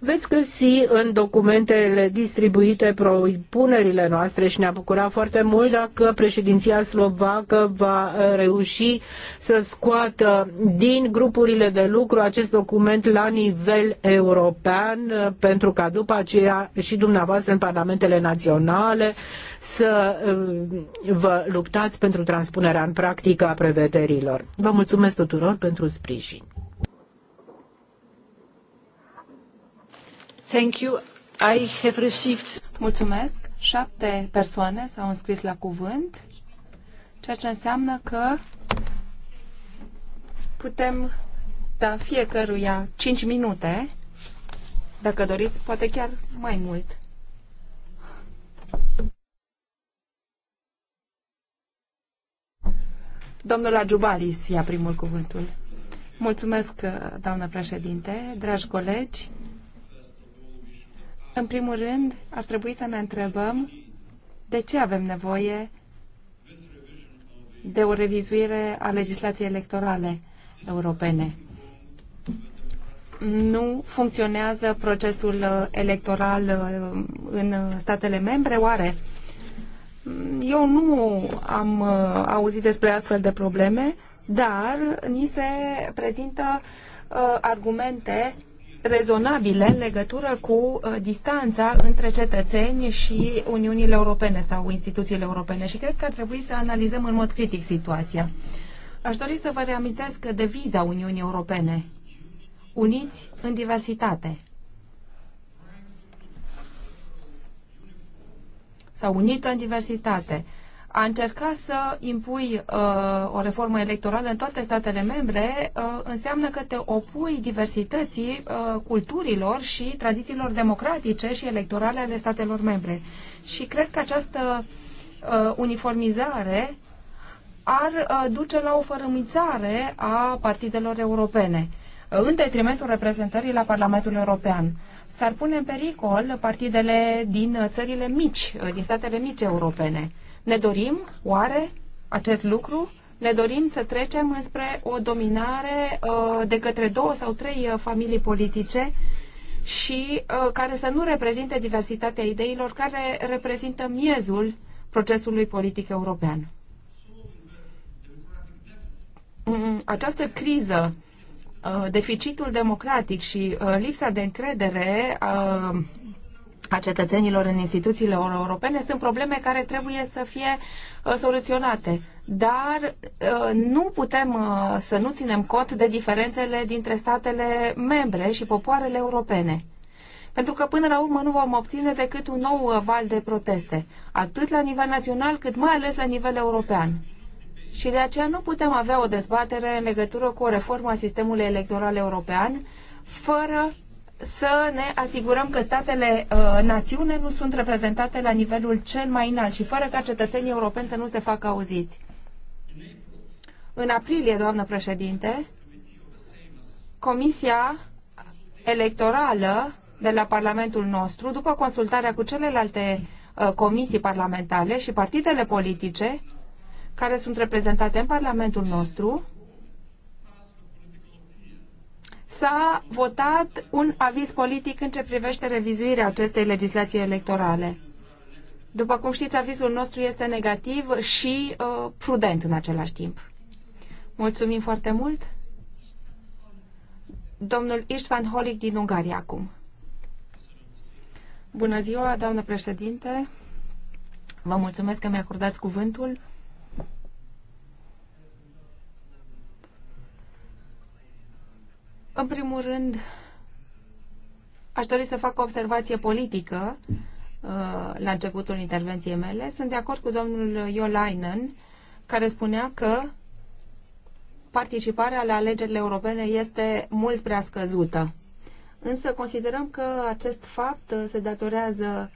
Veți găsi în documentele distribuite propunerile noastre și ne-a bucurat foarte mult dacă președinția slovacă va uh, reuși să scoată din grupurile de lucru acest document la nivel european uh, pentru ca după aceea și dumneavoastră în parlamentele naționale să uh, vă luptați pentru transpunerea în practică a prevederilor. Vă mulțumesc tuturor pentru sprijin. Mulțumesc. Șapte persoane s-au înscris la cuvânt, ceea ce înseamnă că putem da fiecăruia cinci minute, dacă doriți, poate chiar mai mult. Domnul Ajubalis ia primul cuvântul. Mulțumesc, doamnă președinte, dragi colegi. În primul rând, ar trebui să ne întrebăm de ce avem nevoie de o revizuire a legislației electorale europene. Nu funcționează procesul uh, electoral uh, în statele membre, oare? Eu nu am uh, auzit despre astfel de probleme, dar ni se prezintă argumente rezonabile în legătură cu uh, distanța între cetățeni și Uniunile Europene sau instituțiile europene și cred că ar trebui să analizăm în mod critic situația. Aș dori să vă reamintesc de viza Uniunii Europene. Uniți în diversitate. Sau unită în diversitate a încercat să impui uh, o reformă electorală în toate statele membre uh, înseamnă că te opui diversității uh, culturilor și tradițiilor democratice și electorale ale statelor membre. Și cred că această uh, uniformizare ar uh, duce la o fărâmițare a partidelor europene uh, în detrimentul reprezentării la Parlamentul European. S-ar pune în pericol partidele din uh, țările mici, uh, din statele mici europene ne dorim, oare, acest lucru? Ne dorim să trecem înspre o dominare uh, de către două sau trei uh, familii politice și uh, care să nu reprezinte diversitatea ideilor care reprezintă miezul procesului politic european. Această criză, deficitul democratic și lipsa de încredere a cetățenilor în instituțiile europene sunt probleme care trebuie să fie uh, soluționate. Dar uh, nu putem uh, să nu ținem cont de diferențele dintre statele membre și popoarele europene. Pentru că până la urmă nu vom obține decât un nou val de proteste, atât la nivel național cât mai ales la nivel european. Și de aceea nu putem avea o dezbatere în legătură cu o reformă a sistemului electoral european fără să ne asigurăm că statele uh, națiune nu sunt reprezentate la nivelul cel mai înalt și fără ca cetățenii europeni să nu se facă auziți. În aprilie, doamnă președinte, Comisia Electorală de la Parlamentul nostru, după consultarea cu celelalte uh, comisii parlamentare și partidele politice care sunt reprezentate în Parlamentul nostru, s-a votat un aviz politic în ce privește revizuirea acestei legislații electorale. După cum știți, avizul nostru este negativ și uh, prudent în același timp. Mulțumim foarte mult. Domnul Istvan Holic din Ungaria acum. Bună ziua, doamnă președinte. Vă mulțumesc că mi acordat cuvântul. În primul rând, aș dori să fac o observație politică uh, la începutul intervenției mele. Sunt de acord cu domnul Iolainen, care spunea că participarea la alegerile europene este mult prea scăzută. Însă considerăm că acest fapt uh, se datorează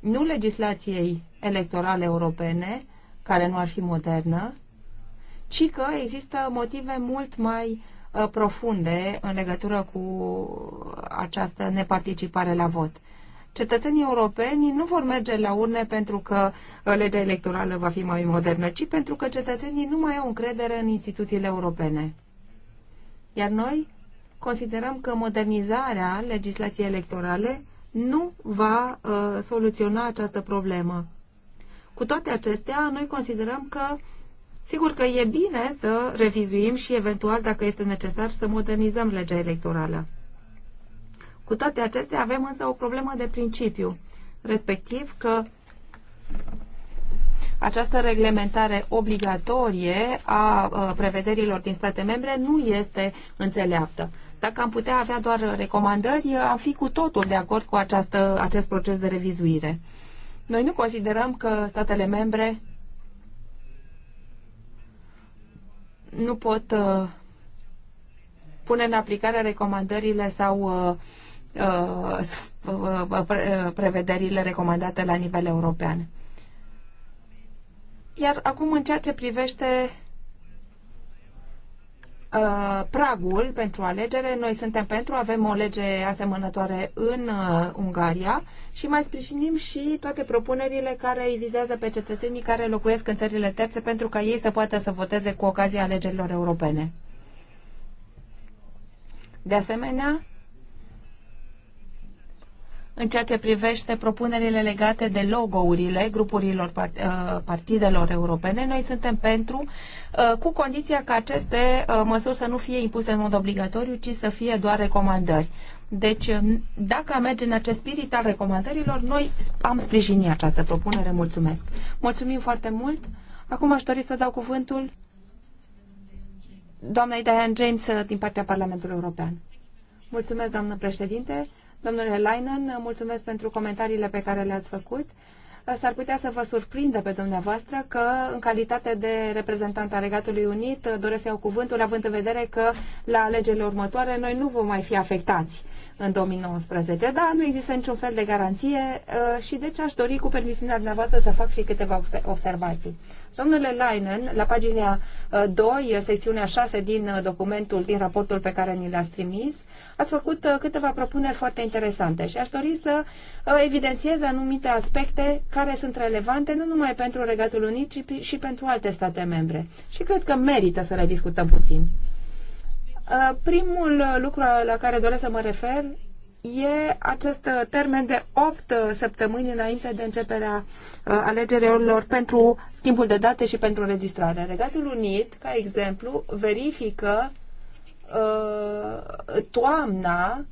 nu legislației electorale europene, care nu ar fi modernă, ci că există motive mult mai uh, profunde în legătură cu această neparticipare la vot. Cetățenii europeni nu vor merge la urne pentru că uh, legea electorală va fi mai modernă, ci pentru că cetățenii nu mai au încredere în instituțiile europene. Iar noi considerăm că modernizarea legislației electorale nu va uh, soluționa această problemă. Cu toate acestea, noi considerăm că Sigur că e bine să revizuim și eventual, dacă este necesar, să modernizăm legea electorală. Cu toate acestea avem însă o problemă de principiu, respectiv că această reglementare obligatorie a prevederilor din state membre nu este înțeleaptă. Dacă am putea avea doar recomandări, am fi cu totul de acord cu această, acest proces de revizuire. Noi nu considerăm că statele membre nu pot uh, pune în aplicare recomandările sau uh, uh, prevederile recomandate la nivel european. Iar acum, în ceea ce privește Uh, pragul pentru alegere. Noi suntem pentru, avem o lege asemănătoare în uh, Ungaria și mai sprijinim și toate propunerile care îi vizează pe cetățenii care locuiesc în țările terțe pentru ca ei să poată să voteze cu ocazia alegerilor europene. De asemenea, în ceea ce privește propunerile legate de logourile grupurilor uh, partidelor europene. Noi suntem pentru, uh, cu condiția ca aceste uh, măsuri să nu fie impuse în mod obligatoriu, ci să fie doar recomandări. Deci, dacă merge în acest spirit al recomandărilor, noi am sprijinit această propunere. Mulțumesc! Mulțumim foarte mult! Acum aș dori să dau cuvântul doamnei Diane James din partea Parlamentului European. Mulțumesc, doamnă președinte. Domnule Leinen, mulțumesc pentru comentariile pe care le-ați făcut. S-ar putea să vă surprindă pe dumneavoastră că, în calitate de reprezentant al Regatului Unit, doresc să iau cuvântul, având în vedere că la alegerile următoare noi nu vom mai fi afectați în 2019, dar nu există niciun fel de garanție uh, și deci aș dori cu permisiunea dumneavoastră să fac și câteva observații. Domnule Leinen, la pagina 2, uh, secțiunea 6 din uh, documentul, din raportul pe care ni l-ați trimis, ați făcut câteva propuneri foarte interesante și aș dori să evidențiez anumite aspecte care sunt relevante nu numai pentru Regatul Unit, ci și pentru alte state membre. Și cred că merită să le discutăm puțin. Uh, primul lucru la care doresc să mă refer e acest termen de 8 săptămâni înainte de începerea uh, alegerilor pentru schimbul de date și pentru înregistrare. Regatul Unit, ca exemplu, verifică uh, toamna,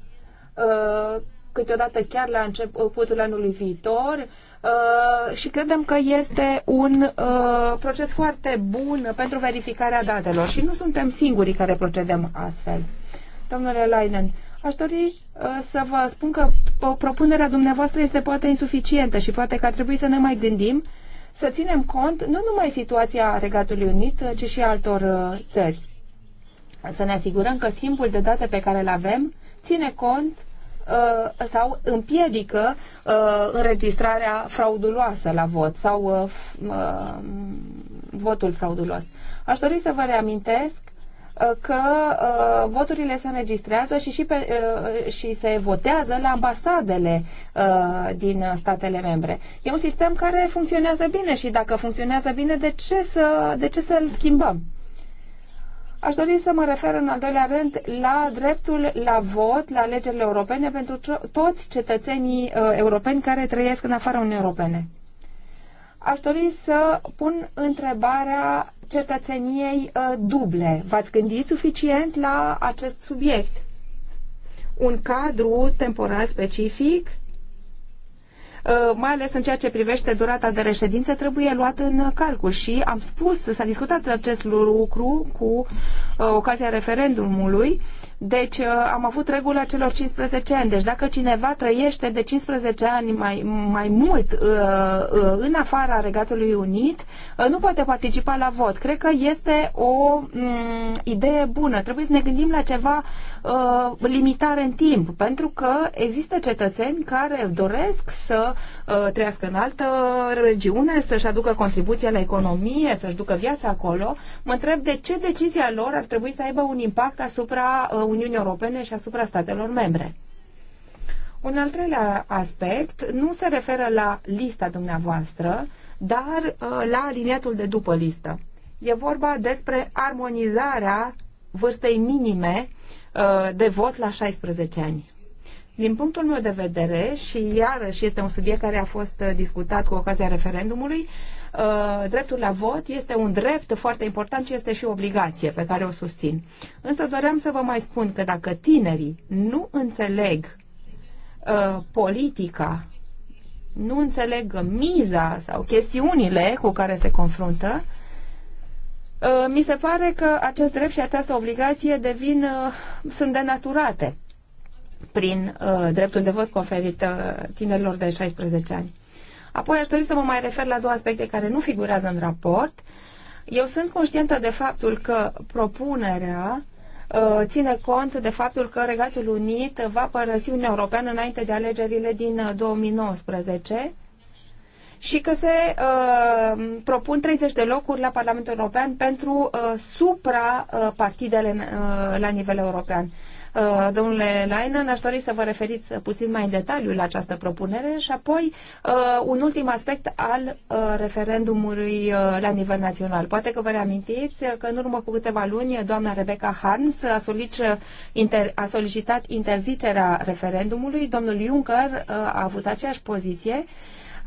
câteodată chiar la începutul anului viitor, Uh, și credem că este un uh, proces foarte bun pentru verificarea datelor și nu suntem singurii care procedăm astfel. Domnule Leinen, aș dori uh, să vă spun că propunerea dumneavoastră este poate insuficientă și poate că ar trebui să ne mai gândim să ținem cont nu numai situația Regatului Unit, ci și altor țări. Să ne asigurăm că simbolul de date pe care îl avem ține cont Uh, sau împiedică uh, înregistrarea frauduloasă la vot sau uh, votul fraudulos. Aș dori să vă reamintesc că uh, voturile se înregistrează și, și, pe, uh, și se votează la ambasadele uh, din statele membre. E un sistem care funcționează bine și dacă funcționează bine, de ce, să, de ce să-l schimbăm? Aș dori să mă refer în al doilea rând la dreptul la vot la alegerile europene pentru toți cetățenii uh, europeni care trăiesc în afara Uniunii Europene. Aș dori să pun întrebarea cetățeniei uh, duble. V-ați gândit suficient la acest subiect? Un cadru temporal specific Uh, mai ales în ceea ce privește durata de reședință, trebuie luat în calcul și am spus, s-a discutat acest lucru cu uh, ocazia referendumului, deci uh, am avut regula celor 15 ani. Deci dacă cineva trăiește de 15 ani mai, mai mult în afara Regatului Unit, nu poate participa la vot. Cred că este o mm, idee bună. Trebuie să ne gândim la ceva Uh, limitare în timp, pentru că există cetățeni care doresc să uh, trăiască în altă regiune, să-și aducă contribuția la economie, să-și ducă viața acolo. Mă întreb de ce decizia lor ar trebui să aibă un impact asupra uh, Uniunii Europene și asupra statelor membre. Un al treilea aspect nu se referă la lista dumneavoastră, dar uh, la aliniatul de după listă. E vorba despre armonizarea vârstei minime uh, de vot la 16 ani. Din punctul meu de vedere, și iarăși este un subiect care a fost uh, discutat cu ocazia referendumului, uh, dreptul la vot este un drept foarte important și este și o obligație pe care o susțin. Însă doream să vă mai spun că dacă tinerii nu înțeleg politica, nu înțeleg miza sau chestiunile cu care se confruntă, Uh, mi se pare că acest drept și această obligație devin, uh, sunt denaturate prin uh, dreptul de vot conferit tinerilor de 16 ani. Apoi aș dori să mă mai refer la două aspecte care nu figurează în raport. Eu sunt conștientă de faptul că propunerea ține cont de faptul că Regatul Unit va părăsi Uniunea Europeană înainte de alegerile din 2019 și că se uh, propun 30 de locuri la Parlamentul European pentru uh, supra-partidele uh, uh, la nivel european. Uh, domnule Leinen, aș dori să vă referiți puțin mai în detaliu la această propunere și apoi uh, un ultim aspect al referendumului la nivel național. Poate că vă reamintiți că în urmă cu câteva luni doamna Rebecca Harms a, inter, a solicitat interzicerea referendumului. Domnul Juncker a avut aceeași poziție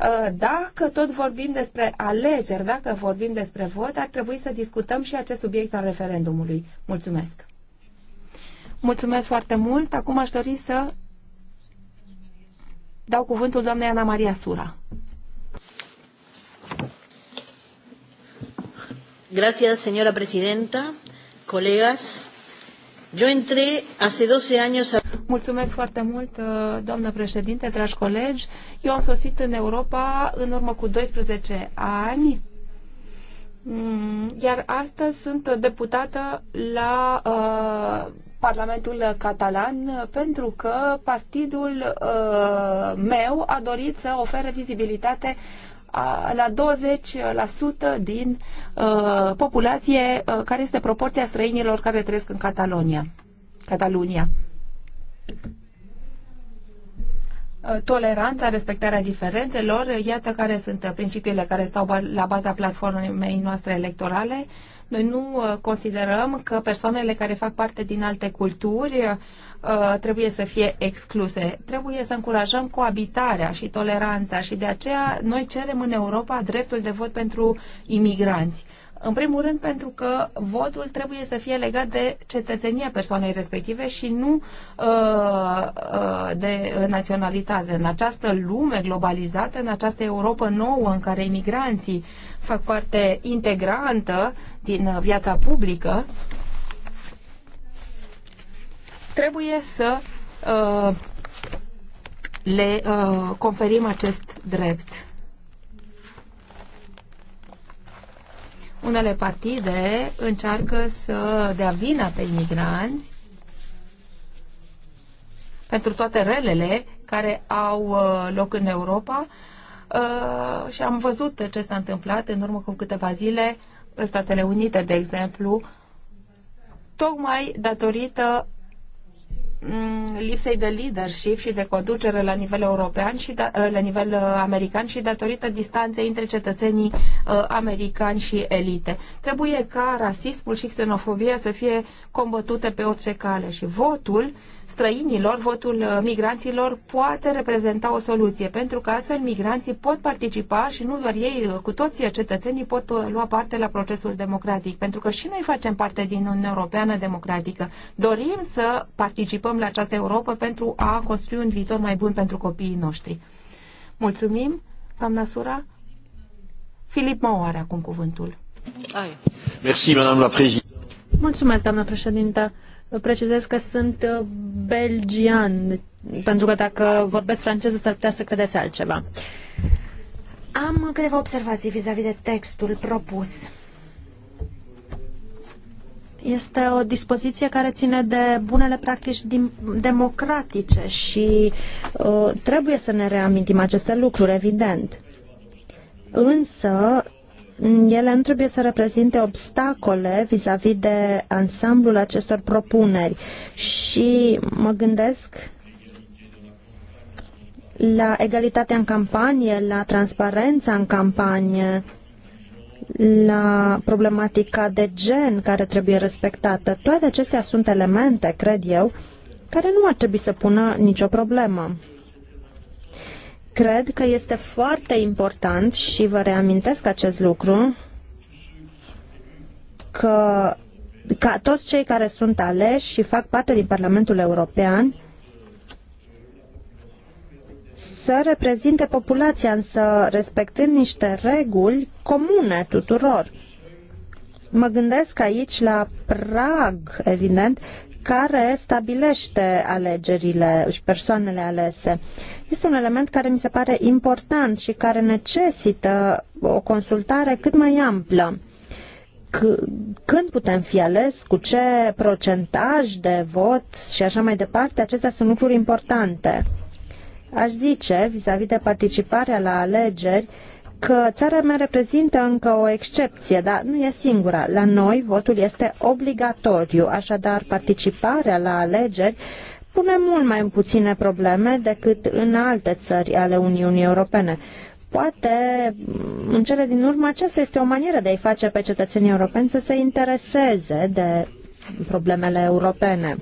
Uh, dacă tot vorbim despre alegeri, dacă vorbim despre vot, ar trebui să discutăm și acest subiect al referendumului. Mulțumesc! Mulțumesc foarte mult! Acum aș dori să dau cuvântul doamnei Ana Maria Sura. Gracias, señora presidenta, colegas. Yo entré hace 12 años a... Mulțumesc foarte mult, uh, doamnă președinte, dragi colegi. Eu am sosit în Europa în urmă cu 12 ani, mm, iar astăzi sunt deputată la uh, Parlamentul Catalan pentru că partidul uh, meu a dorit să ofere vizibilitate la 20% din uh, populație, uh, care este proporția străinilor care trăiesc în Catalonia. Catalonia. Toleranța, respectarea diferențelor, iată care sunt principiile care stau la baza platformei noastre electorale. Noi nu considerăm că persoanele care fac parte din alte culturi Uh, trebuie să fie excluse. Trebuie să încurajăm coabitarea și toleranța și de aceea noi cerem în Europa dreptul de vot pentru imigranți. În primul rând pentru că votul trebuie să fie legat de cetățenia persoanei respective și nu uh, uh, de naționalitate. În această lume globalizată, în această Europa nouă în care imigranții fac parte integrantă din viața publică, trebuie să uh, le uh, conferim acest drept. Unele partide încearcă să dea vina pe imigranți pentru toate relele care au uh, loc în Europa și am văzut ce s-a întâmplat în urmă cu câteva zile în Statele Unite, de exemplu, tocmai datorită Mm, lipsei de leadership și de conducere la nivel european și da, la nivel uh, american și datorită distanței între cetățenii uh, americani și elite. Trebuie ca rasismul și xenofobia să fie combătute pe orice cale și votul străinilor, votul uh, migranților poate reprezenta o soluție, pentru că astfel migranții pot participa și nu doar ei, uh, cu toți cetățenii pot uh, lua parte la procesul democratic, pentru că și noi facem parte din Uniunea Europeană democratică. Dorim să participăm la această Europa pentru a construi un viitor mai bun pentru copiii noștri. Mulțumim, doamna Sura. Filip Mau are acum cuvântul. Mulțumesc, doamna președintă precizez că sunt uh, belgian, pentru că dacă vorbesc franceză s-ar putea să credeți altceva. Am câteva observații vis-a-vis -vis de textul propus. Este o dispoziție care ține de bunele practici democratice și uh, trebuie să ne reamintim aceste lucruri, evident. Însă, ele nu trebuie să reprezinte obstacole vis-a-vis -vis de ansamblul acestor propuneri. Și mă gândesc la egalitatea în campanie, la transparența în campanie, la problematica de gen care trebuie respectată. Toate acestea sunt elemente, cred eu, care nu ar trebui să pună nicio problemă. Cred că este foarte important și vă reamintesc acest lucru că ca toți cei care sunt aleși și fac parte din Parlamentul European să reprezinte populația, însă respectând niște reguli comune tuturor. Mă gândesc aici la prag, evident, care stabilește alegerile și persoanele alese. Este un element care mi se pare important și care necesită o consultare cât mai amplă când putem fi ales, cu ce procentaj de vot și așa mai departe, acestea sunt lucruri importante. Aș zice, vis-a-vis -vis de participarea la alegeri, că țara mea reprezintă încă o excepție, dar nu e singura. La noi votul este obligatoriu, așadar participarea la alegeri uh, pune mult mai puține probleme decât în alte țări ale Uniunii Europene. Poate, mm, în cele din urmă, aceasta este o manieră de a-i face pe cetățenii europeni să se intereseze de problemele europene.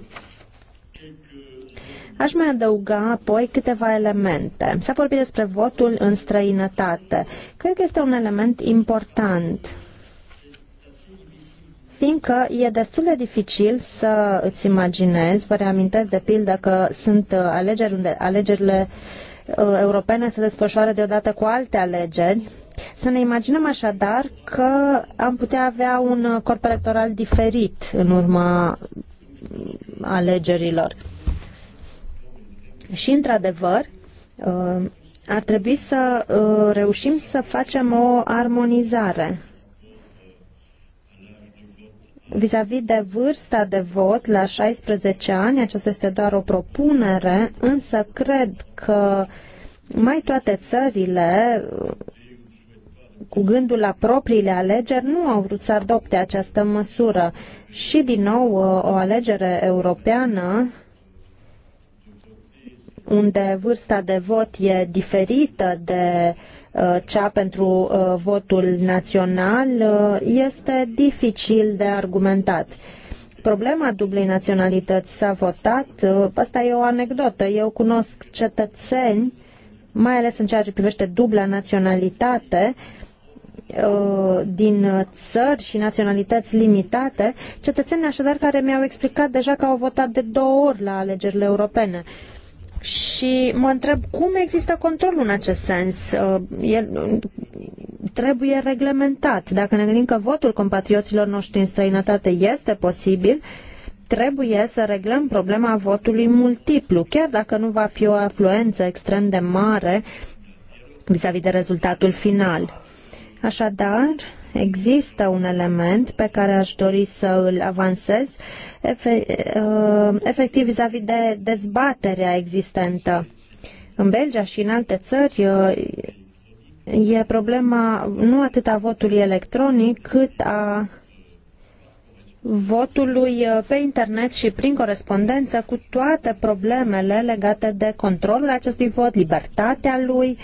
Aș mai adăuga apoi câteva elemente. S-a vorbit despre votul în străinătate. Cred că este un element important fiindcă e destul de dificil să îți imaginezi, vă reamintesc de pildă că sunt uh, alegeri unde alegerile uh, europene se desfășoară deodată cu alte alegeri, să ne imaginăm așadar că am putea avea un corp electoral diferit în urma alegerilor. Și, într-adevăr, uh, ar trebui să reușim să facem o armonizare Vis-a-vis -vis de vârsta de vot la 16 ani, aceasta este doar o propunere, însă cred că mai toate țările cu gândul la propriile alegeri, nu au vrut să adopte această măsură. Și, din nou, o alegere europeană unde vârsta de vot e diferită de uh, Uh, cea pentru uh, votul național uh, este dificil de argumentat. Problema dublei naționalități s-a votat, asta e o anecdotă. Eu cunosc cetățeni, mai ales în ceea ce privește dubla naționalitate, din țări și naționalități limitate, cetățeni așadar care mi-au explicat deja că au votat de două ori la alegerile europene. Uh, și mă întreb cum există controlul în acest sens. Uh, El trebuie reglementat. Dacă ne gândim că votul compatrioților noștri în străinătate este posibil, trebuie să reglăm problema votului multiplu, chiar dacă nu va fi o afluență extrem de mare vis-a-vis -vis de rezultatul final. Așadar, Există un element pe care aș dori să îl avansez, uh, efectiv vis-a-vis -vis de dezbaterea existentă. În Belgia și în alte țări uh, e problema nu atât a votului electronic, cât a votului uh, pe internet și prin corespondență cu toate problemele legate de controlul acestui vot, libertatea lui, uh,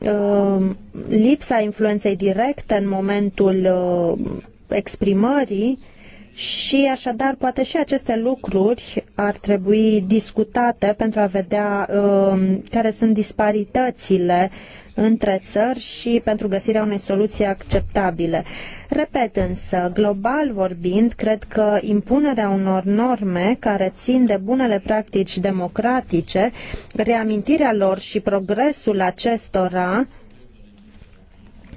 Um, lipsa influenței directe în momentul uh, exprimării și așadar poate și aceste lucruri ar trebui discutate pentru a vedea um, care sunt disparitățile între țări și pentru găsirea unei soluții acceptabile. Repet însă, global vorbind, cred că impunerea unor norme care țin de bunele practici democratice, reamintirea lor și progresul acestora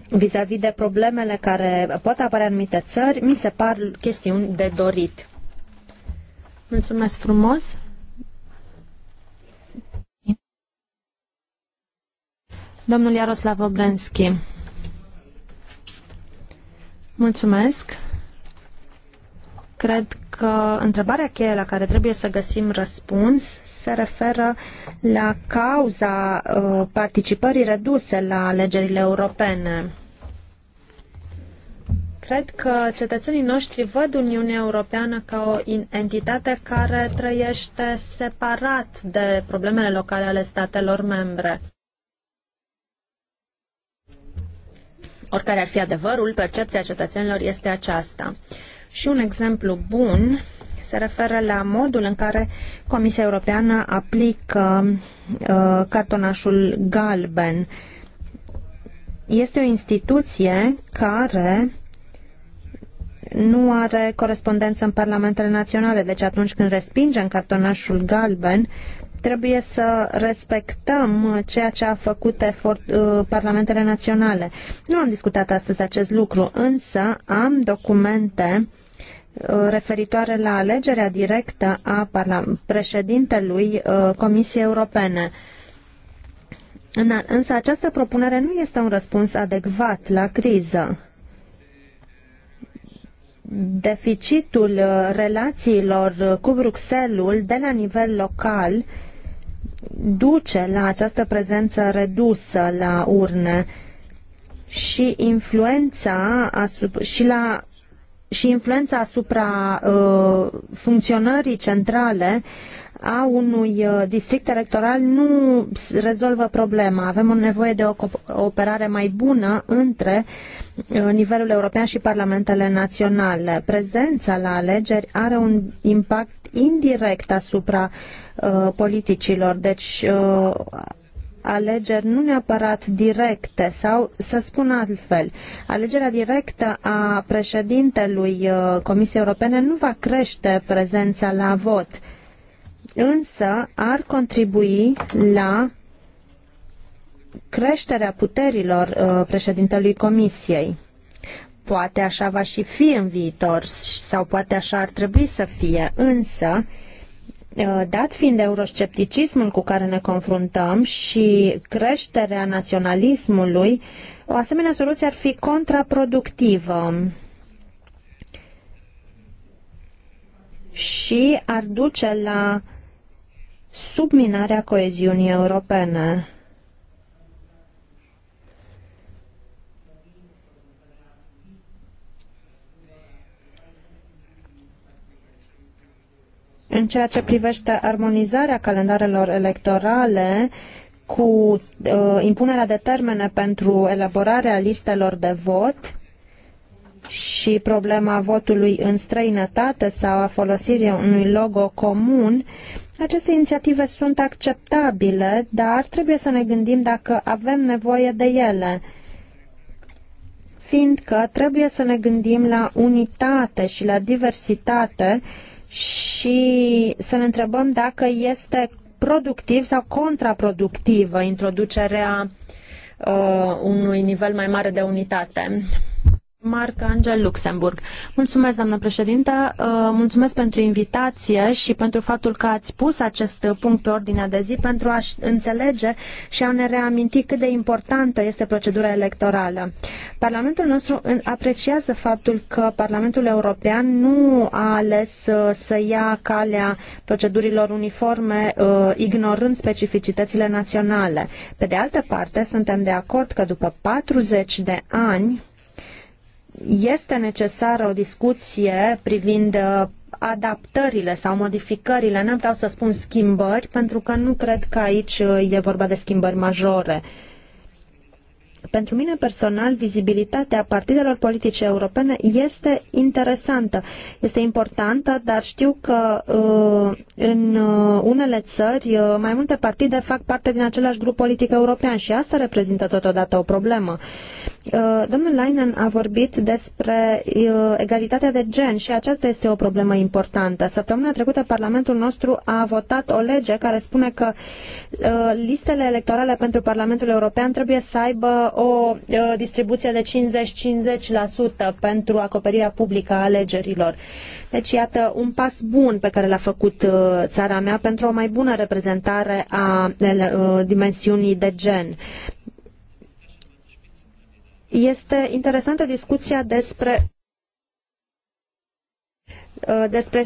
vis-a-vis -vis de problemele care pot apărea în anumite țări, mi se par chestiuni de dorit. Mulțumesc frumos! Domnul Iaroslav Obrenski. Mulțumesc. Cred că întrebarea cheie la care trebuie să găsim răspuns se referă la cauza uh, participării reduse la alegerile europene. Cred că cetățenii noștri văd Uniunea Europeană ca o entitate care trăiește separat de problemele locale ale statelor membre. oricare ar fi adevărul, percepția cetățenilor este aceasta. Și un exemplu bun se referă la modul în care Comisia Europeană aplică uh, cartonașul galben. Este o instituție care nu are corespondență în parlamentele naționale, deci atunci când respingem cartonașul galben, trebuie să respectăm ceea ce a făcut efort, uh, parlamentele naționale. Nu am discutat astăzi acest lucru, însă am documente uh, referitoare la alegerea directă a președintelui uh, Comisiei Europene. Însă această propunere nu este un răspuns adecvat la criză deficitul relațiilor cu Bruxelles de la nivel local duce la această prezență redusă la urne și influența asupra, și la și influența asupra uh, funcționării centrale a unui uh, district electoral nu rezolvă problema. Avem o nevoie de o operare mai bună între uh, nivelul european și parlamentele naționale. Prezența la alegeri are un impact indirect asupra Uh, politicilor. Deci uh, alegeri nu neapărat directe sau să spun altfel, alegerea directă a președintelui uh, Comisiei Europene nu va crește prezența la vot, însă ar contribui la creșterea puterilor președintelui Comisiei. Poate așa va și fi în viitor sau poate așa ar trebui să fie, însă uh, Eh, dat fiind euroscepticismul cu care ne confruntăm și creșterea naționalismului, o asemenea soluție ar fi contraproductivă și ar duce la subminarea coeziunii europene. În ceea ce privește armonizarea calendarelor electorale cu uh, impunerea de termene pentru elaborarea listelor de vot și problema votului în străinătate sau a folosirii unui logo comun, aceste inițiative sunt acceptabile, dar trebuie să ne gândim dacă avem nevoie de ele fiindcă trebuie să ne gândim la unitate și la diversitate uh, și să ne întrebăm dacă este productiv sau contraproductivă introducerea uh, unui nivel mai mare de unitate. Marc Angel Luxemburg. Mulțumesc, doamnă președintă, uh, mulțumesc pentru invitație și pentru faptul că ați pus acest punct pe ordinea de zi pentru a înțelege și a ne reaminti cât de importantă este procedura electorală. Parlamentul nostru apreciază faptul că Parlamentul European nu a ales uh, să ia calea procedurilor uniforme, uh, ignorând specificitățile naționale. Pe de altă parte, suntem de acord că după 40 de ani, este necesară o discuție privind uh, adaptările sau modificările, nu vreau să spun schimbări, pentru că nu cred că aici uh, e vorba de schimbări majore. Pentru mine personal, vizibilitatea partidelor politice europene este interesantă, este importantă, dar știu că uh, în unele țări mai multe partide fac parte din același grup politic european și asta reprezintă totodată o problemă. Uh, domnul Leinen a vorbit despre uh, egalitatea de gen și aceasta este o problemă importantă. Săptămâna trecută Parlamentul nostru a votat o lege care spune că uh, listele electorale pentru Parlamentul European trebuie să aibă o distribuție de 50-50% pentru acoperirea publică a alegerilor. Deci, iată, un pas bun pe care l-a făcut țara mea pentru o mai bună reprezentare a dimensiunii de gen. Este interesantă discuția despre uh, despre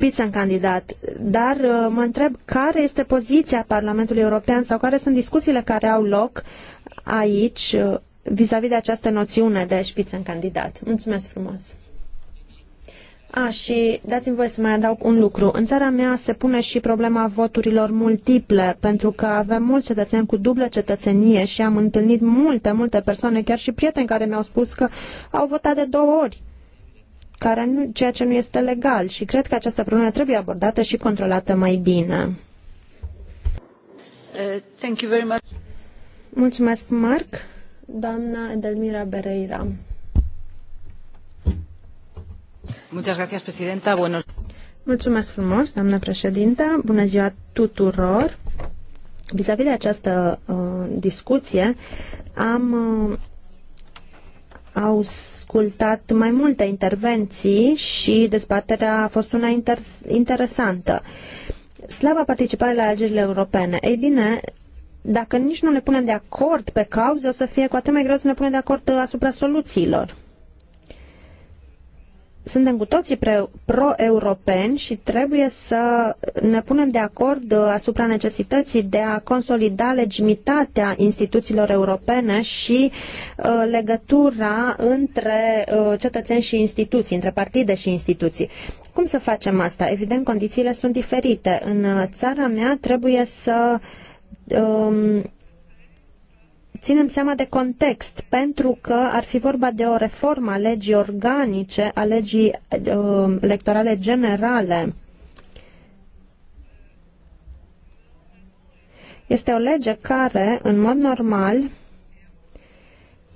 uh, în candidat, dar uh, mă întreb care este poziția Parlamentului European sau care sunt discuțiile care au loc aici uh, vis-a-vis uh, -vis de această noțiune de în candidat. Mulțumesc frumos! A, și dați-mi voi să mai adaug un lucru. În țara mea se pune și problema voturilor multiple, pentru că avem mulți cetățeni cu dublă cetățenie și am întâlnit multe, multe persoane, chiar și prieteni care mi-au spus că au votat de două ori, care nu, ceea ce nu este legal și cred că această problemă trebuie abordată și controlată mai bine. Uh, thank you very much. Mulțumesc, Marc. Doamna Edelmira Bereira. Mulțumesc frumos, doamnă președintă. Bună ziua tuturor. vis a -vis de această uh, discuție, am uh, ascultat mai multe intervenții și dezbaterea a fost una inter- interesantă. Slava participare la alegerile europene. Ei bine, dacă nici nu ne punem de acord pe cauze, o să fie cu atât mai greu să ne punem de acord uh, asupra soluțiilor suntem cu toții pro-europeni și trebuie să ne punem de acord uh, asupra necesității de a consolida legitimitatea instituțiilor europene și uh, legătura între uh, cetățeni și instituții, între partide și instituții. Cum să facem asta? Evident, condițiile sunt diferite. În uh, țara mea trebuie să um, ținem seama de context, pentru că ar fi vorba de o reformă a legii organice, a legii uh, electorale generale. Este o lege care, în mod normal,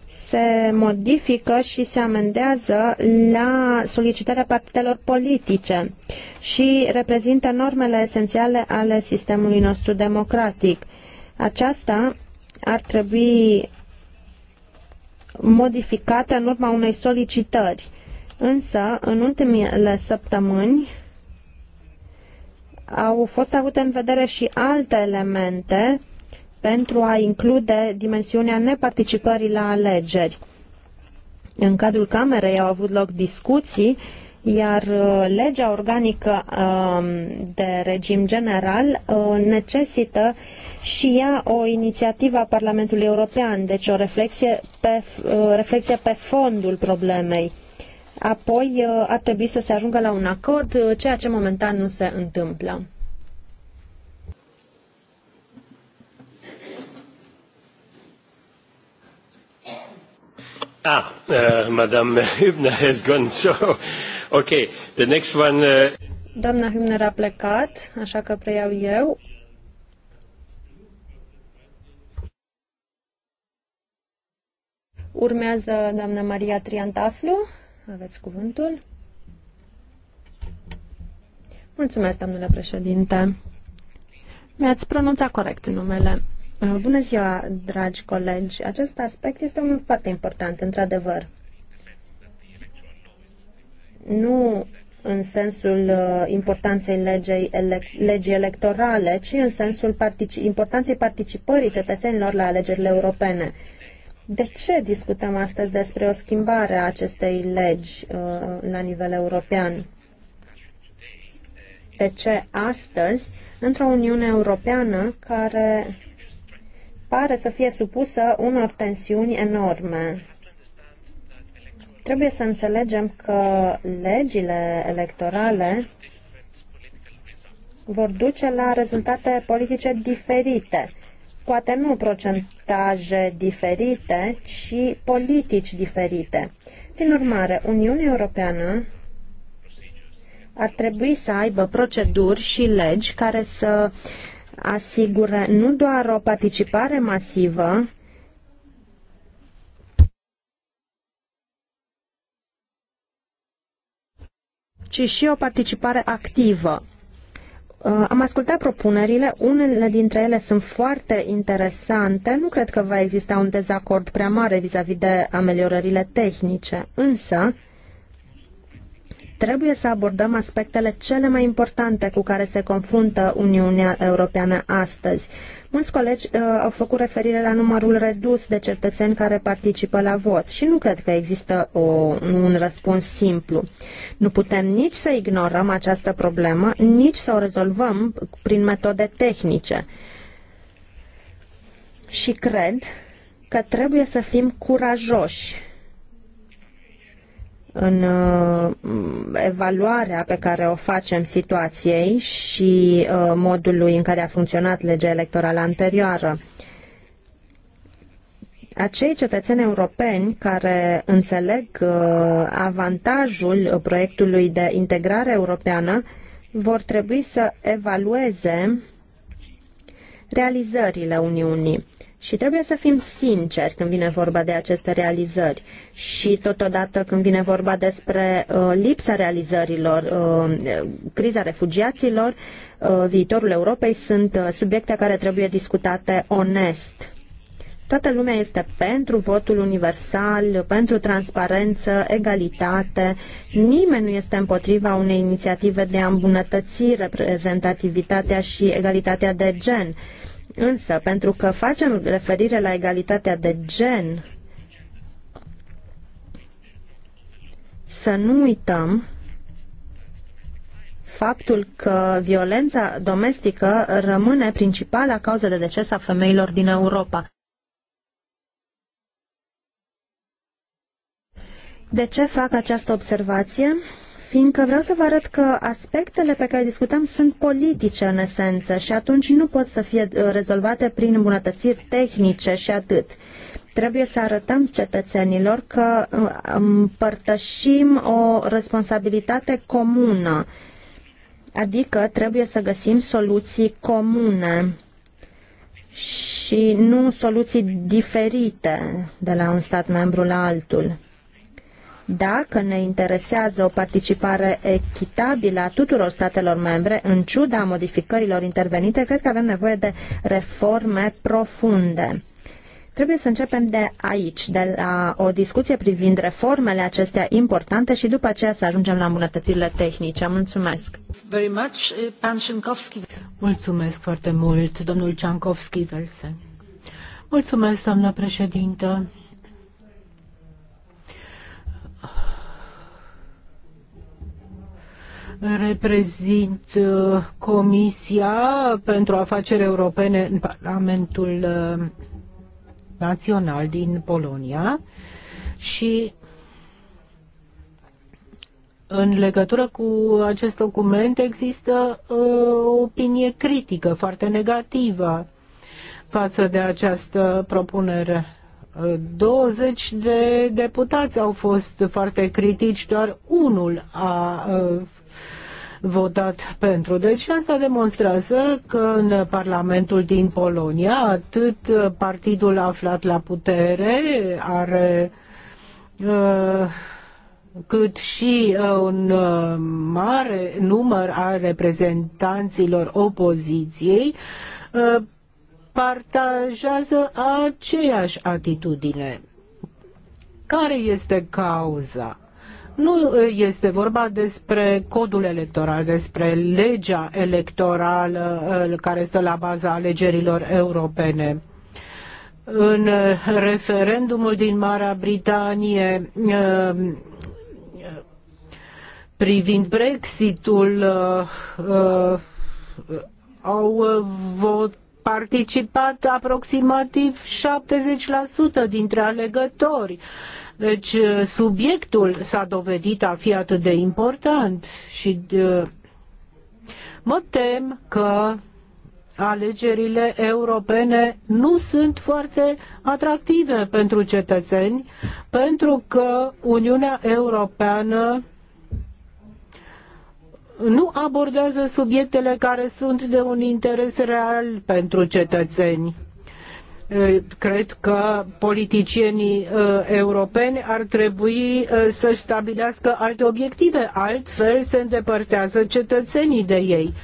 se modifică și se amendează la solicitarea partidelor politice și reprezintă normele esențiale ale sistemului nostru democratic. Aceasta ar trebui modificată în urma unei solicitări. Însă, în ultimele săptămâni, au fost avute în vedere și alte elemente pentru a include dimensiunea neparticipării la alegeri. În cadrul Camerei au avut loc discuții uh, iar uh, legea organică um, de regim general uh, necesită și ea o inițiativă a Parlamentului European, deci o reflexie pe, uh, reflexie pe fondul problemei. Apoi ar trebui să se ajungă la un acord, ceea ce momentan nu se întâmplă. Ah, uh, Madame Hübner has gone, so Ok, the next one... Uh... Doamna Hübner a plecat, așa că preiau eu. Urmează doamna Maria Triantaflu. Aveți cuvântul. Mulțumesc, domnule președinte. Mi-ați pronunțat corect numele. Bună ziua, dragi colegi. Acest aspect este unul foarte important, într-adevăr nu în sensul uh, importanței legei, ele, legii electorale, ci în sensul partici, importanței participării cetățenilor la alegerile europene. De ce discutăm astăzi despre o schimbare a acestei legi uh, la nivel european? De ce astăzi, într-o Uniune Europeană care pare să fie supusă unor tensiuni enorme? Trebuie să înțelegem că legile electorale vor duce la rezultate politice diferite. Poate nu procentaje diferite, ci politici diferite. Prin urmare, Uniunea Europeană ar trebui să aibă proceduri și legi care să asigure nu doar o participare masivă, ci și o participare activă. Uh, am ascultat propunerile, unele dintre ele sunt foarte interesante, nu cred că va exista un dezacord prea mare vis-a-vis -vis de ameliorările tehnice, însă Trebuie să abordăm aspectele cele mai importante cu care se confruntă Uniunea Europeană astăzi. Mulți colegi uh, au făcut referire la numărul redus de cetățeni care participă la vot și nu cred că există o, un răspuns simplu. Nu putem nici să ignorăm această problemă, nici să o rezolvăm prin metode tehnice. Și cred că trebuie să fim curajoși în uh, evaluarea pe care o facem situației și uh, modului în care a funcționat legea electorală anterioară. Acei cetățeni europeni care înțeleg uh, avantajul proiectului de integrare europeană vor trebui să evalueze realizările Uniunii. Și trebuie să fim sinceri când vine vorba de aceste realizări și totodată când vine vorba despre uh, lipsa realizărilor, uh, criza refugiaților, uh, viitorul Europei sunt uh, subiecte care trebuie discutate onest. Toată lumea este pentru votul universal, pentru transparență, egalitate. Nimeni nu este împotriva unei inițiative de a îmbunătăți reprezentativitatea și egalitatea de gen. Uh, Însă, pentru că facem referire la egalitatea de gen, să nu uităm faptul că violența domestică rămâne principala cauză de deces a femeilor din Europa. De ce fac această observație? fiindcă vreau să vă arăt că aspectele pe care discutăm sunt politice în esență și atunci nu pot să fie uh, rezolvate prin îmbunătățiri tehnice și atât. Trebuie să arătăm cetățenilor că uh, împărtășim o responsabilitate comună, adică trebuie să găsim soluții comune și nu soluții diferite de la un stat membru la altul. Dacă ne interesează o participare echitabilă a tuturor statelor membre, în ciuda modificărilor intervenite, cred că avem nevoie de reforme profunde. Trebuie să începem de aici, de la o discuție privind reformele acestea importante și după aceea să ajungem la îmbunătățirile tehnice. Mulțumesc! Very much, uh, Pan Mulțumesc foarte mult, domnul Ciancovski Verse. Mulțumesc, doamnă președintă. reprezint uh, Comisia pentru Afaceri Europene în Parlamentul uh, Național din Polonia și în legătură cu acest document există o uh, opinie critică foarte negativă față de această propunere. 20 de deputați au fost foarte critici, doar unul a votat pentru. Deci asta demonstrează că în Parlamentul din Polonia atât partidul aflat la putere are uh, cât și uh, un uh, mare număr a reprezentanților opoziției partajează aceeași atitudine. Care este cauza? Nu este vorba despre codul electoral, despre legea electorală uh, care stă la baza alegerilor europene în referendumul din Marea Britanie uh, privind Brexitul uh, au participat aproximativ 70% dintre alegători deci uh, subiectul s-a dovedit a fi atât de important și de... Uh, mă tem că alegerile europene nu sunt foarte atractive pentru cetățeni, pentru că Uniunea Europeană nu abordează subiectele care sunt de un interes real pentru cetățeni. Eh, cred că politicienii eh, europeni ar trebui eh, să-și stabilească alte obiective, altfel se îndepărtează cetățenii de ei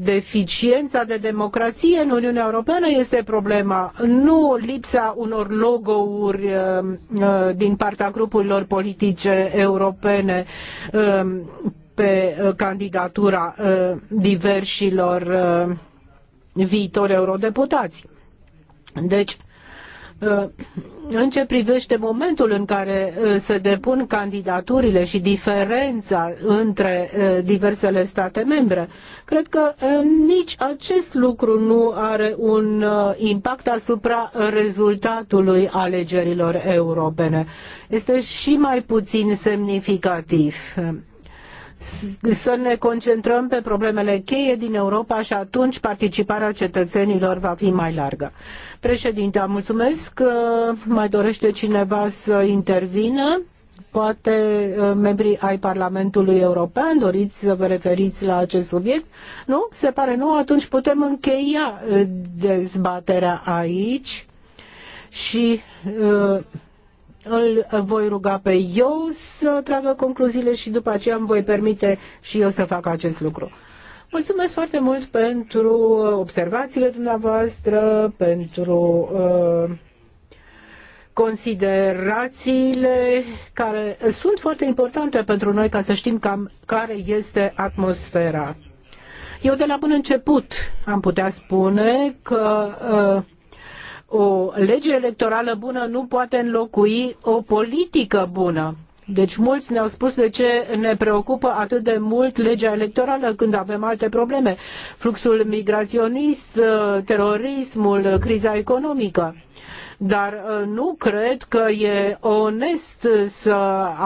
deficiența de democrație în Uniunea Europeană este problema, nu lipsa unor logouri din partea grupurilor politice europene pe candidatura diversilor viitori eurodeputați. Deci, uh, în ce privește momentul în care uh, se depun candidaturile și diferența între uh, diversele state membre, cred că nici acest lucru nu are un impact asupra rezultatului alegerilor europene. Este și mai puțin semnificativ să ne concentrăm pe problemele cheie din Europa și atunci participarea cetățenilor va fi mai largă. Președinte, mulțumesc. Mai dorește cineva să intervină? Poate uh, membrii ai Parlamentului European doriți să vă referiți la acest subiect? Nu? Se pare nu? Atunci putem încheia uh, dezbaterea aici și uh, îl voi ruga pe eu să tragă concluziile și după aceea îmi voi permite și eu să fac acest lucru. Mulțumesc foarte mult pentru observațiile dumneavoastră, pentru uh, considerațiile care sunt foarte importante pentru noi ca să știm cam care este atmosfera. Eu de la bun început am putea spune că uh, o lege electorală bună nu poate înlocui o politică bună. Deci mulți ne-au spus de ce ne preocupă atât de mult legea electorală când avem alte probleme. Fluxul migraționist, uh, terorismul, uh, criza economică. Dar uh, nu cred că e onest să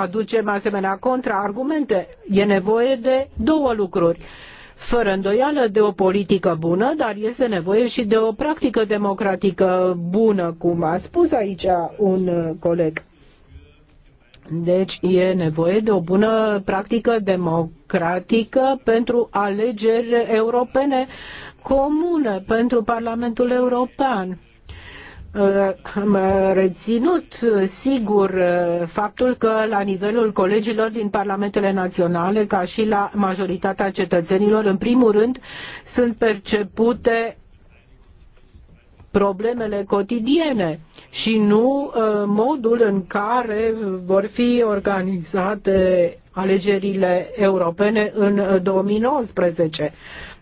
aducem asemenea contraargumente. E nevoie de două lucruri fără îndoială de o politică bună, dar este nevoie și de o practică democratică bună, cum a spus aici un uh, coleg. Deci e nevoie de o bună practică democratică pentru alegeri europene comune pentru Parlamentul European. Uh, am uh, reținut, uh, sigur, faptul că la nivelul colegilor din parlamentele naționale, ca și la majoritatea cetățenilor, în primul rând, sunt percepute problemele cotidiene și nu uh, modul în care vor fi organizate alegerile europene în 2019. Uh,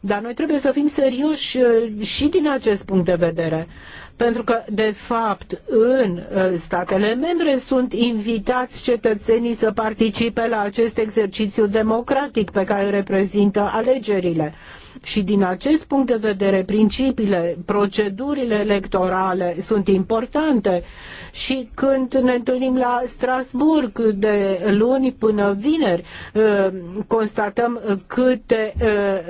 Dar noi trebuie să fim serioși uh, și din acest punct de vedere, pentru că, de fapt, în statele membre sunt invitați cetățenii să participe la acest exercițiu democratic pe care îl reprezintă alegerile. Și din acest punct de vedere, principiile, procedurile electorale sunt importante și când ne întâlnim la Strasburg de luni până vineri, ă, constatăm câte ă,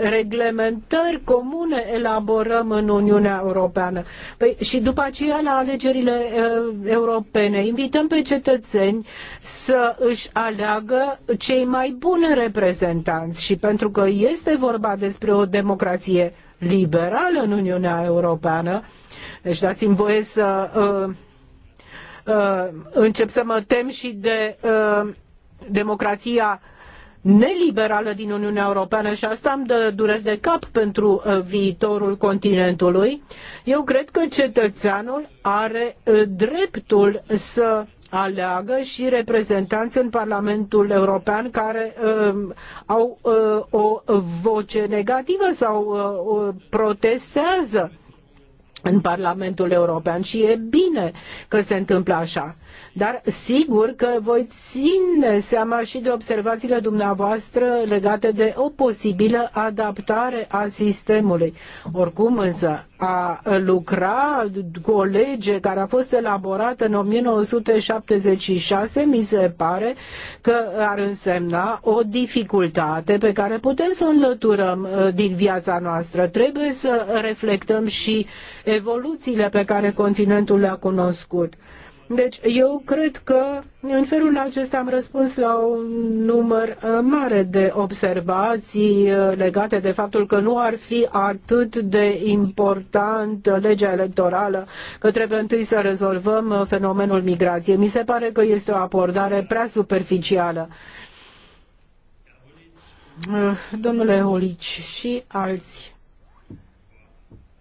reglementări comune elaborăm în Uniunea Europeană. Păi, și după aceea la alegerile ă, europene invităm pe cetățeni să își aleagă cei mai buni reprezentanți și pentru că este vorba despre o democrație liberală în Uniunea Europeană. Deci dați-mi voie să uh, uh, încep să mă tem și de uh, democrația neliberală din Uniunea Europeană și asta îmi dă dureri de cap pentru uh, viitorul continentului. Eu cred că cetățeanul are uh, dreptul să aleagă și reprezentanți în Parlamentul European care uh, au uh, o voce negativă sau uh, protestează în Parlamentul European și e bine că se întâmplă așa. Dar sigur că voi ține seama și de observațiile dumneavoastră legate de o posibilă adaptare a sistemului. Oricum însă, a lucra cu o lege care a fost elaborată în 1976, mi se pare că ar însemna o dificultate pe care putem să o înlăturăm uh, din viața noastră. Trebuie să reflectăm și evoluțiile pe care continentul le-a cunoscut. Deci eu cred că în felul acesta am răspuns la un număr uh, mare de observații uh, legate de faptul că nu ar fi atât de important uh, legea electorală, că trebuie întâi să rezolvăm fenomenul migrației. Mi se pare că este o abordare prea superficială. Domnule Holici și alți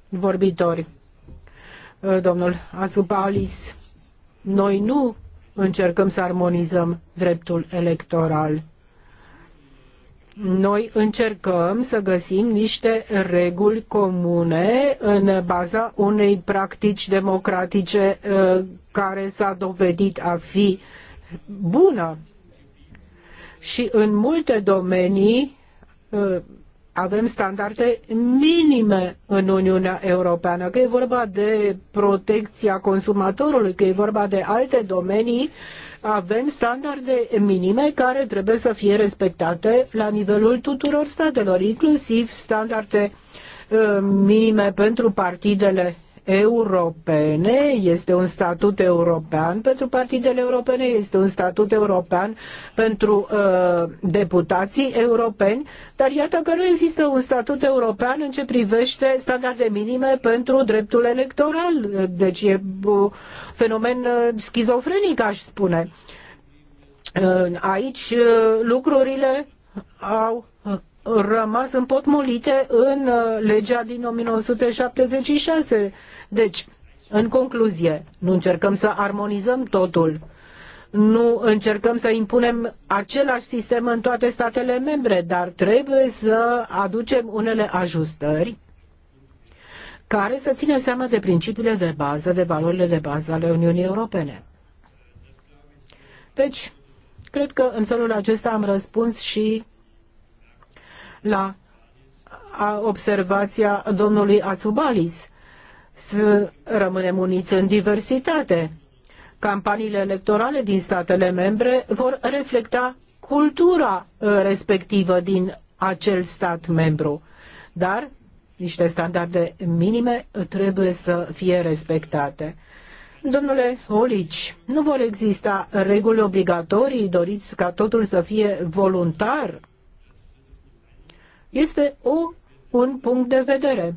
vorbitori, domnul Asupalis noi nu încercăm să armonizăm dreptul electoral. Noi încercăm să găsim niște reguli comune în baza unei practici democratice uh, care s-a dovedit a fi bună. Și în multe domenii uh, avem standarde minime în Uniunea Europeană, că e vorba de protecția consumatorului, că e vorba de alte domenii, avem standarde minime care trebuie să fie respectate la nivelul tuturor statelor, inclusiv standarde uh, minime pentru partidele europene, este un statut european pentru partidele europene, este un statut european pentru uh, deputații europeni, dar iată că nu există un statut european în ce privește standarde minime pentru dreptul electoral. Deci e un fenomen uh, schizofrenic, aș spune. Uh, aici uh, lucrurile au rămas împotmolite în uh, legea din 1976. Deci, în concluzie, nu încercăm să armonizăm totul, nu încercăm să impunem același sistem în toate statele membre, dar trebuie să aducem unele ajustări care să țină seama de principiile de bază, de valorile de bază ale Uniunii Europene. Deci, cred că în felul acesta am răspuns și la observația domnului Atsubalis, să rămânem uniți în diversitate. Campaniile electorale din statele membre vor reflecta cultura ă, respectivă din acel stat membru, dar niște standarde minime trebuie să fie respectate. Domnule Olici, nu vor exista reguli obligatorii, doriți ca totul să fie voluntar? Este o, un punct de vedere.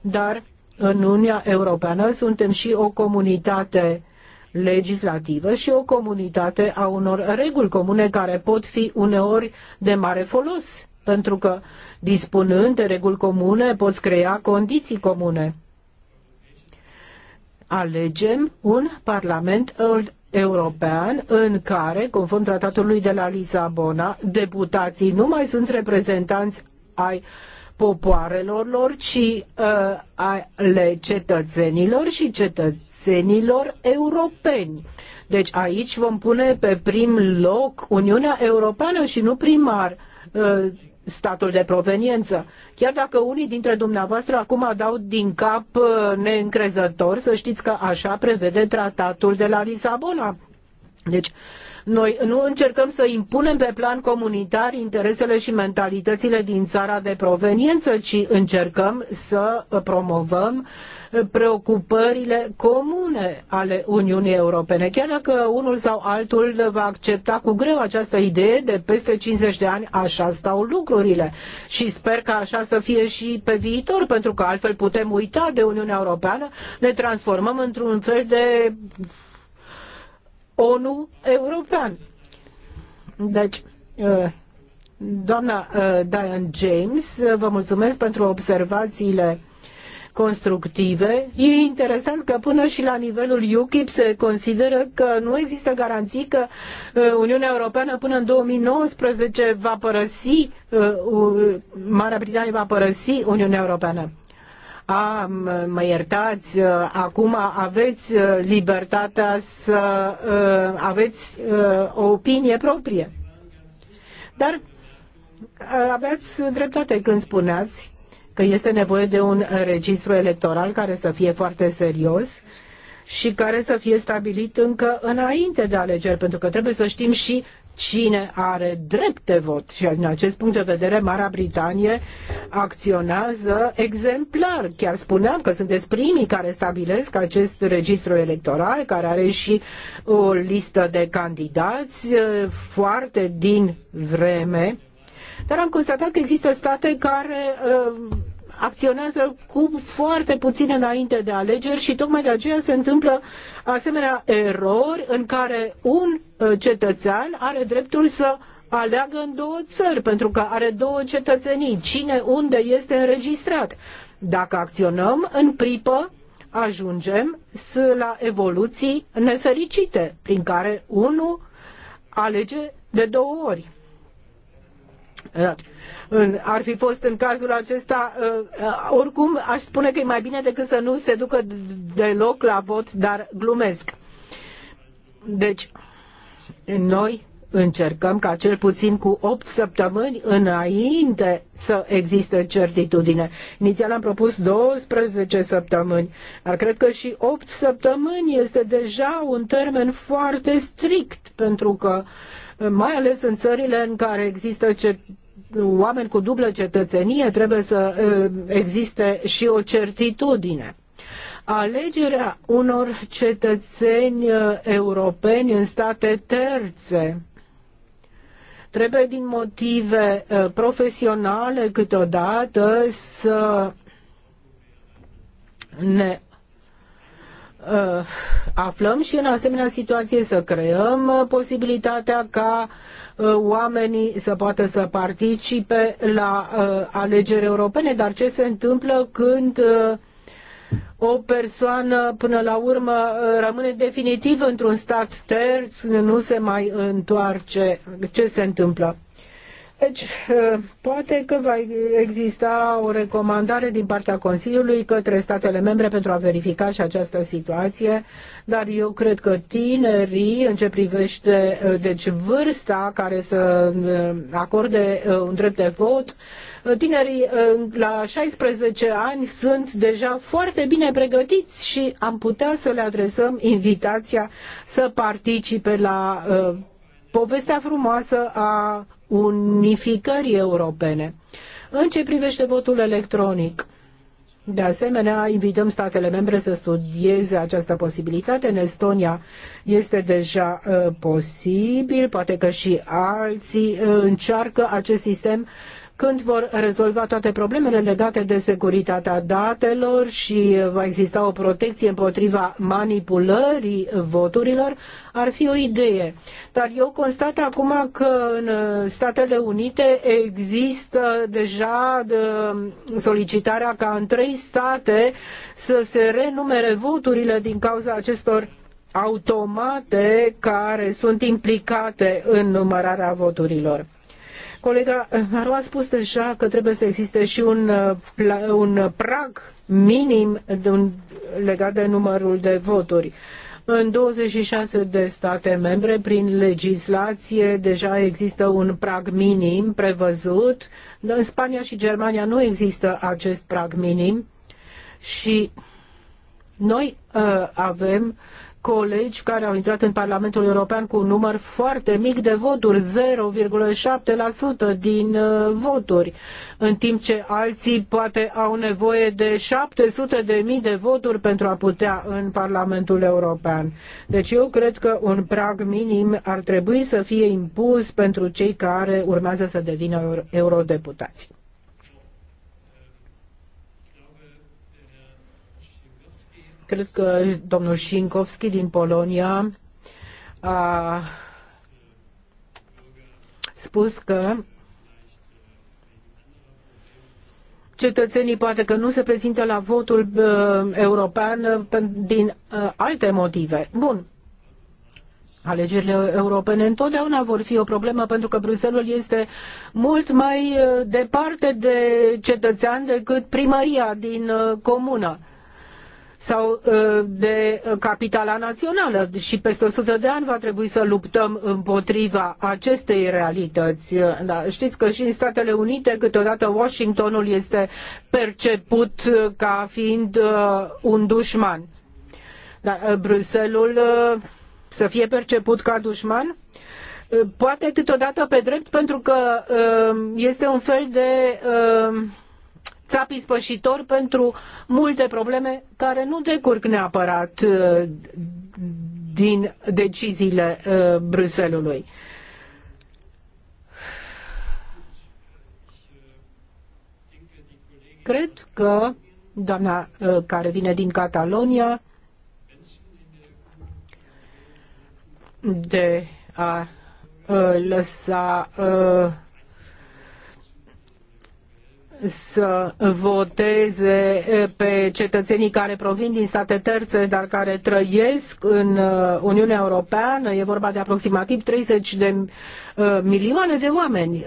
Dar în Uniunea Europeană suntem și o comunitate legislativă și o comunitate a unor reguli comune care pot fi uneori de mare folos, pentru că dispunând de reguli comune poți crea condiții comune. Alegem un Parlament european în care, conform tratatului de la Lisabona, deputații nu mai sunt reprezentanți ai popoarelor lor, ci uh, ale cetățenilor și cetățenilor europeni. Deci aici vom pune pe prim loc Uniunea Europeană și nu primar uh, statul de proveniență. Chiar dacă unii dintre dumneavoastră acum dau din cap uh, neîncrezător, să știți că așa prevede tratatul de la Lisabona. Deci, noi nu încercăm să impunem pe plan comunitar interesele și mentalitățile din țara de proveniență, ci încercăm să promovăm preocupările comune ale Uniunii Europene. Chiar dacă unul sau altul va accepta cu greu această idee, de peste 50 de ani așa stau lucrurile. Și sper că așa să fie și pe viitor, pentru că altfel putem uita de Uniunea Europeană, ne transformăm într-un fel de ONU european. Deci, uh, doamna uh, Diane James, uh, vă mulțumesc pentru observațiile constructive. E interesant că până și la nivelul UKIP se consideră că nu există garanții că Uniunea Europeană până în 2019 va părăsi, Marea Britanie va părăsi Uniunea Europeană a, mă iertați, uh, acum aveți uh, libertatea să uh, aveți o opinie proprie. Dar aveați dreptate când spuneați că este nevoie de un registru electoral care să fie foarte serios și care să fie stabilit încă înainte de alegeri, pentru că trebuie să știm și cine are drept de vot. Și din acest punct de vedere, Marea Britanie acționează exemplar. Chiar spuneam că sunteți primii care stabilesc acest registru electoral, care are și o listă de candidați eh, foarte din vreme. Dar am constatat că există state care uh, acționează cu foarte puțin înainte de alegeri și tocmai de aceea se întâmplă asemenea erori în care un uh, cetățean are dreptul să aleagă în două țări, pentru că are două cetățenii, cine unde este înregistrat. Dacă acționăm în pripă, ajungem la evoluții nefericite, prin care unul alege de două ori ar fi fost în cazul acesta, ă, ă, oricum aș spune că e mai bine decât să nu se ducă deloc la vot, dar glumesc. Deci, noi încercăm ca cel puțin cu 8 săptămâni înainte să existe certitudine. Inițial am propus 12 săptămâni, dar cred că și 8 săptămâni este deja un termen foarte strict, pentru că uh, mai ales în țările în care există ce oameni cu dublă cetățenie, trebuie să existe și o certitudine. Alegerea unor cetățeni europeni în state terțe trebuie din motive profesionale câteodată să ne Uh, aflăm și în asemenea situație să creăm uh, posibilitatea ca uh, oamenii să poată să participe la alegeri europene, dar ce se întâmplă când o persoană până la urmă rămâne definitiv într-un stat terț, nu se mai întoarce. Ce se întâmplă? Deci, eh, poate că va exista o recomandare din partea Consiliului către statele membre pentru a verifica și această situație, dar eu cred că tinerii, în ce privește eh, deci vârsta care să eh, acorde un drept de vot, tinerii la 16 ani sunt deja foarte bine pregătiți și am putea să le adresăm invitația să participe la povestea frumoasă a unificării europene. În ce privește votul electronic, de asemenea, invităm statele membre să studieze această posibilitate. În Estonia este deja uh, posibil, poate că și alții uh, încearcă acest sistem uh, când vor rezolva toate problemele legate de securitatea datelor și va exista o protecție împotriva manipulării voturilor, ar fi o idee. Dar eu constat acum că în Statele Unite există deja solicitarea ca în trei state să se renumere voturile din cauza acestor automate care sunt implicate în numărarea voturilor. Colega Haru a spus deja că trebuie să existe și un, uh, un prag minim legat de numărul de voturi. În 26 de state membre, prin legislație, deja există un prag minim prevăzut. În Spania și Germania nu există acest prag minim și noi uh, avem colegi care au intrat în Parlamentul European cu un număr foarte mic de voturi, 0,7% din uh, voturi, în timp ce alții poate au nevoie de 700 de mii de voturi pentru a putea în Parlamentul European. Deci eu cred că un prag minim ar trebui să fie impus pentru cei care urmează să devină eurodeputați. Cred că domnul Șinkovski din Polonia a spus că cetățenii poate că nu se prezintă la votul uh, european din uh, alte motive. Bun. Alegerile europene întotdeauna vor fi o problemă pentru că Bruselul este mult mai ă, departe de cetățean decât primăria din ă, comună sau ă, de capitala națională și peste 100 de ani va trebui să luptăm împotriva acestei realități. Da, știți că și în Statele Unite câteodată Washingtonul este perceput ca fiind ă, un dușman. Dar ă, Bruselul să fie perceput ca dușman? Poate câteodată pe drept pentru că este un fel de țapi spășitori pentru multe probleme care nu decurg neapărat uh, din deciziile uh, Bruselului. Cred că doamna uh, care vine din Catalonia de a lăsa să voteze pe cetățenii care provin din state terțe, dar care trăiesc în Uniunea Europeană. E vorba de aproximativ 30 de milioane de oameni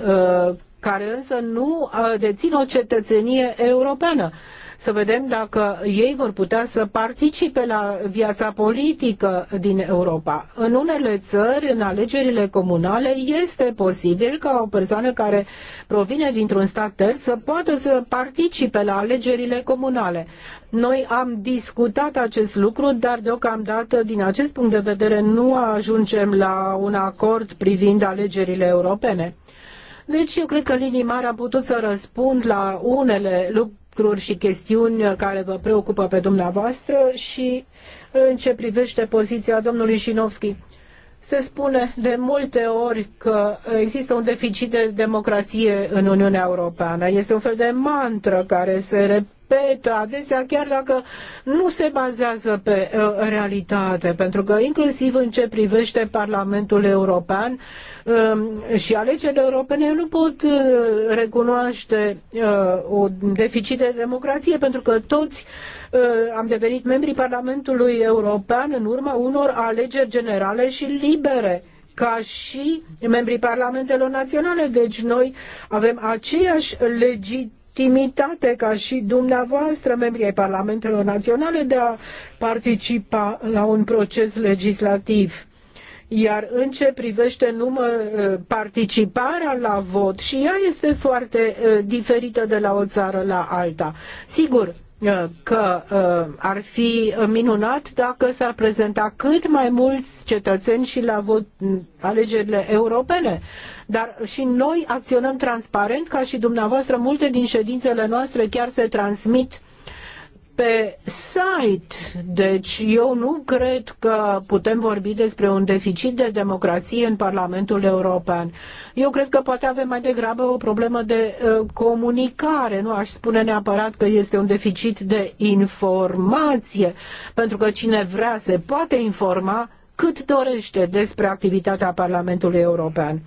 care însă nu dețin o cetățenie europeană să vedem dacă ei vor putea să participe la viața politică din Europa. În unele țări, în alegerile comunale, este posibil ca o persoană care provine dintr-un stat terț să poată să participe la alegerile comunale. Noi am discutat acest lucru, dar deocamdată, din acest punct de vedere, nu ajungem la un acord privind alegerile europene. Deci eu cred că linii mari am putut să răspund la unele lucruri lucruri și chestiuni care vă preocupă pe dumneavoastră și în ce privește poziția domnului Șinovski. Se spune de multe ori că există un deficit de democrație în Uniunea Europeană. Este un fel de mantră care se repetă adesea chiar dacă nu se bazează pe uh, realitate, pentru că inclusiv în ce privește Parlamentul European uh, și alegerile europene nu pot uh, recunoaște o uh, deficit de democrație, pentru că toți uh, am devenit membrii Parlamentului European în urma unor alegeri generale și libere ca și membrii parlamentelor naționale. Deci noi avem aceeași legitimitate legitimitate ca și dumneavoastră, membrii ai Parlamentelor Naționale, de a participa la un proces legislativ. Iar în ce privește numă, eh, participarea la vot, și ea este foarte eh, diferită de la o țară la alta. Sigur, Uh, că uh, ar fi minunat dacă s-ar prezenta cât mai mulți cetățeni și la vot, mm, alegerile europene. Dar și noi acționăm transparent, ca și dumneavoastră, multe din ședințele noastre chiar se transmit uh, pe site. Deci eu nu cred că putem vorbi despre un deficit de democrație în Parlamentul European. Eu cred că poate avem mai degrabă o problemă de uh, comunicare. Nu aș spune neapărat că este un deficit de informație, pentru că cine vrea se poate informa cât dorește despre activitatea Parlamentului European.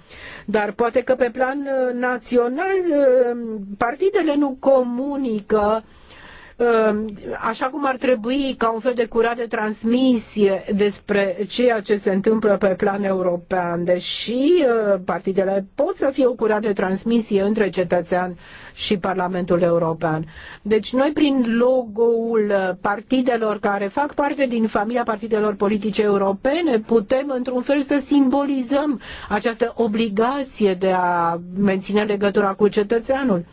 Dar poate că pe plan uh, național uh, partidele nu comunică uh, Ehm, așa cum ar trebui ca un fel de curat de transmisie despre ceea ce se întâmplă pe plan european, deși ehm, partidele pot să fie o curat de transmisie între cetățean și Parlamentul European. Deci noi prin logo-ul ehm, partidelor care fac parte din familia partidelor politice europene putem într-un fel să simbolizăm această obligație de a menține legătura cu cetățeanul.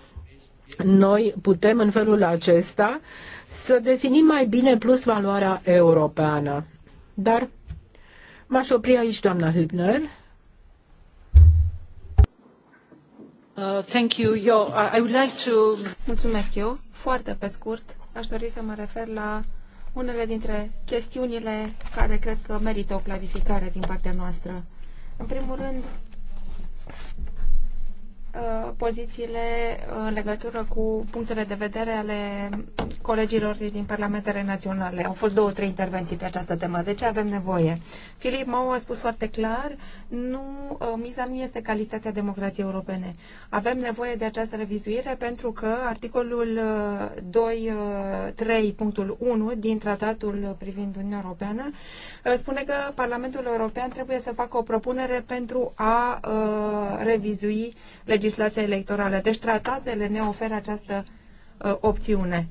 Noi putem în felul acesta să definim mai bine plus valoarea europeană. Dar m-aș opri aici, doamna Hübner. Uh, thank you. Yo, I would like to... Mulțumesc eu. Foarte pe scurt, aș dori să mă refer la unele dintre chestiunile care cred că merită o clarificare din partea noastră. În primul rând, Uh, pozițiile în legătură cu punctele de vedere ale colegilor din parlamentele naționale. Au fost două, trei intervenții pe această temă. De ce avem nevoie? Filip Mau a spus foarte clar, nu, uh, miza nu este calitatea democrației europene. Avem nevoie de această revizuire pentru că articolul 2.3.1 uh, din tratatul privind Uniunea Europeană spune că Parlamentul European trebuie să facă o propunere pentru a revizui legislația legislația electorală. Deci tratatele ne oferă această uh, opțiune.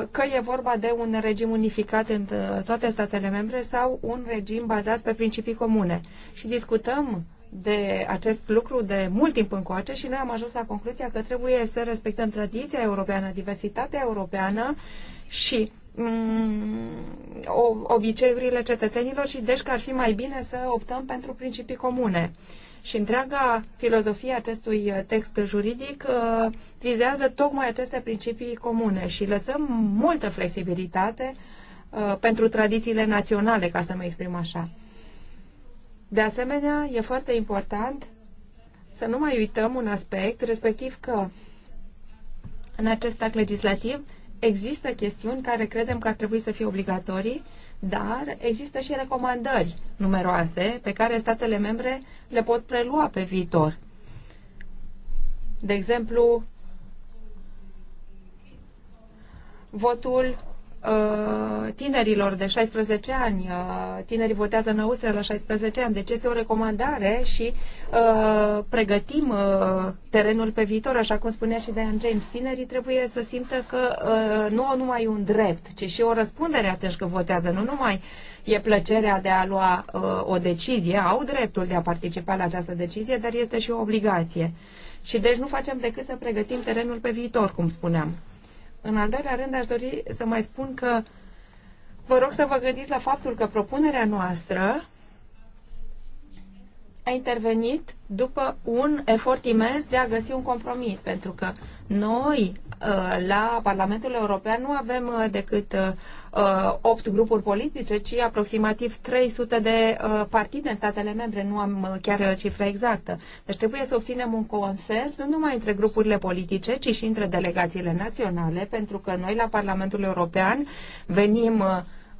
Uh, că e vorba de un regim unificat în toate statele membre sau un regim bazat pe principii comune. Și discutăm de acest lucru de mult timp încoace și noi am ajuns la concluzia că trebuie să respectăm tradiția europeană, diversitatea europeană și mm, obiceiurile cetățenilor și deci că ar fi mai bine să optăm pentru principii comune. Și întreaga filozofie acestui uh, text juridic uh, vizează tocmai aceste principii comune și lăsăm multă flexibilitate uh, pentru tradițiile naționale, ca să mă exprim așa. De asemenea, e foarte important să nu mai uităm un aspect, respectiv că în acest act legislativ există chestiuni care credem că ar trebui să fie obligatorii dar există și recomandări numeroase pe care statele membre le pot prelua pe viitor. De exemplu, votul Uh, tinerilor de 16 ani. Uh, tinerii votează în Austria la 16 ani, deci este o recomandare și uh, pregătim terenul pe viitor, așa cum spunea și Dean James. Tinerii trebuie să simtă că nu au numai un drept, ci și o răspundere atunci când votează, nu numai e plăcerea de a lua o decizie, au dreptul de a participa la această decizie, dar este și o obligație. Și deci nu facem decât să pregătim terenul pe viitor, cum spuneam. În al doilea rând, aș dori să mai spun că vă rog să vă gândiți la faptul că propunerea noastră a intervenit după un efort imens de a găsi un compromis, pentru că noi uh, la Parlamentul European nu avem uh, decât uh, opt grupuri politice, ci aproximativ 300 de partide în statele membre. Nu am chiar cifra exactă. Deci trebuie să obținem un consens nu numai între grupurile politice, ci și între delegațiile naționale, pentru că noi la Parlamentul European venim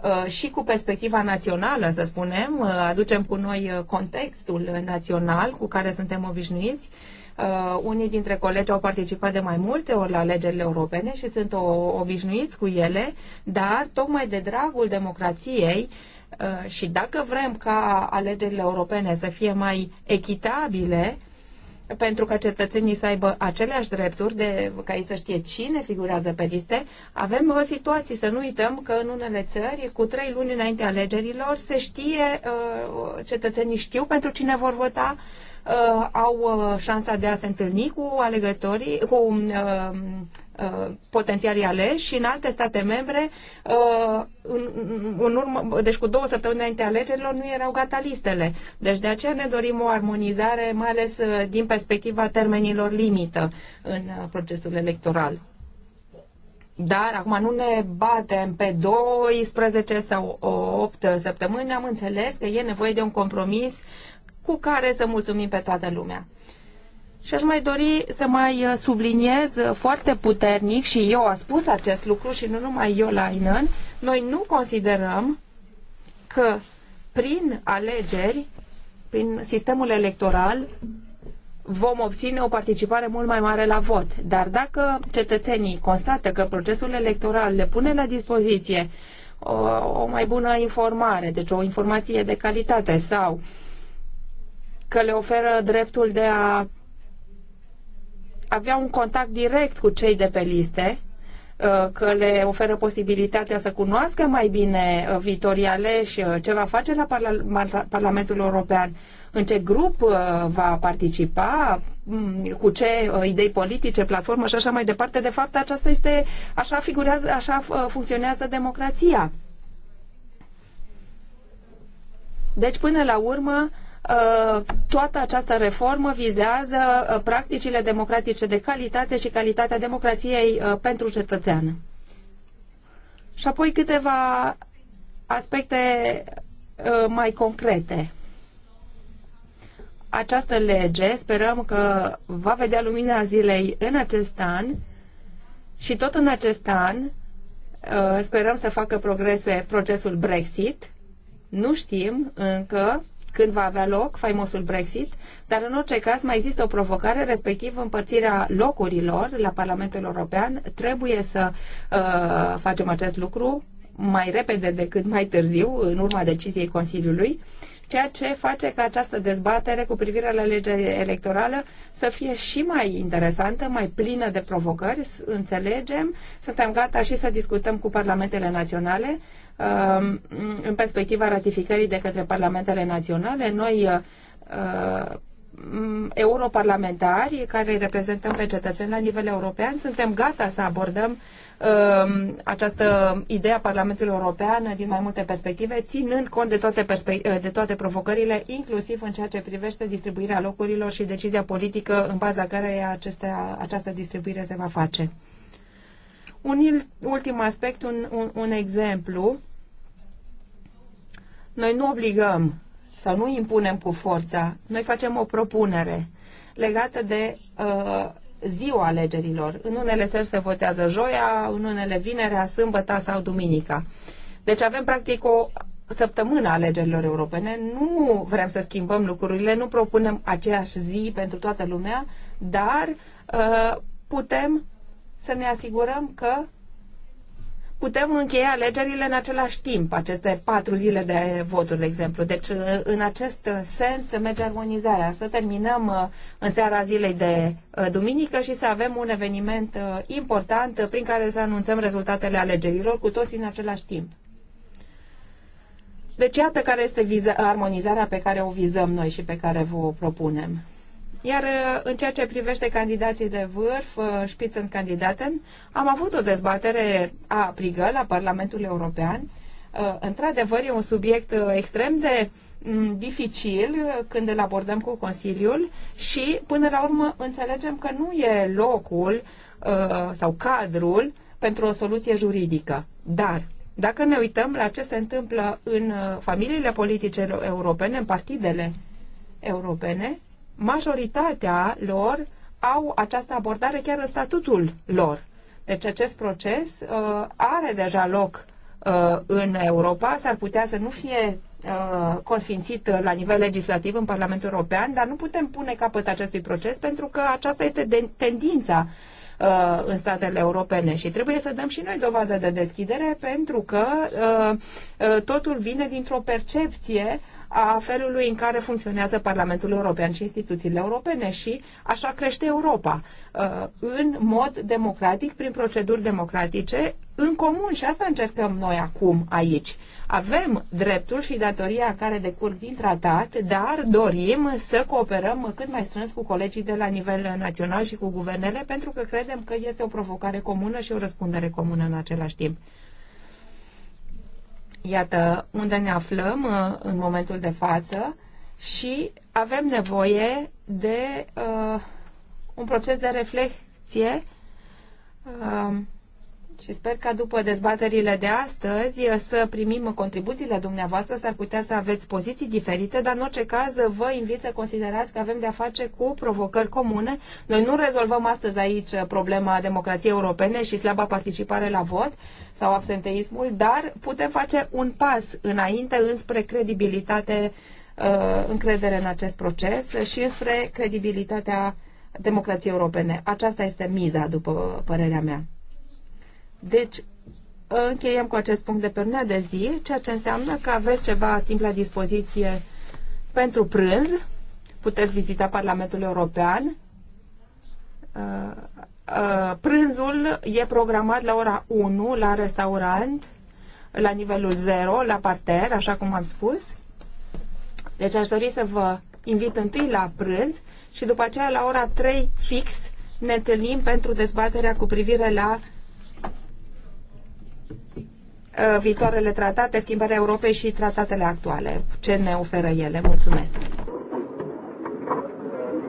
Uh, și cu perspectiva națională, să spunem, uh, aducem cu noi uh, contextul național cu care suntem obișnuiți. Unii dintre colegi au participat de mai multe ori la alegerile europene și sunt obișnuiți cu ele, dar tocmai de dragul democrației și dacă vrem ca alegerile europene să fie mai echitabile, pentru ca cetățenii să aibă aceleași drepturi, de, ca ei să știe cine figurează pe liste, avem o situații, să nu uităm că în unele țări, cu trei luni înainte alegerilor, se știe, uh, cetățenii știu pentru cine vor vota, Uh, au uh, șansa de a se întâlni cu alegătorii, cu um, uh, potențialii aleși și în alte state membre, în, în urmă, deci cu două săptămâni înainte alegerilor, nu erau gata listele. Deci de aceea ne dorim o armonizare, mai ales din perspectiva termenilor limită în procesul electoral. Dar acum nu ne batem pe 12 sau 8 săptămâni, am înțeles că e nevoie de un compromis cu care să mulțumim pe toată lumea. Și aș mai dori să mai uh, subliniez uh, foarte puternic, și eu am spus acest lucru și nu numai eu la Inan, noi nu considerăm că prin alegeri, prin sistemul electoral, vom obține o participare mult mai mare la vot. Dar dacă cetățenii constată că procesul electoral le pune la dispoziție o, uh, o mai bună informare, deci o informație de calitate sau uh, că le oferă dreptul de a avea un contact direct cu cei de pe liste, uh, că le oferă posibilitatea să cunoască mai bine uh, viitorii aleși, uh, ce va face la Parlamentul European, în ce grup va participa, mm, cu ce idei politice, platformă și așa mai departe. De fapt, aceasta este, așa, figurează, așa funcționează democrația. Deci, până la urmă, uh, Uh, toată această reformă vizează uh, practicile democratice de calitate și calitatea democrației uh, pentru cetățean. Și apoi câteva aspecte mai concrete. Această lege sperăm că va vedea lumina zilei în acest an și tot în acest an sperăm să facă progrese procesul Brexit. Nu știm încă când va avea loc faimosul Brexit, dar în orice caz mai există o provocare, respectiv împărțirea locurilor la Parlamentul European. Trebuie să uh, facem acest lucru mai repede decât mai târziu, în urma deciziei Consiliului, ceea ce face ca această dezbatere cu privire la legea electorală să fie și mai interesantă, mai plină de provocări, înțelegem, suntem gata și să discutăm cu parlamentele naționale, Um, în perspectiva ratificării de către parlamentele naționale. Noi uh, um, europarlamentari care reprezentăm pe cetățeni la nivel european, suntem gata să abordăm um, această idee a Parlamentului European din mai multe perspective, ținând cont de toate, uh, de toate provocările, inclusiv în ceea ce privește distribuirea locurilor și decizia politică în baza care acestea, această distribuire se va face. Un ultim aspect, un, un, un exemplu noi nu obligăm sau nu impunem cu forța. Noi facem o propunere legată de uh, ziua alegerilor. În unele țări se votează joia, în unele vinerea, sâmbăta sau duminica. Deci avem practic o săptămână a alegerilor europene. Nu vrem să schimbăm lucrurile, nu propunem aceeași zi pentru toată lumea, dar uh, putem să ne asigurăm că putem încheia alegerile în același timp, aceste patru zile de voturi, de exemplu. Deci, uh, în acest sens, merge armonizarea. Să terminăm uh, în seara zilei de uh, duminică și să avem un eveniment important prin care să anunțăm rezultatele alegerilor cu toți în același timp. Deci, iată care este armonizarea pe care o vizăm noi și pe care vă o propunem. Iar uh, în ceea ce privește candidații de vârf, uh, Spitzenkandidaten, am avut o dezbatere prigă la Parlamentul European. Uh, într-adevăr, e un subiect extrem de mm, dificil când îl abordăm cu Consiliul și, până la urmă, înțelegem că nu e locul sau cadrul pentru o soluție juridică. Dar, dacă ne uităm la ce se întâmplă în familiile politice europene, în partidele europene, majoritatea lor au această abordare chiar în statutul lor. Deci acest proces uh, are deja loc uh, în Europa, s-ar putea să nu fie uh, consfințit la nivel legislativ în Parlamentul European, dar nu putem pune capăt acestui proces pentru că aceasta este de- tendința uh, în statele europene și trebuie să dăm și noi dovadă de deschidere pentru că uh, uh, totul vine dintr-o percepție uh, a felului în care funcționează Parlamentul European și instituțiile europene și așa crește Europa uh, în mod democratic, prin proceduri democratice, în comun și asta încercăm noi acum aici. Avem dreptul și datoria care decurg din tratat, dar dorim să cooperăm cât mai strâns cu colegii de la nivel național și cu guvernele, pentru că credem că este o provocare comună și o răspundere comună în același timp. Iată unde ne aflăm uh, în momentul de față și avem nevoie de uh, un proces de reflexie uh, și sper că după dezbaterile de astăzi eh, să primim contribuțiile dumneavoastră, s-ar putea să aveți poziții diferite, dar în orice caz eh, vă invit să considerați că avem de-a face cu provocări comune. Noi nu rezolvăm astăzi aici eh, problema democrației europene și slaba participare la vot sau absenteismul, dar putem face un pas înainte înspre credibilitate, încredere în acest proces și înspre credibilitatea democrației europene. Aceasta este miza, după părerea mea. Deci, încheiem cu acest punct de pernă de zi, ceea ce înseamnă că aveți ceva timp la dispoziție pentru prânz. Puteți vizita Parlamentul European. Uh, uh, prânzul e programat la ora 1 la restaurant, la nivelul 0, la parter, așa cum am spus. Deci aș dori să vă invit întâi la prânz și după aceea la ora 3 fix ne întâlnim pentru dezbaterea cu privire la Uh, viitoarele tratate, schimbarea Europei și tratatele actuale. Ce ne oferă ele? Mulțumesc!